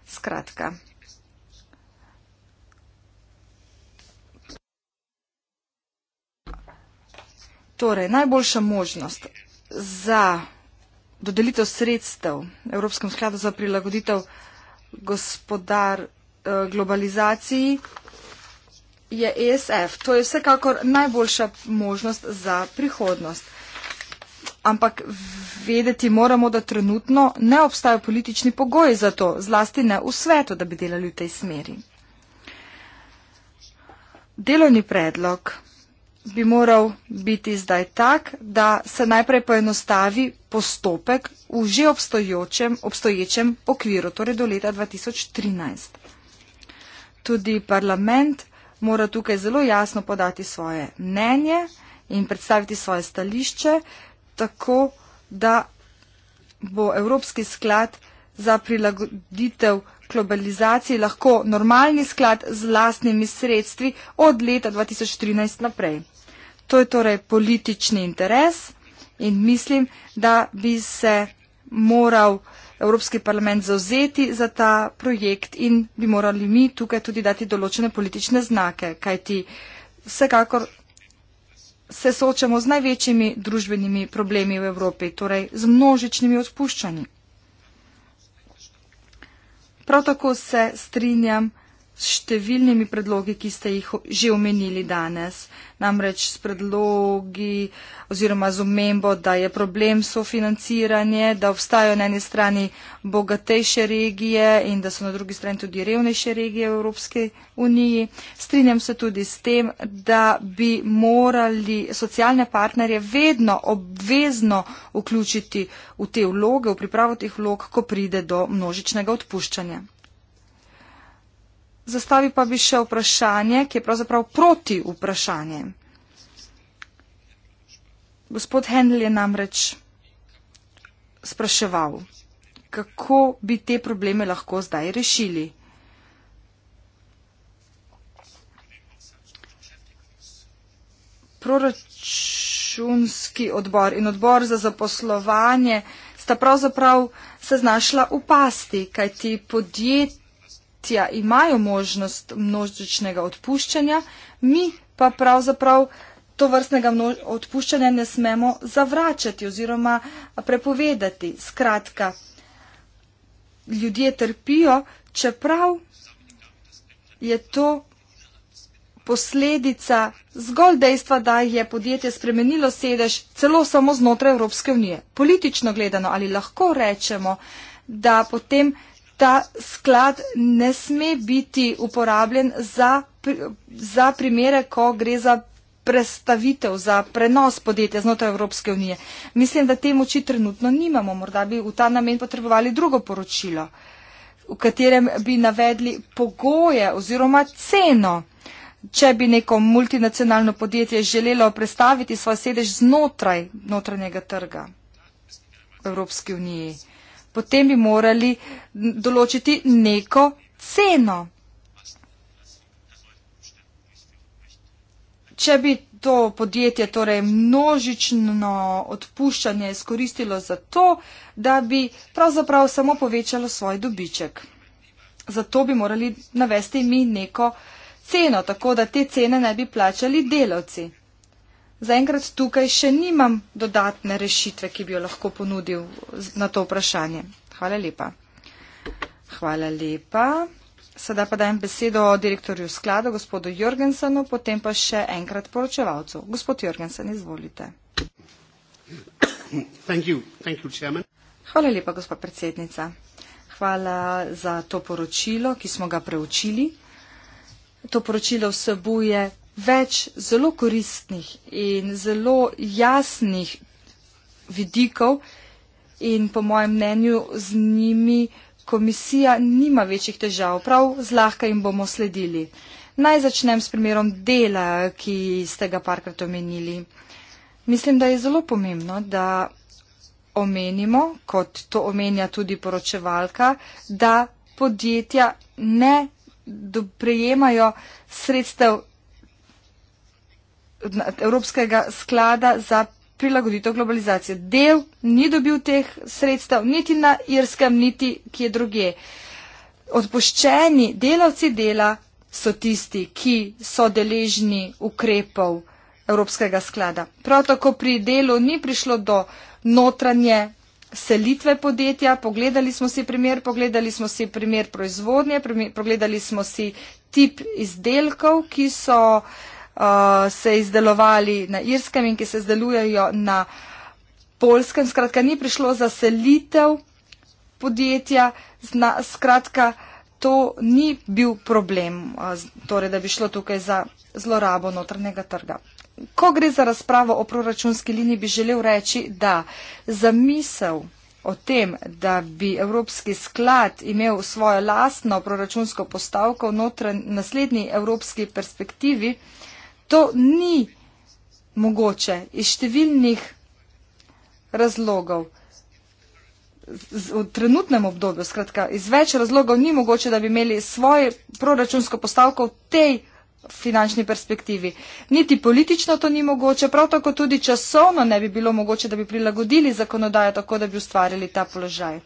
Skratka. Torej, najboljša možnost za dodelitev sredstev Evropskem skladu za prilagoditev gospodar eh, globalizaciji je ESF. To je vsekakor najboljša možnost za prihodnost. Ampak vedeti moramo, da trenutno ne obstajajo politični pogoji za to, zlasti ne v svetu, da bi delali v tej smeri. Delovni predlog bi moral biti zdaj tak, da se najprej poenostavi postopek v že obstoječem, obstoječem okviru, torej do leta 2013. Tudi parlament mora tukaj zelo jasno podati svoje mnenje in predstaviti svoje stališče, tako da bo Evropski sklad za prilagoditev globalizaciji lahko normalni sklad z lastnimi sredstvi od leta 2013 naprej. To je torej politični interes in mislim, da bi se moral Evropski parlament zauzeti za ta projekt in bi morali mi tukaj tudi dati določene politične znake, kajti vsekakor se soočamo z največjimi družbenimi problemi v Evropi, torej z množičnimi odpuščanji. Prav tako se strinjam s številnimi predlogi, ki ste jih že omenili danes. Namreč s predlogi oziroma z omembo, da je problem sofinanciranje, da obstajajo na eni strani bogatejše regije in da so na drugi strani tudi revnejše regije v Evropske uniji. Strinjam se tudi s tem, da bi morali socialne partnerje vedno obvezno vključiti v te vloge, v pripravo teh vlog, ko pride do množičnega odpuščanja. Zastavi pa bi še vprašanje, ki je pravzaprav proti vprašanje. Gospod Hendel je namreč spraševal, kako bi te probleme lahko zdaj rešili. Proračunski odbor in odbor za zaposlovanje sta pravzaprav se znašla v pasti, kajti podjetje podjetja imajo možnost množičnega odpuščanja, mi pa pravzaprav to vrstnega odpuščanja ne smemo zavračati oziroma prepovedati. Skratka, ljudje trpijo, čeprav je to posledica zgolj dejstva, da je podjetje spremenilo sedež celo samo znotraj Evropske unije. Politično gledano ali lahko rečemo, da potem ta sklad ne sme biti uporabljen za, za primere, ko gre za prestavitev, za prenos podjetja znotraj Evropske unije. Mislim, da te moči trenutno nimamo. Morda bi v ta namen potrebovali drugo poročilo, v katerem bi navedli pogoje oziroma ceno. Če bi neko multinacionalno podjetje želelo prestaviti svoj sedež znotraj notranjega trga Evropske unije potem bi morali določiti neko ceno. Če bi to podjetje, torej množično odpuščanje, izkoristilo za to, da bi pravzaprav samo povečalo svoj dobiček. Zato bi morali navesti mi neko ceno, tako da te cene ne bi plačali delavci. Zaenkrat tukaj še nimam dodatne rešitve, ki bi jo lahko ponudil na to vprašanje. Hvala lepa. Hvala lepa. Sedaj pa dajem besedo direktorju sklada, gospodu Jorgensenu, potem pa še enkrat poročevalcu. Gospod Jorgensen, izvolite. Thank you. Thank you, Hvala lepa, gospod predsednica. Hvala za to poročilo, ki smo ga preučili. To poročilo vsebuje več zelo koristnih in zelo jasnih vidikov in po mojem mnenju z njimi komisija nima večjih težav. Prav zlahka jim bomo sledili. Naj začnem s primerom dela, ki ste ga parkrat omenili. Mislim, da je zelo pomembno, da omenimo, kot to omenja tudi poročevalka, da podjetja ne prejemajo sredstev Evropskega sklada za prilagoditev globalizacije. Del ni dobil teh sredstev, niti na Irskem, niti kje druge. Odpoščeni delavci dela so tisti, ki so deležni ukrepov Evropskega sklada. Prav tako pri delu ni prišlo do notranje selitve podjetja. Pogledali smo si primer, pogledali smo si primer proizvodnje, pogledali smo si tip izdelkov, ki so uh, uh, se izdelovali na Irskem in ki se izdelujejo na Polskem. Skratka, ni prišlo za selitev podjetja, zna, skratka, to ni bil problem, uh, torej, da bi šlo tukaj za zlorabo notranjega trga. Ko gre za razpravo o proračunski liniji, bi želel reči, da za misel o tem, da bi Evropski sklad imel svojo lastno proračunsko postavko v naslednji evropski perspektivi, uh, To ni mogoče iz številnih razlogov. Z, v trenutnem obdobju, skratka, iz več razlogov ni mogoče, da bi imeli svoj proračunsko postavko v tej finančni perspektivi. Niti politično to ni mogoče, prav tako tudi časovno ne bi bilo mogoče, da bi prilagodili zakonodajo tako, da bi ustvarili ta položaj.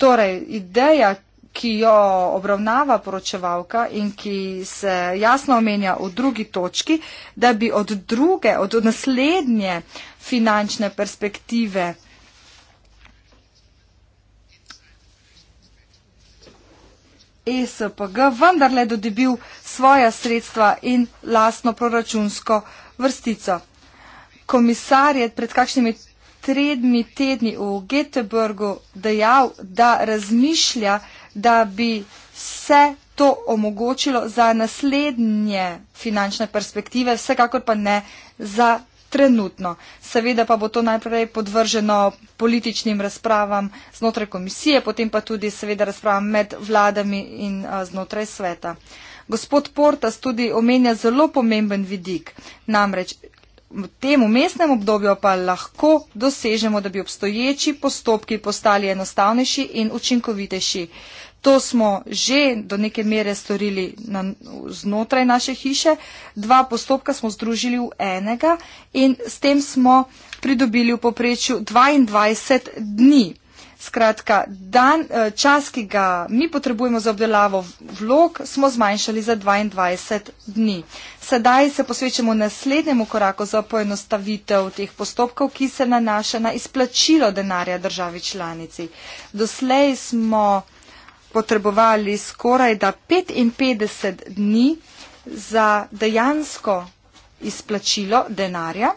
Torej, ideja ki jo obravnava poročevalka in ki se jasno omenja v drugi točki, da bi od druge, od naslednje finančne perspektive ESPG vendarle dodobil svoja sredstva in lastno proračunsko vrstico. Komisar je pred kakšnimi tredmi tedni v Göteborgu dejal, da razmišlja, da bi se to omogočilo za naslednje finančne perspektive, vsekakor pa ne za trenutno. Seveda pa bo to najprej podvrženo političnim razpravam znotraj komisije, potem pa tudi seveda razpravam med vladami in znotraj sveta. Gospod Portas tudi omenja zelo pomemben vidik, namreč v tem umestnem obdobju pa lahko dosežemo, da bi obstoječi postopki postali enostavnejši in učinkovitejši. Uh, To smo že do neke mere storili na, znotraj naše hiše. Dva postopka smo združili v enega in s tem smo pridobili v poprečju 22 dni. Skratka, dan, eh, čas, ki ga mi potrebujemo za obdelavo vlog, smo zmanjšali za 22 dni. Sedaj se posvečamo naslednjemu koraku za poenostavitev teh postopkov, ki se nanaša na izplačilo denarja državi članici. Doslej smo potrebovali skoraj da 55 dni za dejansko izplačilo denarja,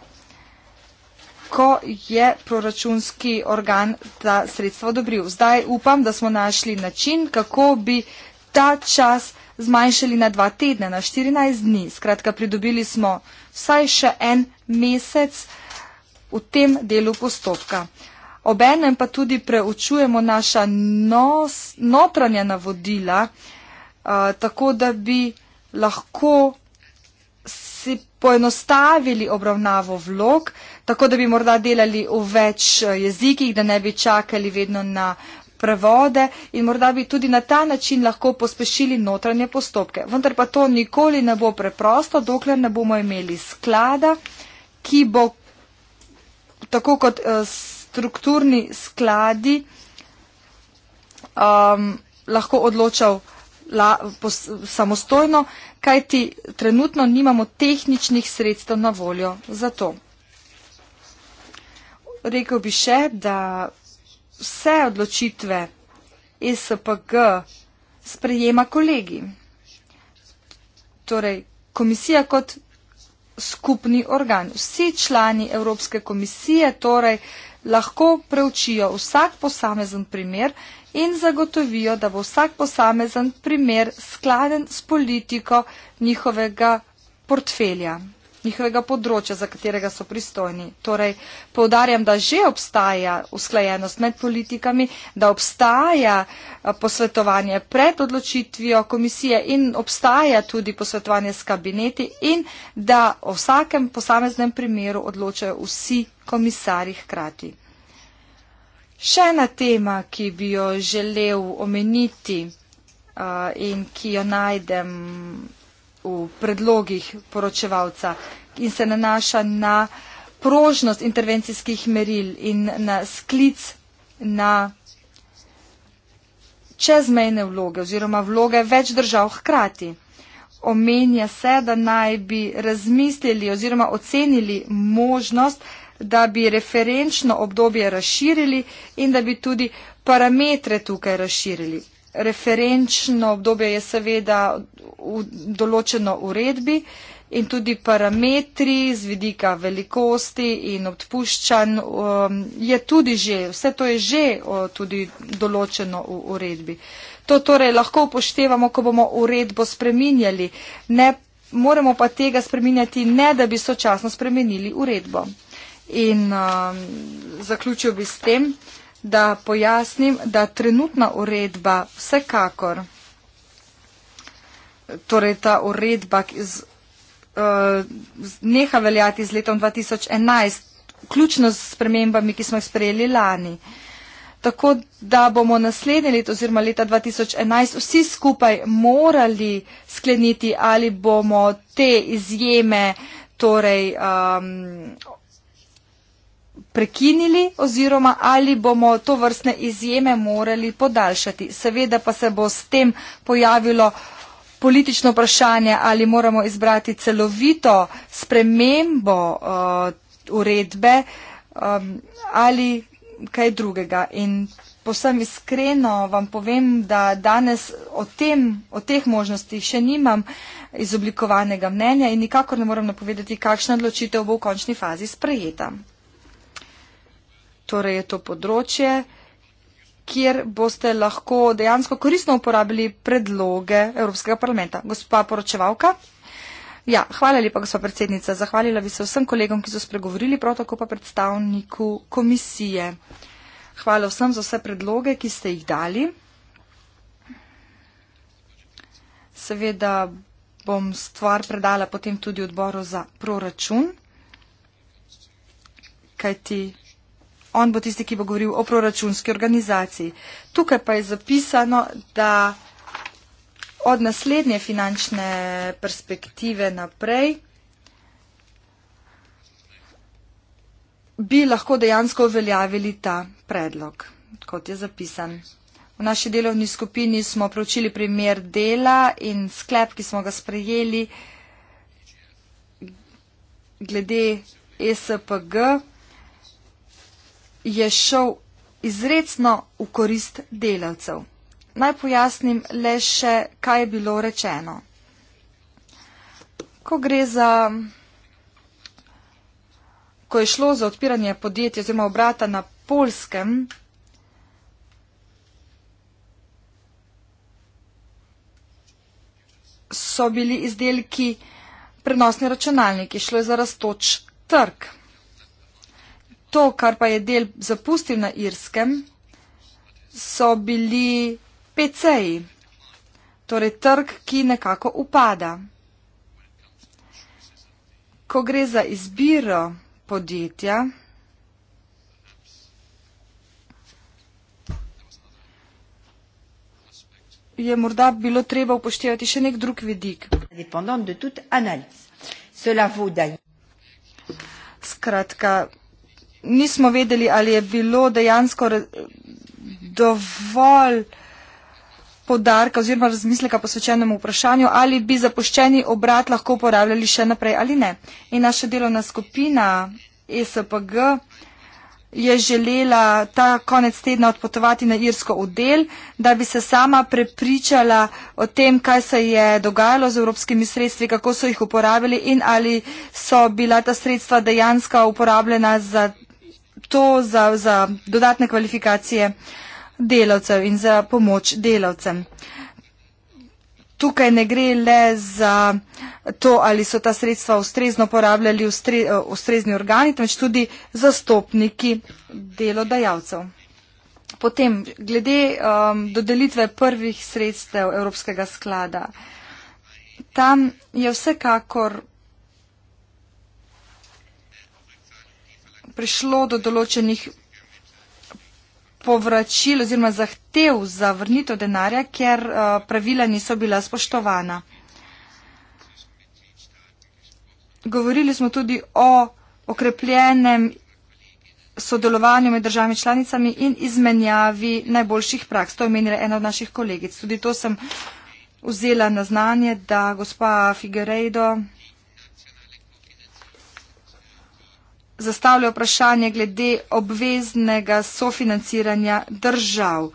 ko je proračunski organ ta sredstvo odobril. Zdaj upam, da smo našli način, kako bi ta čas zmanjšali na dva tedna, na 14 dni. Skratka, pridobili smo vsaj še en mesec v tem delu postopka. Obenem pa tudi preučujemo naša nos, notranja navodila, a, eh, tako da bi lahko si poenostavili obravnavo vlog, tako da bi morda delali v več eh, jezikih, da ne bi čakali vedno na prevode in morda bi tudi na ta način lahko pospešili notranje postopke. Vendar pa to nikoli ne bo preprosto, dokler ne bomo imeli sklada, ki bo tako kot. Eh, strukturni skladi um, lahko odločal la, pos, samostojno, kajti trenutno nimamo tehničnih sredstev na voljo za to. Rekel bi še, da vse odločitve e SPG sprejema kolegi. Torej, komisija kot skupni organ. Vsi člani Evropske komisije torej lahko preučijo vsak posamezen primer in zagotovijo, da bo vsak posamezen primer skladen s politiko njihovega portfelja, njihovega področja, za katerega so pristojni. Torej, povdarjam, da že obstaja usklajenost med politikami, da obstaja posvetovanje pred odločitvijo komisije in obstaja tudi posvetovanje s kabineti in da o vsakem posameznem primeru odločajo vsi komisarji hkrati. Še ena tema, ki bi jo želel omeniti uh, in ki jo najdem v predlogih poročevalca in se nanaša na prožnost intervencijskih meril in na sklic na čezmejne vloge oziroma vloge več držav hkrati. Omenja se, da naj bi razmislili oziroma ocenili možnost, da bi referenčno obdobje razširili in da bi tudi parametre tukaj razširili. Referenčno obdobje je seveda v določeno uredbi in tudi parametri z vidika velikosti in odpuščanj um, je tudi že, vse to je že tudi določeno v uredbi. To torej lahko upoštevamo, ko bomo uredbo spreminjali, ne, moramo pa tega spreminjati ne, da bi sočasno spremenili uredbo. In um, zaključil bi s tem, da pojasnim, da trenutna uredba vsekakor, torej ta uredba z, uh, neha veljati z letom 2011, ključno s spremembami, ki smo jih sprejeli lani. Tako da bomo naslednje leto oziroma leta 2011 vsi skupaj morali skleniti, ali bomo te izjeme, torej. Um, prekinili oziroma ali bomo to vrstne izjeme morali podaljšati. Seveda pa se bo s tem pojavilo politično vprašanje, ali moramo izbrati celovito spremembo uh, uredbe um, ali kaj drugega. In posem iskreno vam povem, da danes o, tem, o teh možnostih še nimam izoblikovanega mnenja in nikakor ne moram napovedati, kakšna odločitev bo v končni fazi sprejeta torej je to področje, kjer boste lahko dejansko koristno uporabili predloge Evropskega parlamenta. Gospa poročevalka. Ja, hvala lepa, gospa predsednica. Zahvalila bi se vsem kolegom, ki so spregovorili, prav tako pa predstavniku komisije. Hvala vsem za vse predloge, ki ste jih dali. Seveda bom stvar predala potem tudi odboru za proračun, kajti on bo tisti, ki bo govoril o proračunski organizaciji. Tukaj pa je zapisano, da od naslednje finančne perspektive naprej bi lahko dejansko uveljavili ta predlog, kot je zapisan. V naši delovni skupini smo pročili primer dela in sklep, ki smo ga sprejeli glede ESPG je šel izredno v korist delavcev. Naj pojasnim le še, kaj je bilo rečeno. Ko gre za. Ko je šlo za odpiranje podjetja oziroma obrata na polskem, so bili izdelki prenosni računalniki, šlo je za raztoč trg. To, kar pa je del zapustil na Irskem, so bili PC-ji, torej trg, ki nekako upada. Ko gre za izbiro podjetja, je morda bilo treba upoštevati še nek drug vidik. Skratka, nismo vedeli, ali je bilo dejansko dovolj podarka oziroma razmisleka posvečenemu vprašanju, ali bi zapuščeni obrat lahko uporabljali še naprej ali ne. In naša delovna skupina e SPG je želela ta konec tedna odpotovati na Irsko odel, da bi se sama prepričala o tem, kaj se je dogajalo z evropskimi sredstvi, kako so jih uporabili in ali so bila ta sredstva dejansko uporabljena za to za, za dodatne kvalifikacije delavcev in za pomoč delavcem. Tukaj ne gre le za to, ali so ta sredstva ustrezno porabljali ustre, ustrezni organi, temveč tudi zastopniki delodajalcev. Potem, glede um, dodelitve prvih sredstev Evropskega sklada. Tam je vsekakor prišlo do določenih povračil oziroma zahtev za vrnitev denarja, ker eh, pravila niso bila spoštovana. Govorili smo tudi o okrepljenem sodelovanju med državami članicami in izmenjavi najboljših praks. To je menila ena od naših kolegic. Tudi to sem vzela na znanje, da gospa Figueiredo zastavlja vprašanje glede obveznega sofinanciranja držav.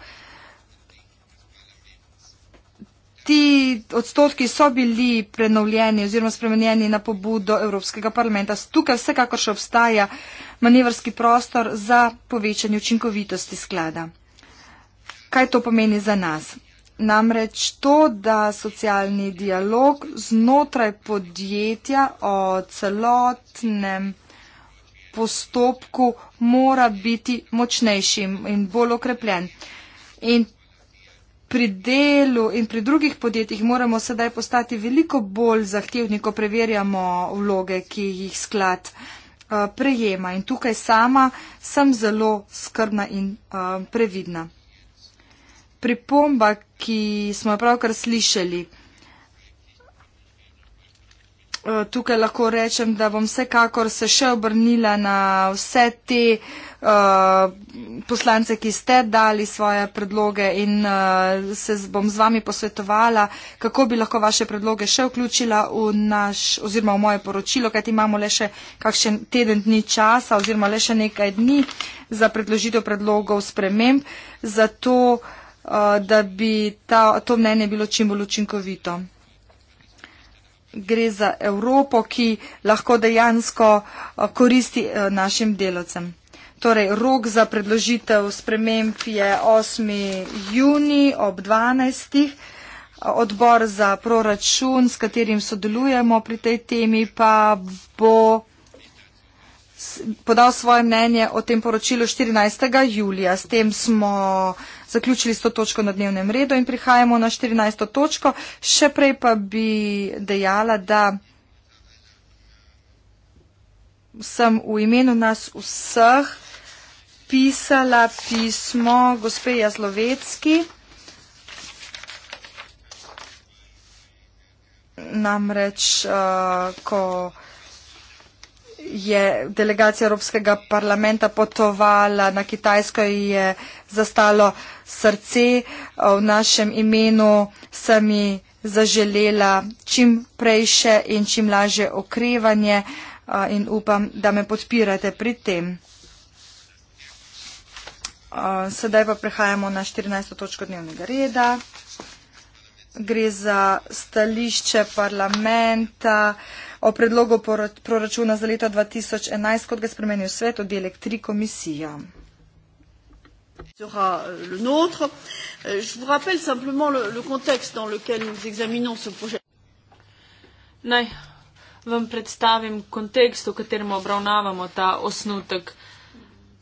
Ti odstotki so bili prenovljeni oziroma spremenjeni na pobudo Evropskega parlamenta. Tukaj vsekakor še obstaja manevrski prostor za povečanje učinkovitosti sklada. Kaj to pomeni za nas? Namreč to, da socialni dialog znotraj podjetja o celotnem postopku mora biti močnejši in bolj okrepljen. In pri delu in pri drugih podjetjih moramo sedaj postati veliko bolj zahtevni, ko preverjamo vloge, ki jih sklad eh, prejema. In tukaj sama sem zelo skrbna in eh, previdna. Pripomba, ki smo jo pravkar slišali, Eh, tukaj lahko rečem, da bom vsekakor se še obrnila na vse te uh, poslance, ki ste dali svoje predloge in uh, se bom z vami posvetovala, kako bi lahko vaše predloge še vključila v naš oziroma v moje poročilo, kajti imamo le še kakšen teden dni časa oziroma le še nekaj dni za predložitev predlogov sprememb, zato uh, da bi ta, to mnenje bilo čim bolj učinkovito gre za Evropo, ki lahko dejansko eh, koristi eh, našim delovcem. Torej, rok za predložitev sprememb je 8. juni ob 12. Odbor za proračun, s katerim sodelujemo pri tej temi, pa bo podal svoje mnenje o tem poročilu 14. julija. S tem smo zaključili s to točko na dnevnem redu in prihajamo na 14. točko. Še prej pa bi dejala, da sem v imenu nas vseh pisala pismo gospe Jazlovecki. Namreč, uh, ko je delegacija Evropskega parlamenta potovala na Kitajsko in je zastalo srce. V našem imenu sem ji zaželela čim prejše in čim laže okrevanje in upam, da me podpirate pri tem. Sedaj pa prehajamo na 14. točko dnevnega reda. Gre za stališče parlamenta o predlogu proračuna za leto 2011, kot ga je spremenil svet oddelek 3 komisija. sera euh, le nôtre. Euh, je vous rappelle simplement le, le contexte dans lequel nous examinons ce projet. Naj vam predstavim kontekst, v katerem obravnavamo ta osnutek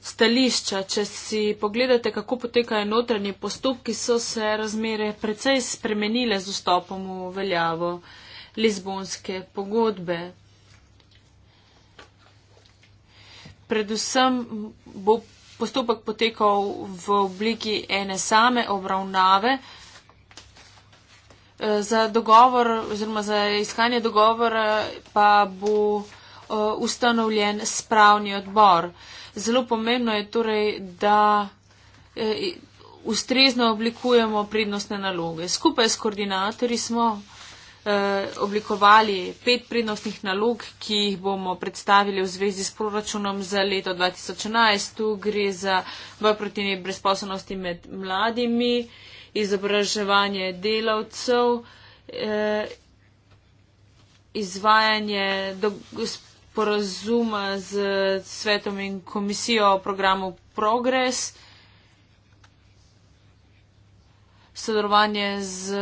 stališča. Če si pogledate, kako potekajo notranji postopki, so se razmere precej spremenile z vstopom v veljavo. Lizbonske pogodbe. Predvsem bo postopek potekal v obliki ene same obravnave. Eh, za dogovor oziroma za iskanje dogovora pa bo eh, ustanovljen spravni odbor. Zelo pomembno je torej, da eh, ustrezno oblikujemo prednostne naloge. Skupaj s koordinatorji smo Eh, oblikovali pet prednostnih nalog, ki jih bomo predstavili v zvezi s proračunom za leto 2011. Tu gre za boj proti brezposobnosti med mladimi, izobraževanje delavcev, eh, izvajanje sporazuma z svetom in komisijo o programu Progress. sodelovanje z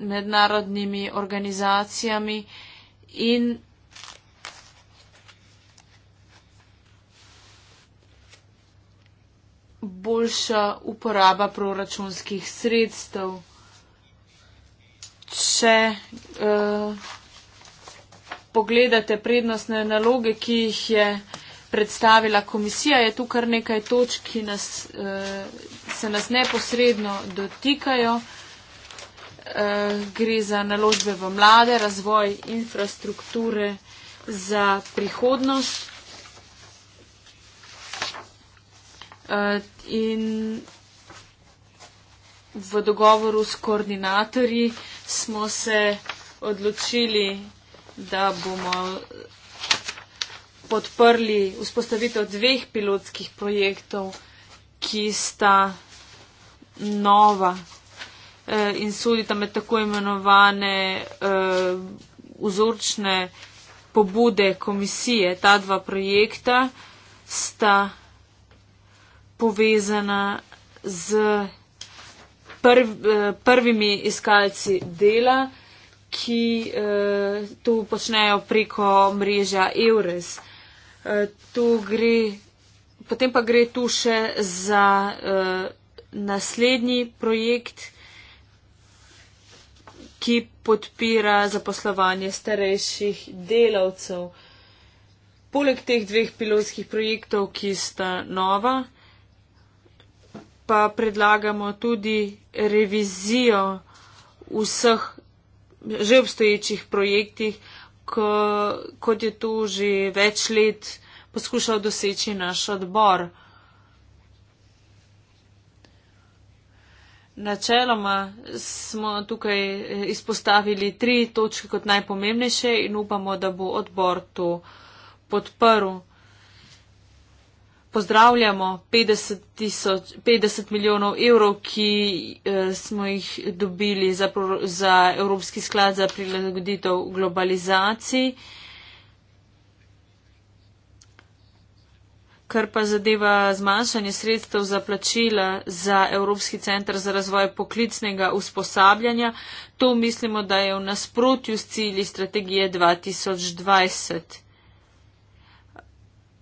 mednarodnimi organizacijami in boljša uporaba proračunskih sredstev. Če uh, pogledate prednostne naloge, ki jih je uh, predstavila. Komisija je tu kar nekaj točk, ki nas, uh, se nas neposredno dotikajo. Uh, gre za naložbe v mlade, razvoj infrastrukture za prihodnost. Uh, in v dogovoru s koordinatorji smo se odločili, da bomo podprli vzpostavitev dveh pilotskih projektov, ki sta nova eh, in sodita med tako imenovane eh, vzorčne pobude komisije. Ta dva projekta sta povezana z prv, eh, prvimi iskalci dela, ki eh, to počnejo preko mreža EURES. Eh, Eh, gre, potem pa gre tu še za uh, naslednji projekt, ki podpira zaposlovanje starejših delavcev. Poleg teh dveh pilotskih projektov, ki sta nova, pa predlagamo tudi revizijo vseh že obstoječih projektih, ko, kot je to že več let poskušal doseči naš odbor. Načeloma smo tukaj izpostavili tri točke kot najpomembnejše in upamo, da bo odbor to podprl pozdravljamo 50, tisoč, 50 milijonov evrov, ki eh, smo jih dobili za, za Evropski sklad za prilagoditev globalizaciji. Kar pa zadeva zmanjšanje sredstev za plačila za Evropski centr za razvoj poklicnega usposabljanja, to mislimo, da je v nasprotju s cilji strategije 2020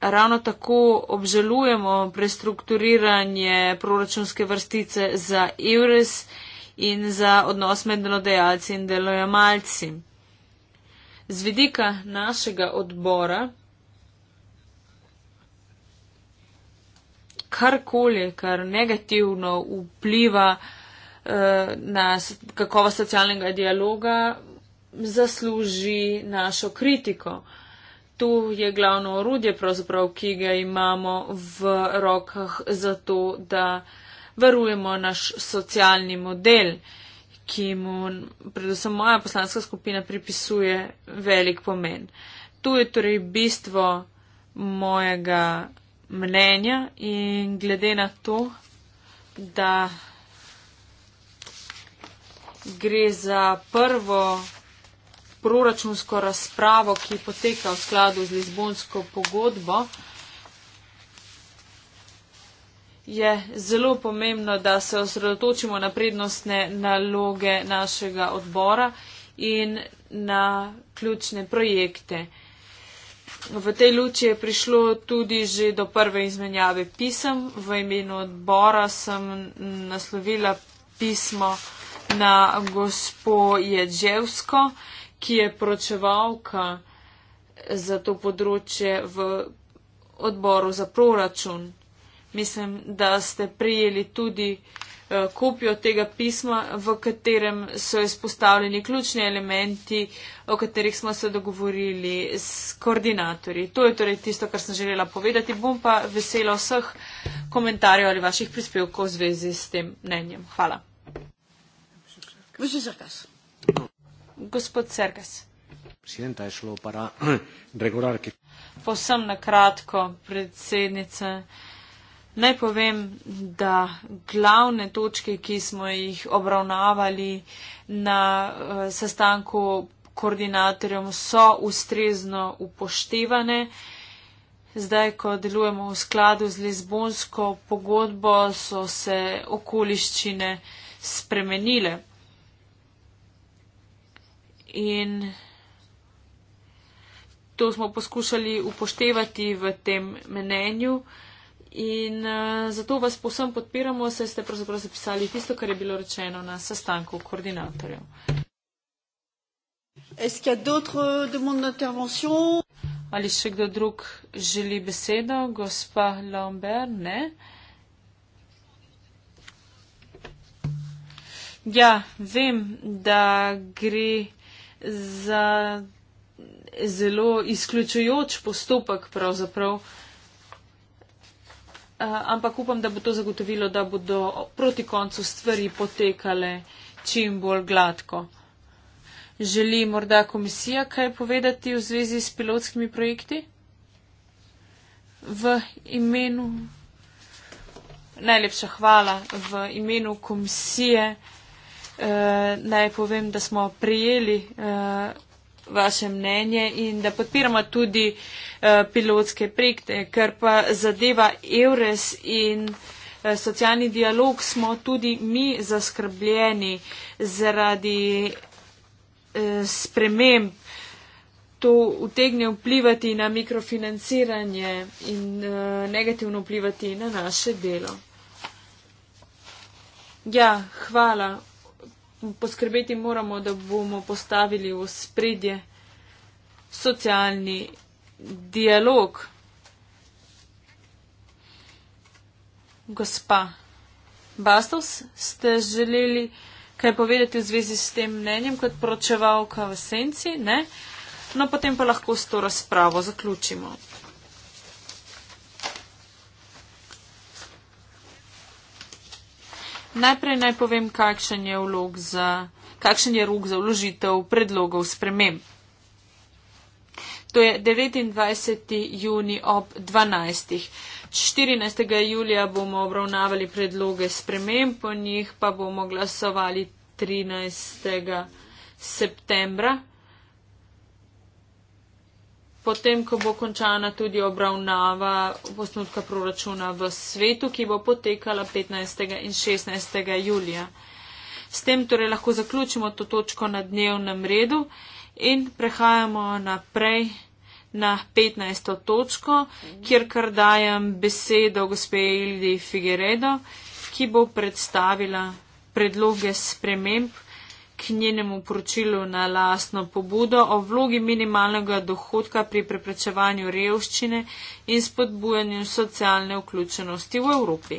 ravno tako obžalujemo prestrukturiranje proračunske vrstice za EURES in za odnos med delodajalci in delojemalci. Z vidika našega odbora, karkoli, kar negativno vpliva eh, na kakovost socialnega dialoga, zasluži našo kritiko to je glavno orodje, ki ga imamo v rokah za to, da varujemo naš socialni model, ki mu predvsem moja poslanska skupina pripisuje velik pomen. To je torej bistvo mojega mnenja in glede na to, da gre za prvo proračunsko razpravo, ki poteka v skladu z Lizbonsko pogodbo, je zelo pomembno, da se osredotočimo na prednostne naloge našega odbora in na ključne projekte. V tej luči je prišlo tudi že do prve izmenjave pisem. V imenu odbora sem naslovila pismo na gospo Jedževsko ki je poročevalka za to področje v odboru za proračun. Mislim, da ste prijeli tudi eh, kopijo tega pisma, v katerem so izpostavljeni ključni elementi, o katerih smo se dogovorili s koordinatorji. To je torej tisto, kar sem želela povedati. Bom pa vesela vseh komentarjev ali vaših prispevkov v zvezi s tem mnenjem. Hvala. Vse za kas. Povsem na kratko, predsednica. Naj povem, da glavne točke, ki smo jih obravnavali na eh, sestanku koordinatorjem, so ustrezno upoštevane. Zdaj, ko delujemo v skladu z Lizbonsko pogodbo, so se okoliščine spremenile in to smo poskušali upoštevati v tem mnenju. In uh, zato vas posem podpiramo, saj ste pravzaprav zapisali tisto, kar je bilo rečeno na sestanku koordinatorjev. Ali še kdo drug želi besedo? Gospa Lambert, ne? Ja, vem, da gre za zelo izključujoč postopek pravzaprav. Eh, ampak upam, da bo to zagotovilo, da bodo proti koncu stvari potekale čim bolj gladko. Želi morda komisija kaj povedati v zvezi s pilotskimi projekti? V imenu. Najlepša hvala v imenu komisije. Eh, naj povem, da smo prijeli uh, eh, vaše mnenje in da podpiramo tudi uh, pilotske projekte, ker pa zadeva EURES in uh, socialni dialog smo tudi mi zaskrbljeni zaradi uh, sprememb. To utegne vplivati na mikrofinanciranje in e, negativno vplivati na naše delo. Ja, hvala poskrbeti moramo, da bomo postavili v spredje socialni dialog. Gospa Bastos, ste želeli kaj povedati v zvezi s tem mnenjem kot poročevalka v senci? Ne? No, potem pa lahko s to razpravo zaključimo. Najprej naj povem, kakšen je, za, kakšen je rok za vložitev predlogov sprememb. To je 29. juni ob 12. 14. julija bomo obravnavali predloge sprememb, po njih pa bomo glasovali 13. septembra potem, ko bo končana tudi obravnava osnutka proračuna v svetu, ki bo potekala 15. in 16. julija. S tem torej lahko zaključimo to točko na dnevnem redu in prehajamo naprej na 15. točko, kjer kar dajem besedo gospe Ildi Figueredo, ki bo predstavila predloge sprememb, k njenemu poročilu na lastno pobudo o vlogi minimalnega dohodka pri preprečevanju revščine in spodbujanju socialne vključenosti v Evropi.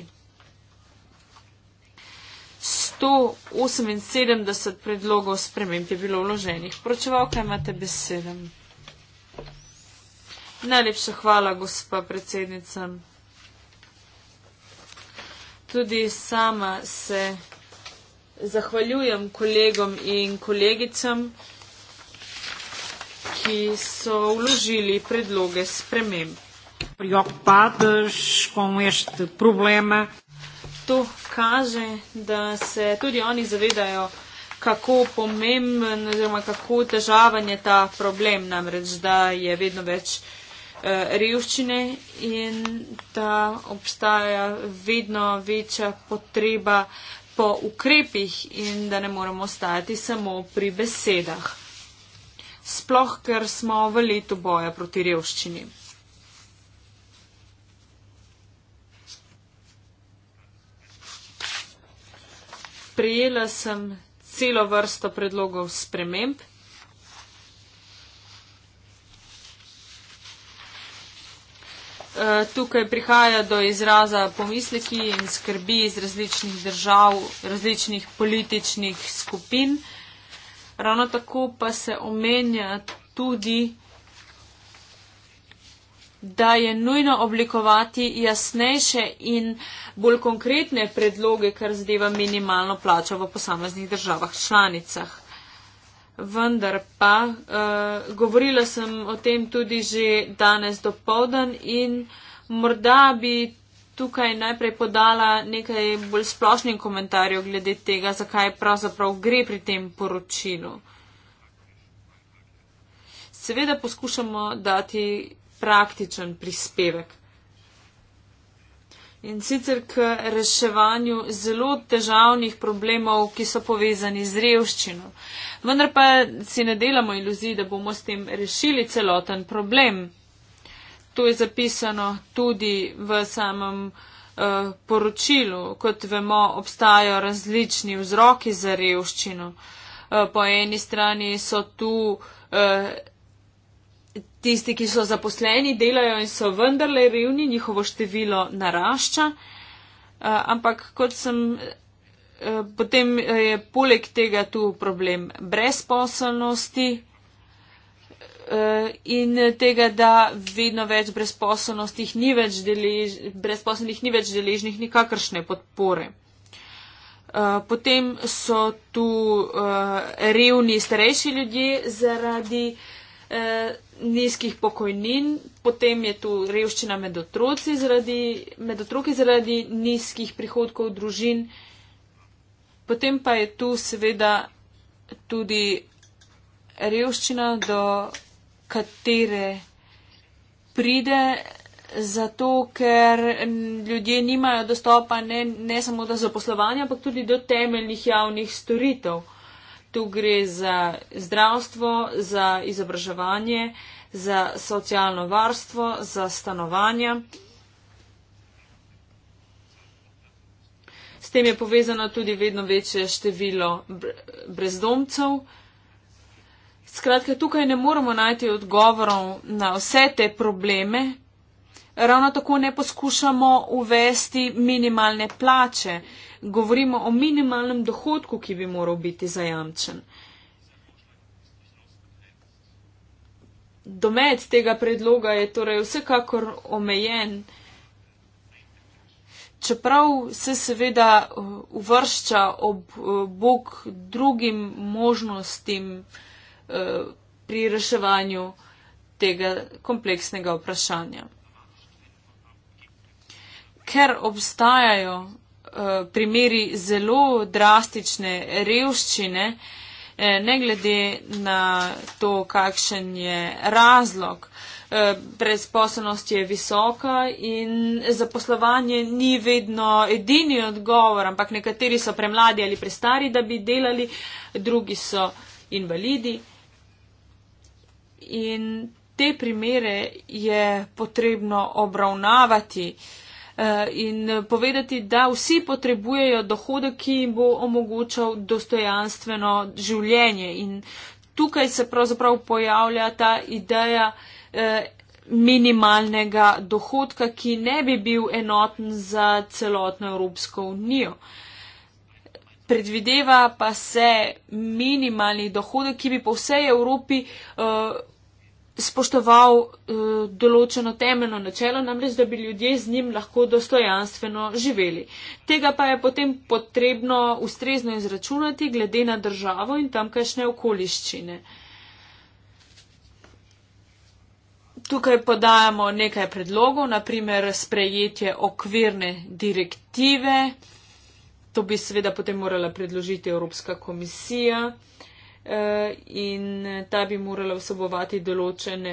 178 predlogov sprememb je bilo vloženih. Poročevalka imate besedem. Najlepša hvala, gospa predsednica. Tudi sama se zahvaljujem kolegom in kolegicam, ki so vložili predloge sprememb. Preokupadoš kom ješte probleme. To kaže, da se tudi oni zavedajo, kako pomemben oziroma kako težaven je ta problem, namreč da je vedno več eh, revščine in da obstaja vedno večja potreba uh, po ukrepih in da ne moramo stati samo pri besedah. Sploh, ker smo v letu boja proti revščini. Prijela sem celo vrsto predlogov sprememb, Eh, tukaj prihaja do izraza pomisleki in skrbi iz različnih držav, različnih političnih skupin. Ravno tako pa se omenja tudi, da je nujno oblikovati jasnejše in bolj konkretne predloge, kar zadeva minimalno plačo v posameznih državah članicah vendar pa uh, govorila sem o tem tudi že danes do povdan in morda bi tukaj najprej podala nekaj bolj splošnih komentarjev glede tega, zakaj pravzaprav gre pri tem poročilu. Seveda poskušamo dati praktičen prispevek In sicer k reševanju zelo težavnih problemov, ki so povezani z revščino. Vendar pa si ne delamo iluzij, da bomo s tem rešili celoten problem. To je zapisano tudi v samem eh, poročilu. Kot vemo, obstajajo različni vzroki za revščino. Eh, po eni strani so tu eh, Tisti, ki so zaposleni, delajo in so vendarle revni, njihovo število narašča. Eh, ampak kot sem, eh, potem eh, je poleg tega tu problem brezposelnosti in tega, da vedno več brezposelnih ni več, delež, ni več deležnih nikakršne podpore. Potem so tu revni starejši ljudje zaradi eh, nizkih pokojnin, potem je tu revščina med, zaradi, med otroki zaradi nizkih prihodkov družin, potem pa je tu seveda tudi revščina, do katere pride. Zato, ker mm, ljudje nimajo dostopa ne, ne samo do zaposlovanja, ampak tudi do temeljnih javnih storitev. Uh, Tu gre za zdravstvo, za izobraževanje, za socialno varstvo, za stanovanja. S tem je povezano tudi vedno večje število brezdomcev. Skratka, tukaj ne moramo najti odgovorov na vse te probleme. Ravno tako ne poskušamo uvesti minimalne plače, govorimo o minimalnem dohodku, ki bi moral biti zajamčen. Domet tega predloga je torej vsekakor omejen, čeprav se seveda uh, uvršča ob uh, bok drugim možnostim uh, pri reševanju tega kompleksnega vprašanja. Ker obstajajo Eh, primeri zelo drastične revščine, eh, ne glede na to, kakšen je razlog. Predsposobnost eh, je visoka in zaposlovanje ni vedno edini odgovor, ampak nekateri so premladi ali prestari, da bi delali, drugi so invalidi. In te primere je potrebno obravnavati. Uh, Eh, in povedati, da vsi potrebujejo dohodek, ki jim bo omogočal dostojanstveno življenje. In tukaj se pravzaprav pojavlja ta ideja eh, minimalnega dohodka, ki ne bi bil enoten za celotno Evropsko unijo. Predvideva pa se minimalni dohodek, ki bi po vsej Evropi uh, spoštoval uh, določeno temeljno načelo, namreč da bi ljudje z njim lahko dostojanstveno živeli. Tega pa je potem potrebno ustrezno izračunati glede na državo in tamkajšnje okoliščine. Tukaj podajamo nekaj predlogov, naprimer sprejetje okvirne direktive. To bi seveda potem morala predložiti Evropska komisija. Eh, in ta bi morala vsebovati določene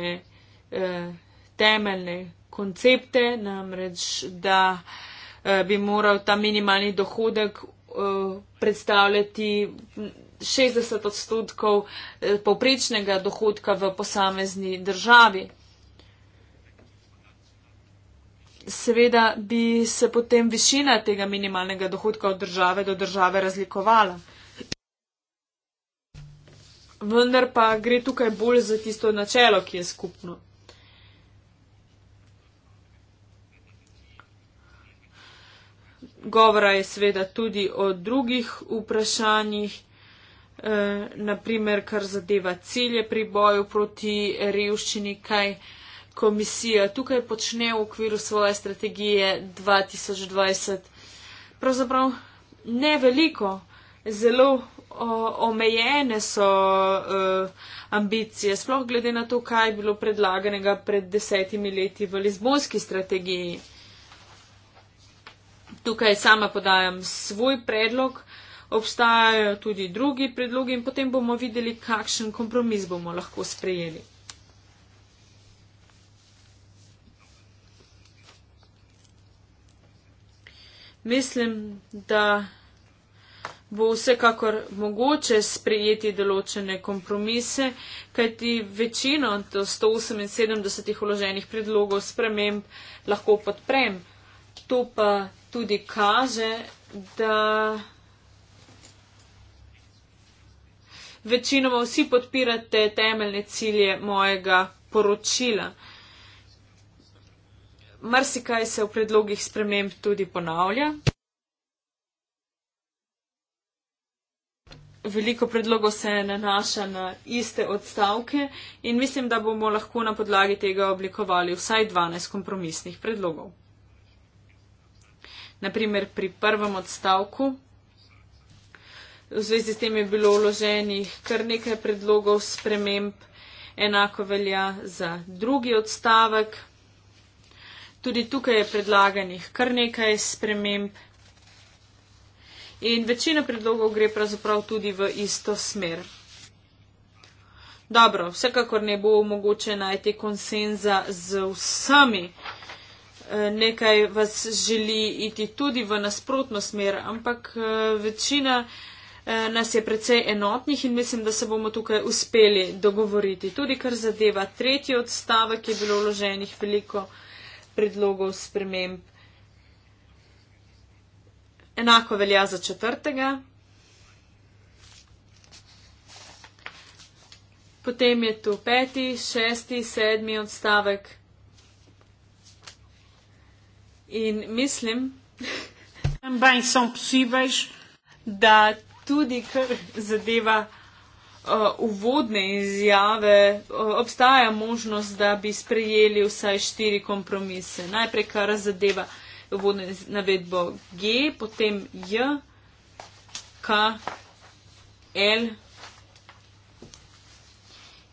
eh, temeljne koncepte, namreč, da eh, bi moral ta minimalni dohodek predstavljati 60 odstotkov povprečnega dohodka v posamezni državi. Seveda bi se potem višina tega minimalnega dohodka od države do države razlikovala vendar pa gre tukaj bolj za tisto načelo, ki je skupno. Govora je seveda tudi o drugih vprašanjih, eh, naprimer, kar zadeva cilje pri boju proti revščini, kaj komisija tukaj počne v okviru svoje strategije 2020. Pravzaprav ne veliko, zelo omejene so e, ambicije, sploh glede na to, kaj je bilo predlaganega pred desetimi leti v Lizbonski strategiji. Tukaj sama podajam svoj predlog, obstajajo tudi drugi predlogi in potem bomo videli, kakšen kompromis bomo lahko sprejeli. Mislim, da bo vsekakor mogoče sprejeti določene kompromise, kajti večino od 178 uloženih predlogov sprememb lahko podprem. To pa tudi kaže, da večinoma vsi podpirate temeljne cilje mojega poročila. Marsikaj se v predlogih sprememb tudi ponavlja. veliko predlogov se nanaša na iste odstavke in mislim, da bomo lahko na podlagi tega oblikovali vsaj 12 kompromisnih predlogov. Naprimer, pri prvem odstavku v zvezi s tem je bilo vloženih kar nekaj predlogov sprememb, enako velja za drugi odstavek. Tudi tukaj je predlaganih kar nekaj sprememb, In večina predlogov gre pravzaprav tudi v isto smer. Dobro, vsekakor ne bo mogoče najti konsenza z vsemi. Eh, nekaj vas želi iti tudi v nasprotno smer, ampak eh, večina eh, nas je precej enotnih in mislim, da se bomo tukaj uspeli dogovoriti. Tudi kar zadeva tretji odstavek, je bilo vloženih veliko predlogov sprememb. Enako velja za četrtega. Potem je tu peti, šesti, sedmi odstavek. In mislim, posibeš, da tudi kar zadeva uh, uvodne izjave, uh, obstaja možnost, da bi sprejeli vsaj štiri kompromise. Najprej kar zadeva uh, vodne navedbo G, potem J, K, L.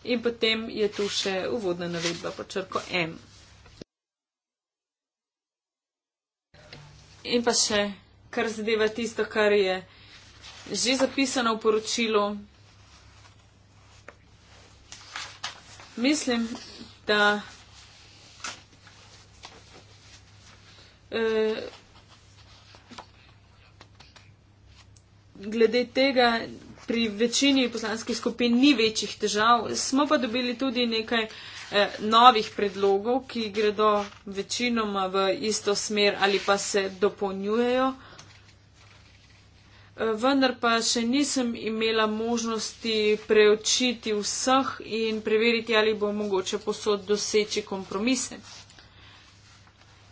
In potem je tu še uvodna navedba pod črko M. In pa še, kar zadeva tisto, kar je že zapisano v poročilu. Mislim, da Eh, glede tega pri večini poslanskih skupin ni večjih težav. Smo pa dobili tudi nekaj eh, novih predlogov, ki gredo večinoma v isto smer ali pa se dopolnjujejo. Eh, vendar pa še nisem imela možnosti preočiti vseh in preveriti, ali bo mogoče posod doseči kompromise.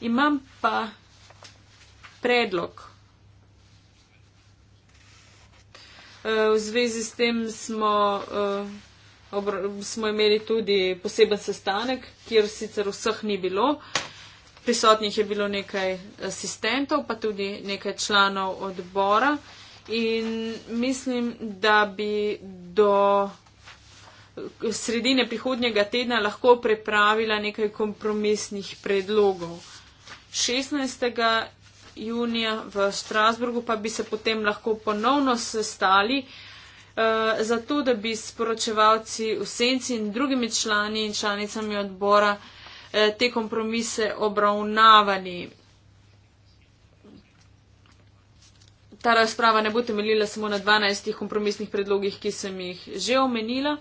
Imam pa predlog. Eh, v zvezi s tem smo, eh, smo imeli tudi poseben sestanek, kjer sicer vseh ni bilo. Prisotnih je bilo nekaj asistentov, pa tudi nekaj članov odbora. In mislim, da bi do sredine prihodnjega tedna lahko pripravila nekaj kompromisnih predlogov. 16. junija v Strasburgu, pa bi se potem lahko ponovno sestali, eh, zato da bi sporočevalci v senci in drugimi člani in članicami odbora eh, te kompromise obravnavali. Ta razprava ne bo temeljila samo na 12 kompromisnih predlogih, ki sem jih že omenila,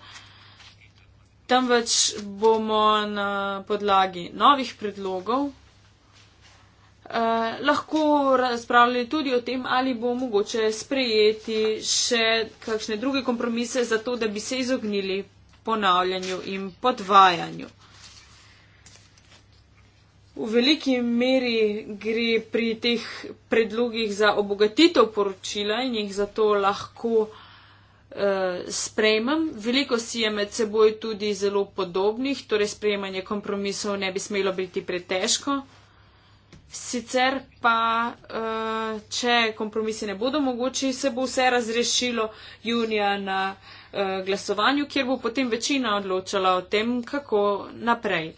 temveč bomo na podlagi novih predlogov Eh, lahko razpravljali tudi o tem, ali bo mogoče sprejeti še kakšne druge kompromise za to, da bi se izognili ponavljanju in podvajanju. V veliki meri gre pri teh predlogih za obogatitev poročila in jih zato lahko eh, sprejmem. Veliko si je med seboj tudi zelo podobnih, torej sprejemanje kompromisov ne bi smelo biti pretežko. Sicer pa, uh, če kompromisi ne bodo mogoči, se bo vse razrešilo junija na uh, glasovanju, kjer bo potem večina odločala o tem, kako naprej.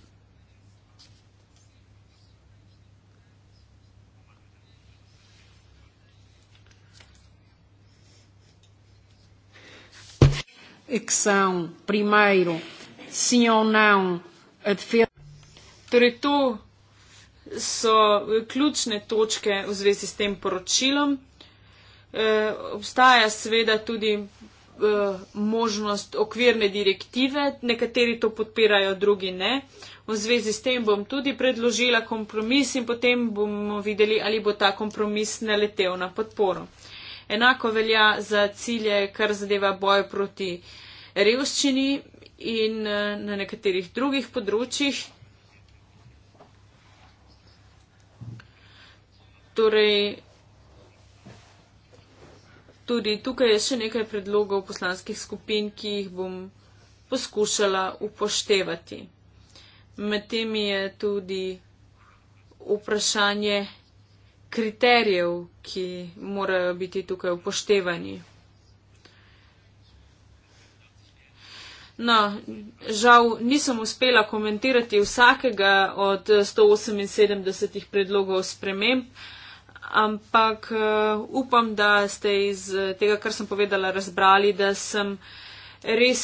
Ekson, primajro, si jo nam, adfer. Torej to, so ključne točke v zvezi s tem poročilom. E, obstaja seveda tudi e, možnost okvirne direktive, nekateri to podpirajo, drugi ne. V zvezi s tem bom tudi predložila kompromis in potem bomo videli, ali bo ta kompromis naletel na podporo. Enako velja za cilje, kar zadeva boj proti revščini in eh, na nekaterih drugih področjih. Torej, tudi tukaj je še nekaj predlogov poslanskih skupin, ki jih bom poskušala upoštevati. Med temi je tudi vprašanje kriterijev, ki morajo biti tukaj upoštevani. No, žal nisem uspela komentirati vsakega od 178 predlogov sprememb ampak uh, upam, da ste iz eh, tega, kar sem povedala, razbrali, da sem res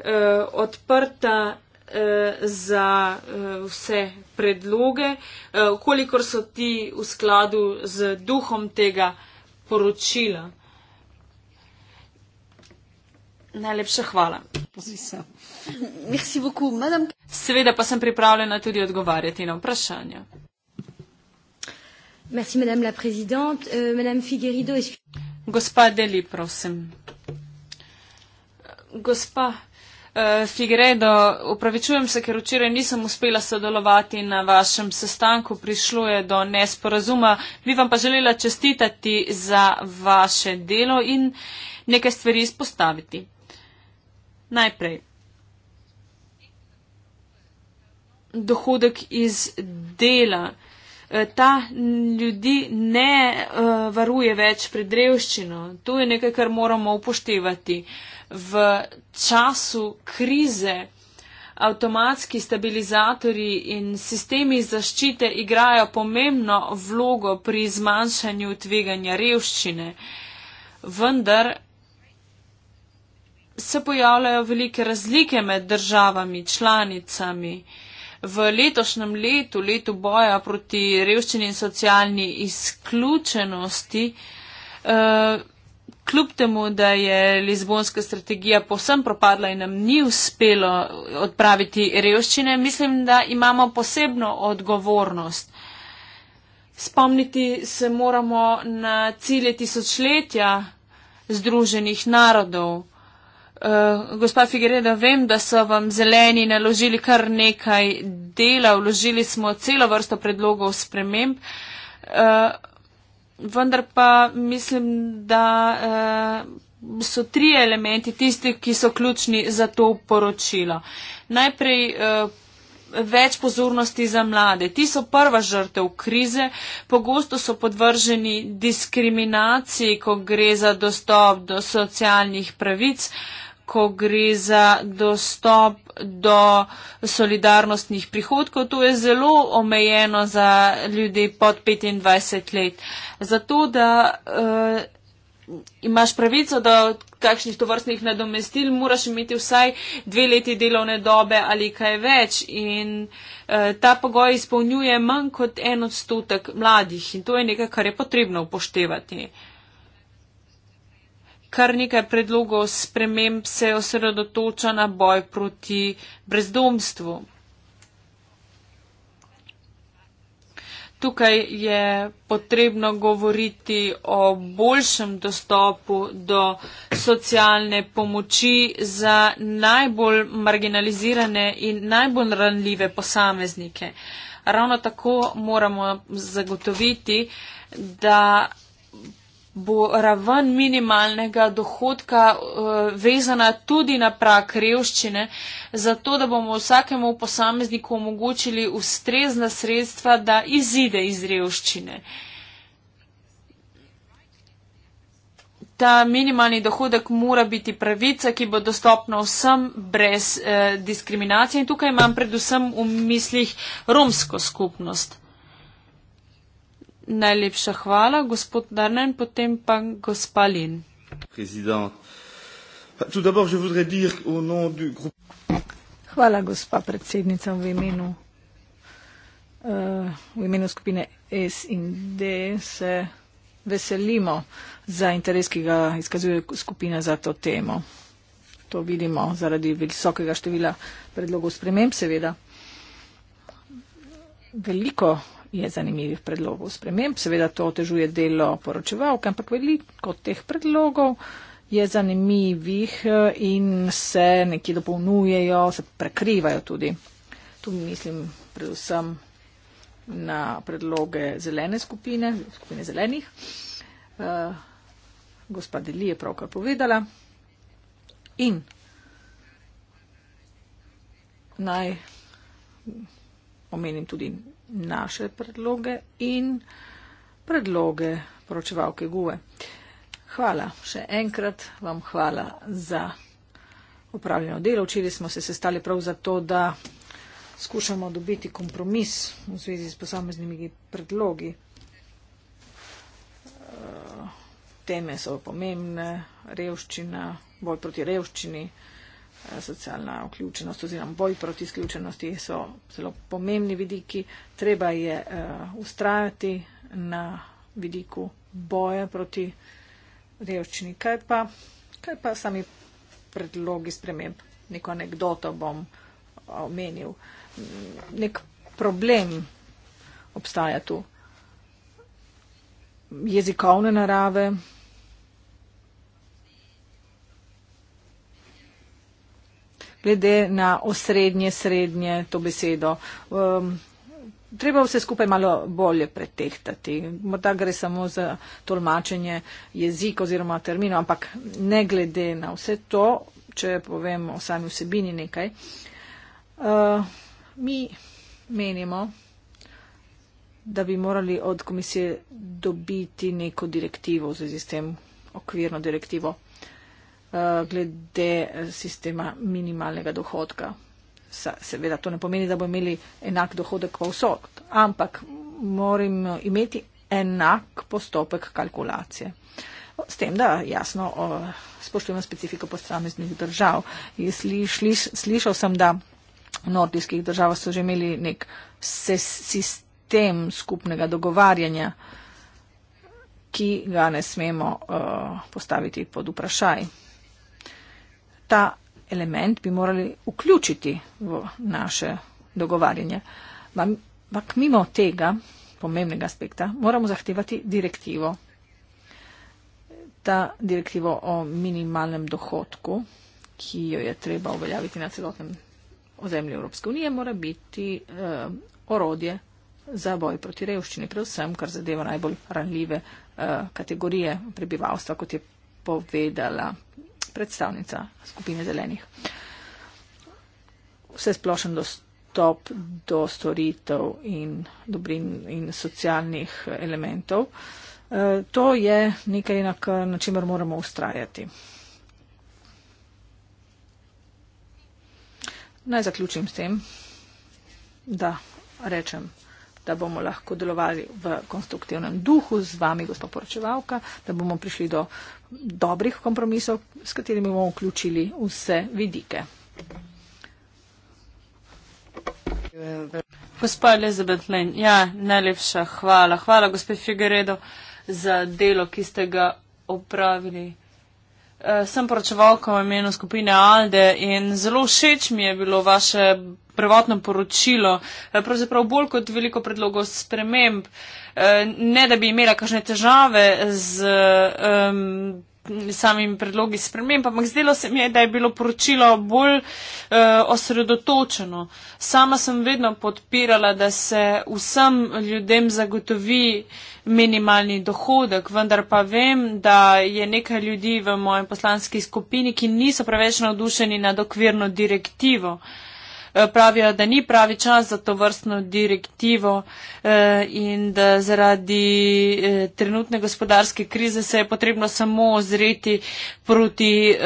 uh, odprta za vse predloge, kolikor so ti v skladu z duhom tega poročila. Najlepša hvala. Seveda pa sem pripravljena tudi odgovarjati na vprašanja. Merci, madame la présidente. Euh, madame Figueredo, excusez-moi. Gospa Deli, prosim. Gospa uh, eh, Figueredo, upravičujem se, ker včeraj nisem uspela sodelovati na vašem sestanku, prišlo je do nesporazuma. Bi vam pa želela čestitati za vaše delo in nekaj stvari izpostaviti. Najprej. Dohodek iz dela. Eh, ta ljudi ne eh, varuje več pred revščino. To je nekaj, kar moramo upoštevati. V času krize avtomatski stabilizatori in sistemi zaščite igrajo pomembno vlogo pri zmanjšanju tveganja revščine. Vendar se pojavljajo velike razlike med državami, članicami v letošnjem letu, letu boja proti revščini in socialni izključenosti, eh, kljub temu, da je Lizbonska strategija posem propadla in nam ni uspelo odpraviti revščine, mislim, da imamo posebno odgovornost. Spomniti se moramo na cilje tisočletja združenih narodov. Eh, gospa Figereda, vem, da so vam zeleni naložili kar nekaj dela, vložili smo celo vrsto predlogov sprememb, uh, vendar pa mislim, da uh, so tri elementi tisti, ki so ključni za to poročilo. Najprej. Uh, več pozornosti za mlade. Ti so prva žrtev krize, pogosto so podvrženi diskriminaciji, ko gre za dostop do socialnih pravic. Uh, ko gre za dostop do solidarnostnih prihodkov. To je zelo omejeno za ljudi pod 25 let. Zato, da uh, imaš pravico do takšnih tovrstnih nadomestil, moraš imeti vsaj dve leti delovne dobe ali kaj več. In uh, ta pogoj izpolnjuje manj kot en odstotek mladih. In to je nekaj, kar je potrebno upoštevati. Uh, kar nekaj predlogov sprememb se osredotoča na boj proti brezdomstvu. Tukaj je potrebno govoriti o boljšem dostopu do socialne pomoči za najbolj marginalizirane in najbolj ranljive posameznike. Ravno tako moramo zagotoviti, da bo raven minimalnega dohodka uh, vezana tudi na prak revščine, zato da bomo vsakemu posamezniku omogočili ustrezna sredstva, da izide iz revščine. Ta minimalni dohodek mora biti pravica, ki bo dostopna vsem brez eh, diskriminacije in tukaj imam predvsem v mislih romsko skupnost. Najlepša hvala, gospod Darnen, potem pa gospalin. Hvala, gospa predsednica, v imenu, uh, v imenu skupine S in D se veselimo za interes, ki ga izkazuje skupina za to temo. To vidimo zaradi visokega števila predlogov sprememb, seveda. Veliko je zanimivih predlogov sprememb. Seveda to otežuje delo poročevalke, ampak veliko teh predlogov je zanimivih eh, in se nekje dopolnjujejo, se prekrivajo tudi. Tu mislim predvsem na predloge zelene skupine, skupine zelenih. Eh, gospa Deli je pravkar povedala. In naj omenim tudi naše predloge in predloge poročevalke GUE. Hvala še enkrat, vam hvala za upravljeno delo. Včeraj smo se sestali prav zato, da skušamo dobiti kompromis v zvezi s posameznimi predlogi. Teme so pomembne, revščina, boj proti revščini. Eh, socialna vključenost oziroma boj proti izključenosti so zelo pomembni vidiki. Treba je eh, ustrajati na vidiku boja proti revščini. Kaj pa, kaj pa sami predlogi sprememb? Neko anegdoto bom eh, omenil. Nek problem obstaja tu. Jezikovne narave, glede na osrednje, srednje to besedo. Um, treba vse skupaj malo bolje pretehtati. Morda gre samo za tolmačenje jezika oziroma termino, ampak ne glede na vse to, če povem o sami vsebini nekaj. Uh, mi menimo, da bi morali od komisije dobiti neko direktivo v zvezi s tem okvirno direktivo. Uh, Eh, glede sistema minimalnega dohodka. Seveda to ne pomeni, da bo imeli enak dohodek pa vsok, ampak morim imeti enak postopek kalkulacije. S tem, da jasno eh, spoštujemo specifiko posameznih držav. Slišal sem, da v nordijskih državah so že imeli nek sistem skupnega dogovarjanja, ki ga ne smemo eh, postaviti pod vprašaj ta element bi morali vključiti v naše dogovarjanje. Ampak mimo tega pomembnega aspekta moramo zahtevati direktivo. Ta direktivo o minimalnem dohodku, ki jo je treba uveljaviti na celotnem ozemlju Evropske unije, mora biti eh, orodje za boj proti revščini, predvsem kar zadeva najbolj ranljive eh, kategorije prebivalstva, kot je povedala predstavnica skupine zelenih. Vse splošen dostop do storitev in dobrin in socialnih elementov. E, to je nekaj, na čemer moramo ustrajati. Naj zaključim s tem, da rečem, da bomo lahko delovali v konstruktivnem duhu z vami, gospod poročevalka, da bomo prišli do dobrih kompromisov, s katerimi bomo vključili vse vidike. Gospa Elizabeth Lane, ja, najlepša hvala. Hvala, gospod Figueredo, za delo, ki ste ga opravili. Eh, sem poročevalka v imenu skupine Alde in zelo všeč mi je bilo vaše prvotno poročilo, eh, pravzaprav bolj kot veliko predlogov sprememb, eh, ne da bi imela kakšne težave z um, samimi predlogi sprememb, ampak zdelo se mi je, da je bilo poročilo bolj uh, osredotočeno. Sama sem vedno podpirala, da se vsem ljudem zagotovi minimalni dohodek, vendar pa vem, da je nekaj ljudi v mojem poslanski skupini, ki niso preveč navdušeni nad okvirno direktivo. Uh, Eh, pravijo, da ni pravi čas za to vrstno direktivo eh, in da zaradi eh, trenutne gospodarske krize se je potrebno samo ozreti proti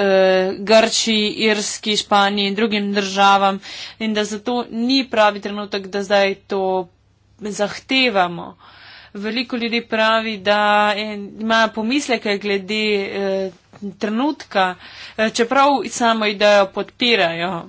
Grčiji, Irski, Španiji in drugim državam in da zato ni pravi trenutek, da zdaj to zahtevamo. Veliko ljudi pravi, da imajo pomisleke glede eh, trenutka, eh, čeprav samo idejo podpirajo.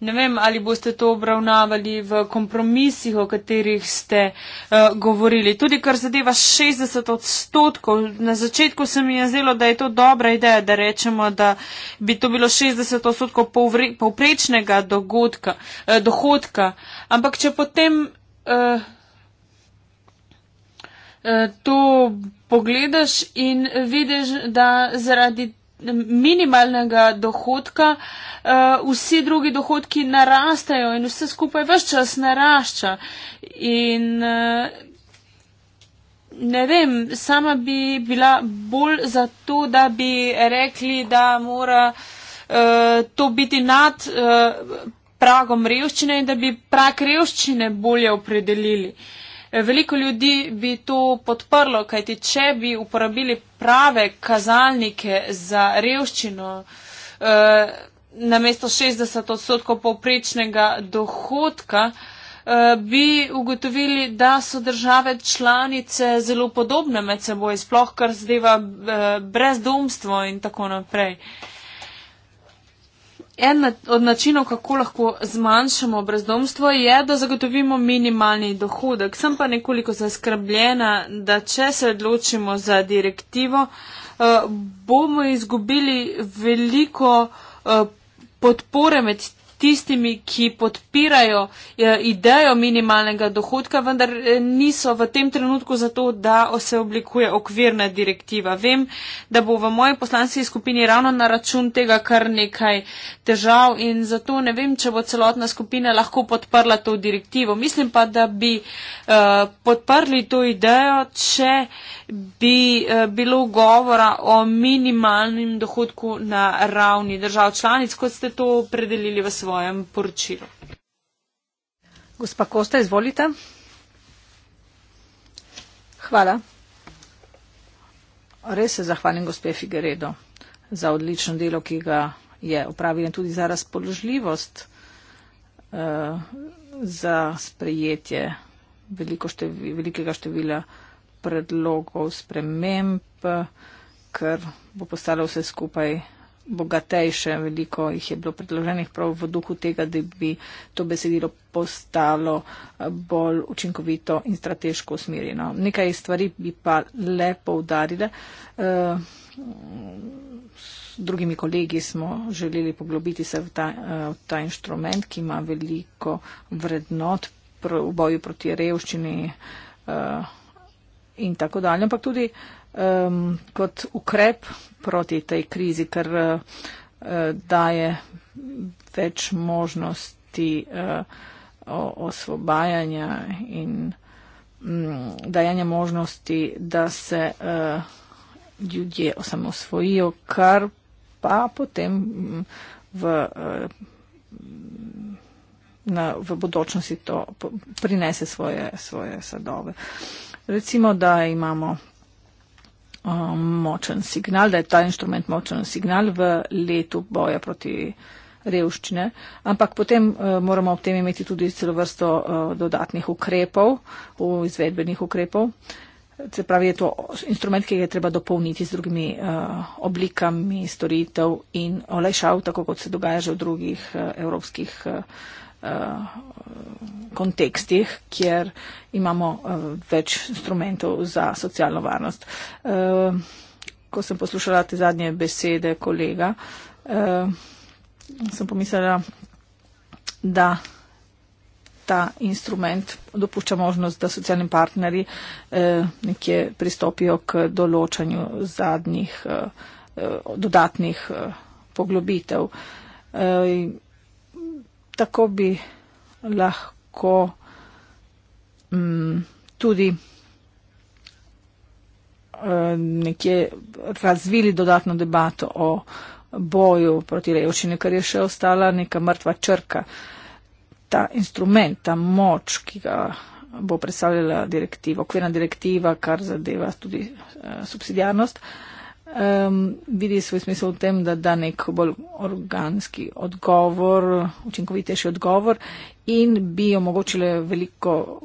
Ne vem, ali boste to obravnavali v kompromisih, o katerih ste uh, govorili. Tudi kar zadeva 60 odstotkov. Na začetku se mi je zdelo, da je to dobra ideja, da rečemo, da bi to bilo 60 odstotkov povre, povprečnega dogodka, eh, dohodka. Ampak če potem eh, eh, to pogledaš in vidiš, da zaradi minimalnega dohodka, eh, vsi drugi dohodki narastajo in vse skupaj vse čas narašča. In eh, ne vem, sama bi bila bolj za to, da bi rekli, da mora eh, to biti nad pragom revščine in da bi prag revščine bolje opredelili. Uh, Veliko ljudi bi to podprlo, kajti če bi uporabili prave kazalnike za revščino, eh, namesto 60 odstotkov povprečnega dohodka, eh, bi ugotovili, da so države članice zelo podobne med seboj, sploh kar zadeva eh, brezdomstvo in tako naprej. En od načinov, kako lahko zmanjšamo brezdomstvo, je, da zagotovimo minimalni dohodek. Sem pa nekoliko zaskrbljena, da če se odločimo za direktivo, eh, bomo izgubili veliko eh, podpore med tistimi, ki podpirajo eh, idejo minimalnega dohodka, vendar eh, niso v tem trenutku za to, da se oblikuje okvirna direktiva. Vem, da bo v moji poslanski skupini ravno na račun tega kar nekaj težav in zato ne vem, če bo celotna skupina lahko podprla to direktivo. Mislim pa, da bi eh, podprli to idejo, če bi bilo govora o minimalnem dohodku na ravni držav članic, kot ste to predelili v svojem svojem poročilu. Gospa Kosta, izvolite. Hvala. Res se zahvalim gospe Figueredo za odlično delo, ki ga je upravila tudi za razpoložljivost, eh, za sprejetje števi, velikega števila predlogov sprememb, ker bo postalo vse skupaj bogatejše, veliko jih je bilo predloženih prav v duhu tega, da bi to besedilo postalo eh, bolj učinkovito in strateško usmerjeno. Nekaj stvari bi pa le poudarile. Eh, s drugimi kolegi smo želeli poglobiti se v ta, eh, v ta inštrument, ki ima veliko vrednot v boju proti revščini in tako dalje, ampak tudi uh, um, kot ukrep proti tej krizi, ker uh, daje več možnosti uh, osvobajanja in um, dajanja možnosti, da se uh, ljudje osamosvojijo, kar pa potem mm, v. Uh, Na, v bodočnosti to prinese svoje, svoje sadove. Recimo, da imamo um, močen signal, da je ta inštrument močen signal v letu boja proti revščine. Ampak potem uh, moramo ob tem imeti tudi celo vrsto uh, dodatnih ukrepov, izvedbenih ukrepov. Se pravi, je to instrument, ki ga je treba dopolniti z drugimi uh, oblikami storitev in olajšav, tako kot se dogaja že v drugih uh, evropskih. Uh, Eh, kontekstih, kjer imamo eh, več instrumentov za socialno varnost. Eh, ko sem poslušala te zadnje besede kolega, sem pomislila, da ta instrument dopušča možnost, da socialni partneri nekje pristopijo k določanju zadnjih dodatnih poglobitev tako bi lahko um, tudi um, nekje razvili dodatno debato o boju proti revščini, ker je še ostala neka mrtva črka. Ta instrument, ta moč, ki ga bo predstavljala direktiva, okvirna direktiva, kar zadeva tudi uh, eh, subsidijarnost. Uh, Um, vidi svoj smisel v tem, da da nek bolj organski odgovor, učinkovitejši odgovor in bi omogočile veliko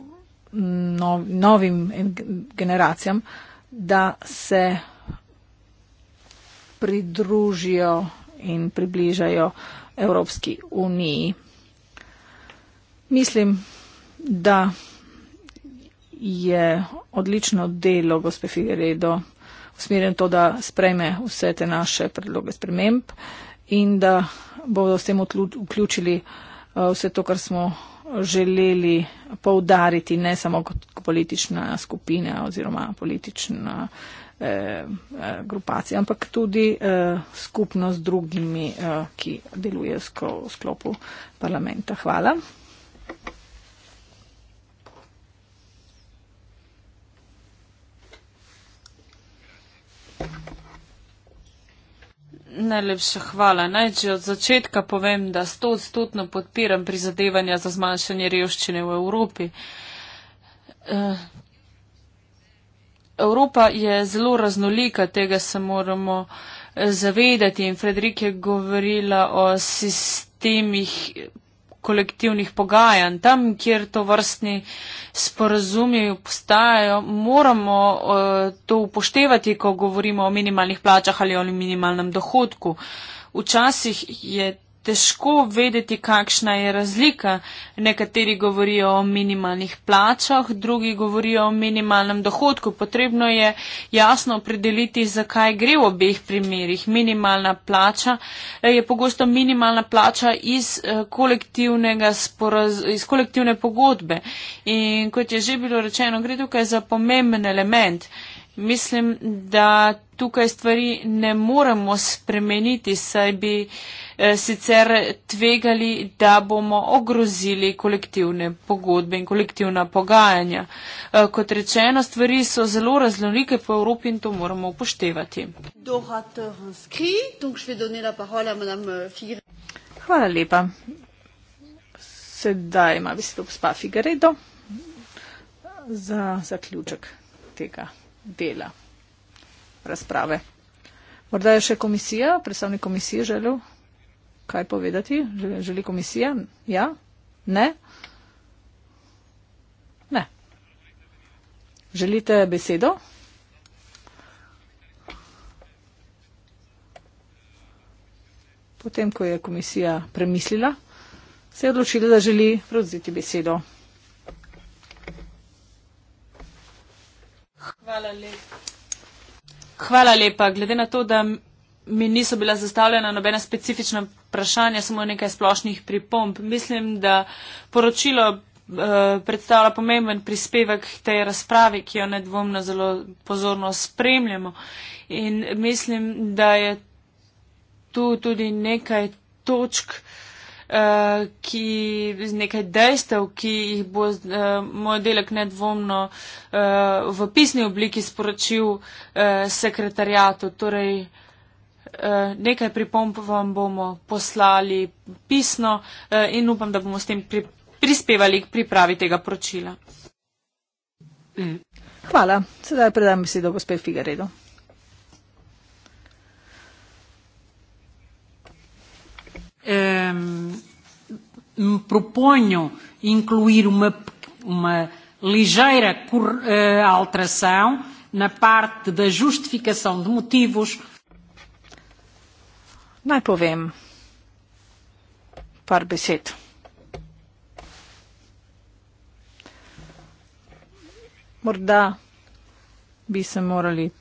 nov, novim generacijam, da se pridružijo in približajo Evropski uniji. Mislim, da je odlično delo gospe Figueredo usmerjen to, da sprejme vse te naše predloge sprememb in da bodo s tem vključili eh, vse to, kar smo želeli poudariti, ne samo kot politična skupina oziroma politična eh, eh grupacija, ampak tudi eh, skupno z drugimi, eh, ki delujejo v sklopu parlamenta. Hvala. Najlepša hvala. Naj že od začetka povem, da stotstotno podpiram prizadevanja za zmanjšanje revščine v Evropi. Eh, Evropa je zelo raznolika, tega se moramo eh, zavedati in Frederik je govorila o sistemih kolektivnih pogajanj, tam, kjer to vrstni sporazumi postajajo, moramo uh, to upoštevati, ko govorimo o minimalnih plačah ali o minimalnem dohodku. Včasih je težko vedeti, kakšna je razlika. Nekateri govorijo o minimalnih plačah, drugi govorijo o minimalnem dohodku. Potrebno je jasno opredeliti, zakaj gre v obeh primerjih. Minimalna plača eh, je pogosto minimalna plača iz, eh, sporaz, iz kolektivne pogodbe. In kot je že bilo rečeno, gre tukaj za pomemben element. Mislim, da tukaj stvari ne moremo spremeniti, saj bi eh, sicer tvegali, da bomo ogrozili kolektivne pogodbe in kolektivna pogajanja. Eh, kot rečeno, stvari so zelo raznolike po Evropi in to moramo upoštevati. Euh, Hvala lepa. Sedaj ima besedo gospa Figaredo za zaključek tega dela razprave. Morda je še komisija, predstavnik komisije želel kaj povedati? Želi, želi komisija? Ja? Ne? Ne. Želite besedo? Potem, ko je komisija premislila, se je odločila, da želi prevzeti besedo. Hvala lepa. Hvala lepa. Glede na to, da mi niso bila zastavljena nobena specifična vprašanja, samo nekaj splošnih pripomp, mislim, da poročilo eh, predstavlja pomemben prispevek tej razpravi, ki jo nedvomno zelo pozorno spremljamo. In mislim, da je tu tudi nekaj točk, uh, Eh, ki z nekaj dejstev, ki jih bo uh, moj delek nedvomno uh, v pisni obliki sporočil uh, sekretarjatu. Torej, Nekaj pripomp vam bomo poslali pisno in upam, da bomo s tem pri, prispevali k pripravi tega poročila. Hvala. Sedaj predam besedo gospe Figaredo. eh, me proponho incluir uma, uma ligeira cor, eh, alteração na parte da justificação de motivos. Naj povem par besed. Morda bi se morali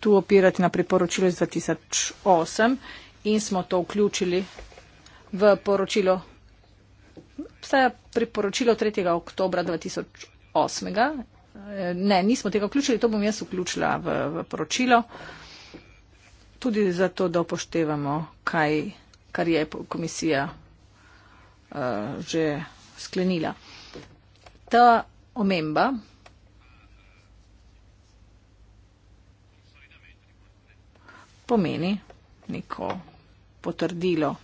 tu opirati na priporočilo iz 2008 in smo to vključili v poročilo. Vse je priporočilo 3. oktobra 2008. Ne, nismo tega vključili, to bom jaz vključila v, v poročilo. Tudi zato, da upoštevamo, kaj, kar je komisija uh, že sklenila. Ta omemba. Pomeni neko potrdilo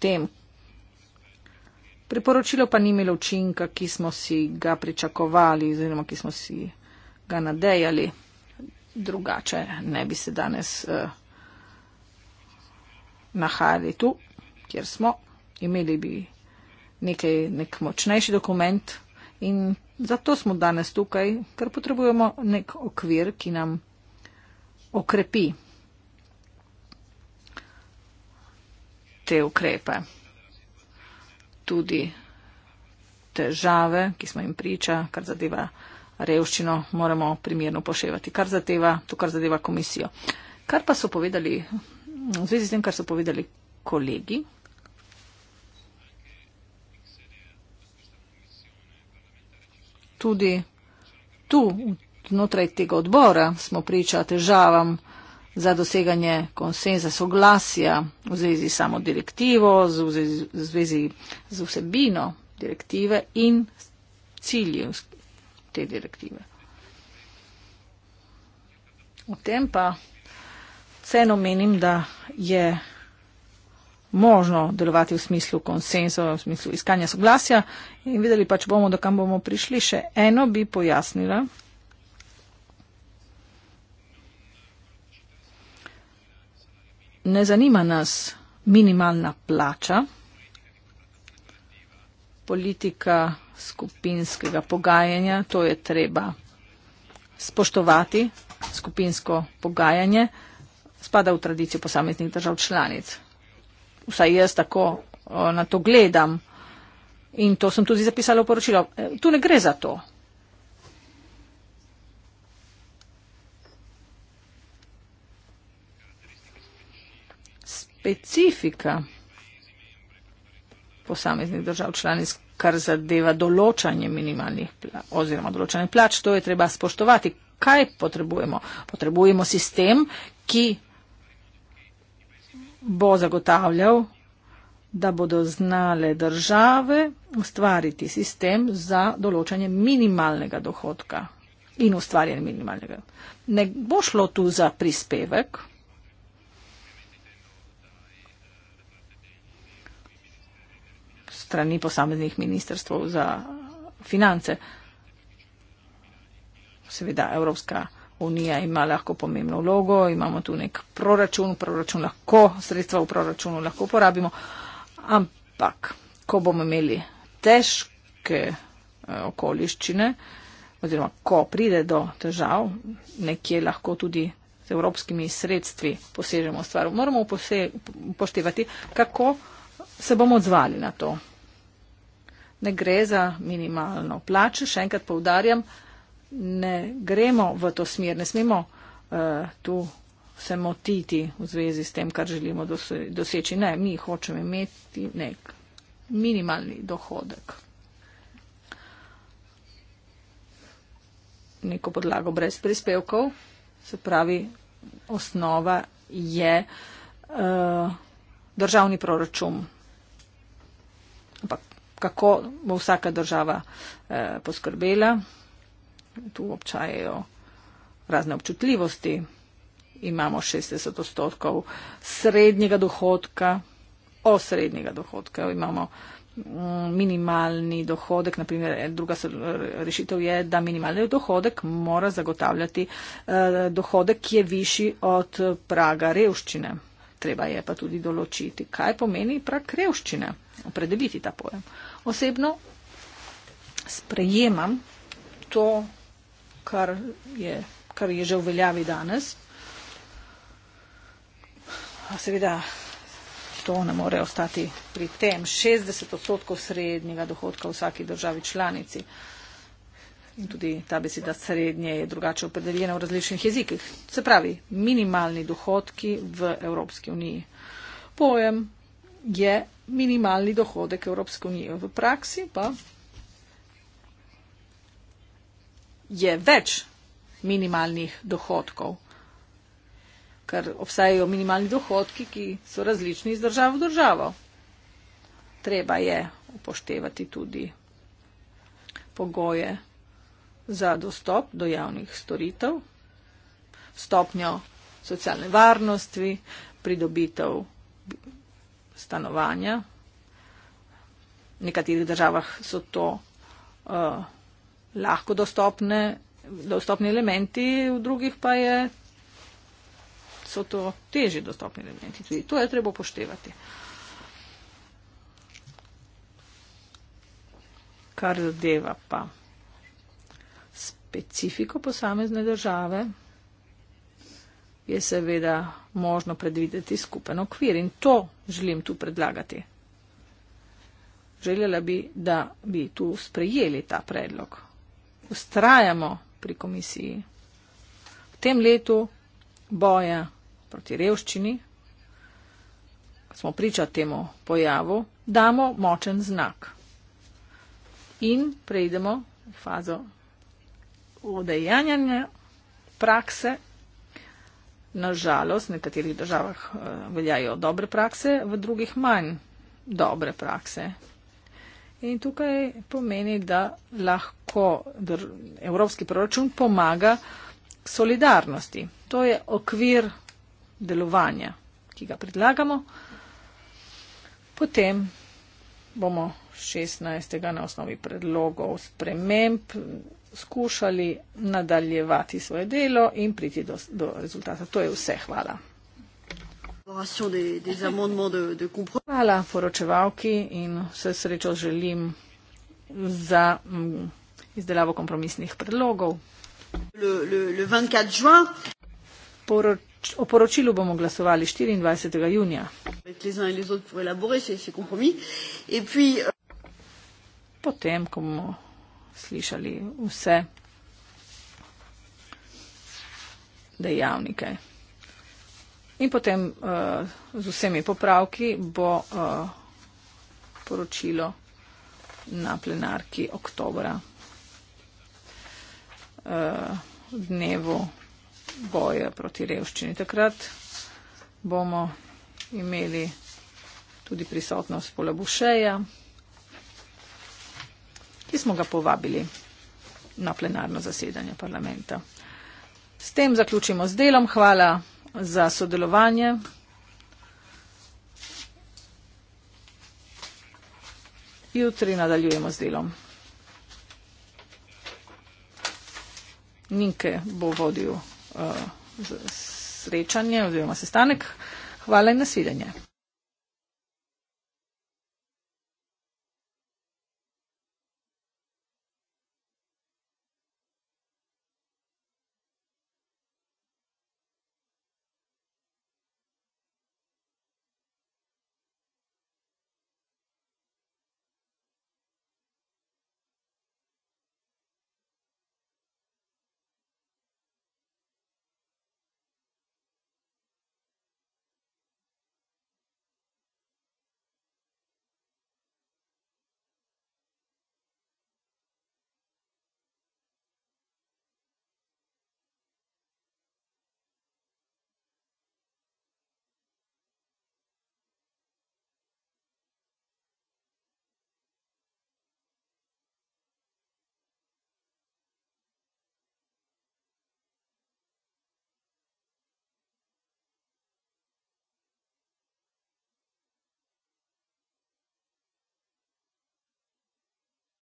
tem. Priporočilo pa ni imelo učinka, ki smo si ga pričakovali oziroma ki smo si ga nadejali. Drugače ne bi se danes eh, nahajali tu, kjer smo. Imeli bi nekaj, nek močnejši dokument in zato smo danes tukaj, ker potrebujemo nek okvir, ki nam okrepi te ukrepe. Tudi težave, ki smo jim priča, kar zadeva revščino, moramo primerno poševati, kar zadeva, to, kar zadeva komisijo. Kar pa so povedali, v zvezi s tem, kar so povedali kolegi, tudi tu, znotraj tega odbora, smo priča težavam, za doseganje konsenza soglasja v zvezi s samo direktivo, v zvezi z vsebino direktive in cilji te direktive. O tem pa vseeno menim, da je možno delovati v smislu konsenza, v smislu iskanja soglasja in videli pač bomo, do kam bomo prišli. Še eno bi pojasnila, ne zanima nas minimalna plača, politika skupinskega pogajanja, to je treba spoštovati, skupinsko pogajanje spada v tradicijo posameznih držav članic. Vsaj jaz tako eh, na to gledam in to sem tudi zapisala v poročilo. Eh, tu ne gre za to, specifika posameznih držav članic, kar zadeva določanje minimalnih oziroma določanje plač, to je treba spoštovati. Kaj potrebujemo? Potrebujemo sistem, ki bo zagotavljal, da bodo znale države ustvariti sistem za določanje minimalnega dohodka in ustvarjanje minimalnega. Ne bo šlo tu za prispevek, strani posameznih ministrstv za finance. Seveda Evropska unija ima lahko pomembno vlogo, imamo tu nek proračun, proračun lahko, sredstva v proračunu lahko porabimo, ampak ko bomo imeli težke eh, okoliščine oziroma ko pride do težav, nekje lahko tudi z evropskimi sredstvi posežemo stvar. Moramo upoštevati, kako se bomo odzvali na to ne gre za minimalno plačo. Še enkrat povdarjam, ne gremo v to smer, ne smemo uh, tu se motiti v zvezi s tem, kar želimo doseči. Ne, mi hočemo imeti nek minimalni dohodek. neko podlago brez prispevkov, se pravi, osnova je uh, državni proračun. Ampak kako bo vsaka država eh, poskrbela. Tu občajajo razne občutljivosti. Imamo 60 odstotkov srednjega dohodka, osrednjega dohodka. Imamo mm, minimalni dohodek, naprimer eh, druga rešitev je, da minimalni dohodek mora zagotavljati eh, dohodek, ki je višji od praga revščine. Treba je pa tudi določiti, kaj pomeni prag revščine, opredeliti ta pojem. Eh, osebno sprejemam to, kar je, kar je že v veljavi danes. Seveda, to ne more ostati pri tem. 60 odstotkov srednjega dohodka v vsaki državi članici. In tudi ta beseda srednje je drugače opredeljena v različnih jezikih. Se pravi, minimalni dohodki v Evropski uniji. Pojem je minimalni dohodek Evropske unije. V praksi pa je več minimalnih dohodkov, ker obstajajo minimalni dohodki, ki so različni iz države v državo. Treba je upoštevati tudi pogoje za dostop do javnih storitev, stopnjo socialne varnosti, pridobitev stanovanja. V nekaterih državah so to uh, lahko dostopne, dostopni elementi, v drugih pa je, so to teži dostopni elementi. Tudi to je treba upoštevati. Kar zadeva pa specifiko posamezne države je seveda možno predvideti skupen okvir in to želim tu predlagati. Želela bi, da bi tu sprejeli ta predlog. Ustrajamo pri komisiji. V tem letu boja proti revščini, smo priča temu pojavu, damo močen znak in prejdemo v fazo odejanjanja prakse Na žalost, v nekaterih državah eh, veljajo dobre prakse, v drugih manj dobre prakse. In tukaj pomeni, da lahko evropski proračun pomaga solidarnosti. To je okvir delovanja, ki ga predlagamo. Potem bomo 16. na osnovi predlogov sprememb skušali nadaljevati svoje delo in priti do, do rezultata. To je vse. Hvala. Hvala poročevalki in vse srečo želim za mm, izdelavo kompromisnih predlogov. O poročilu bomo glasovali 24. junija. Euh, Potem, ko bomo slišali vse dejavnike. In potem uh, z vsemi popravki bo uh, poročilo na plenarki oktobra, uh, dnevu boja proti revščini. Takrat bomo imeli tudi prisotnost Polabušeja ki smo ga povabili na plenarno zasedanje parlamenta. S tem zaključimo z delom. Hvala za sodelovanje. Jutri nadaljujemo z delom. Ninke bo vodil uh, srečanje oziroma sestanek. Hvala in nasvidenje.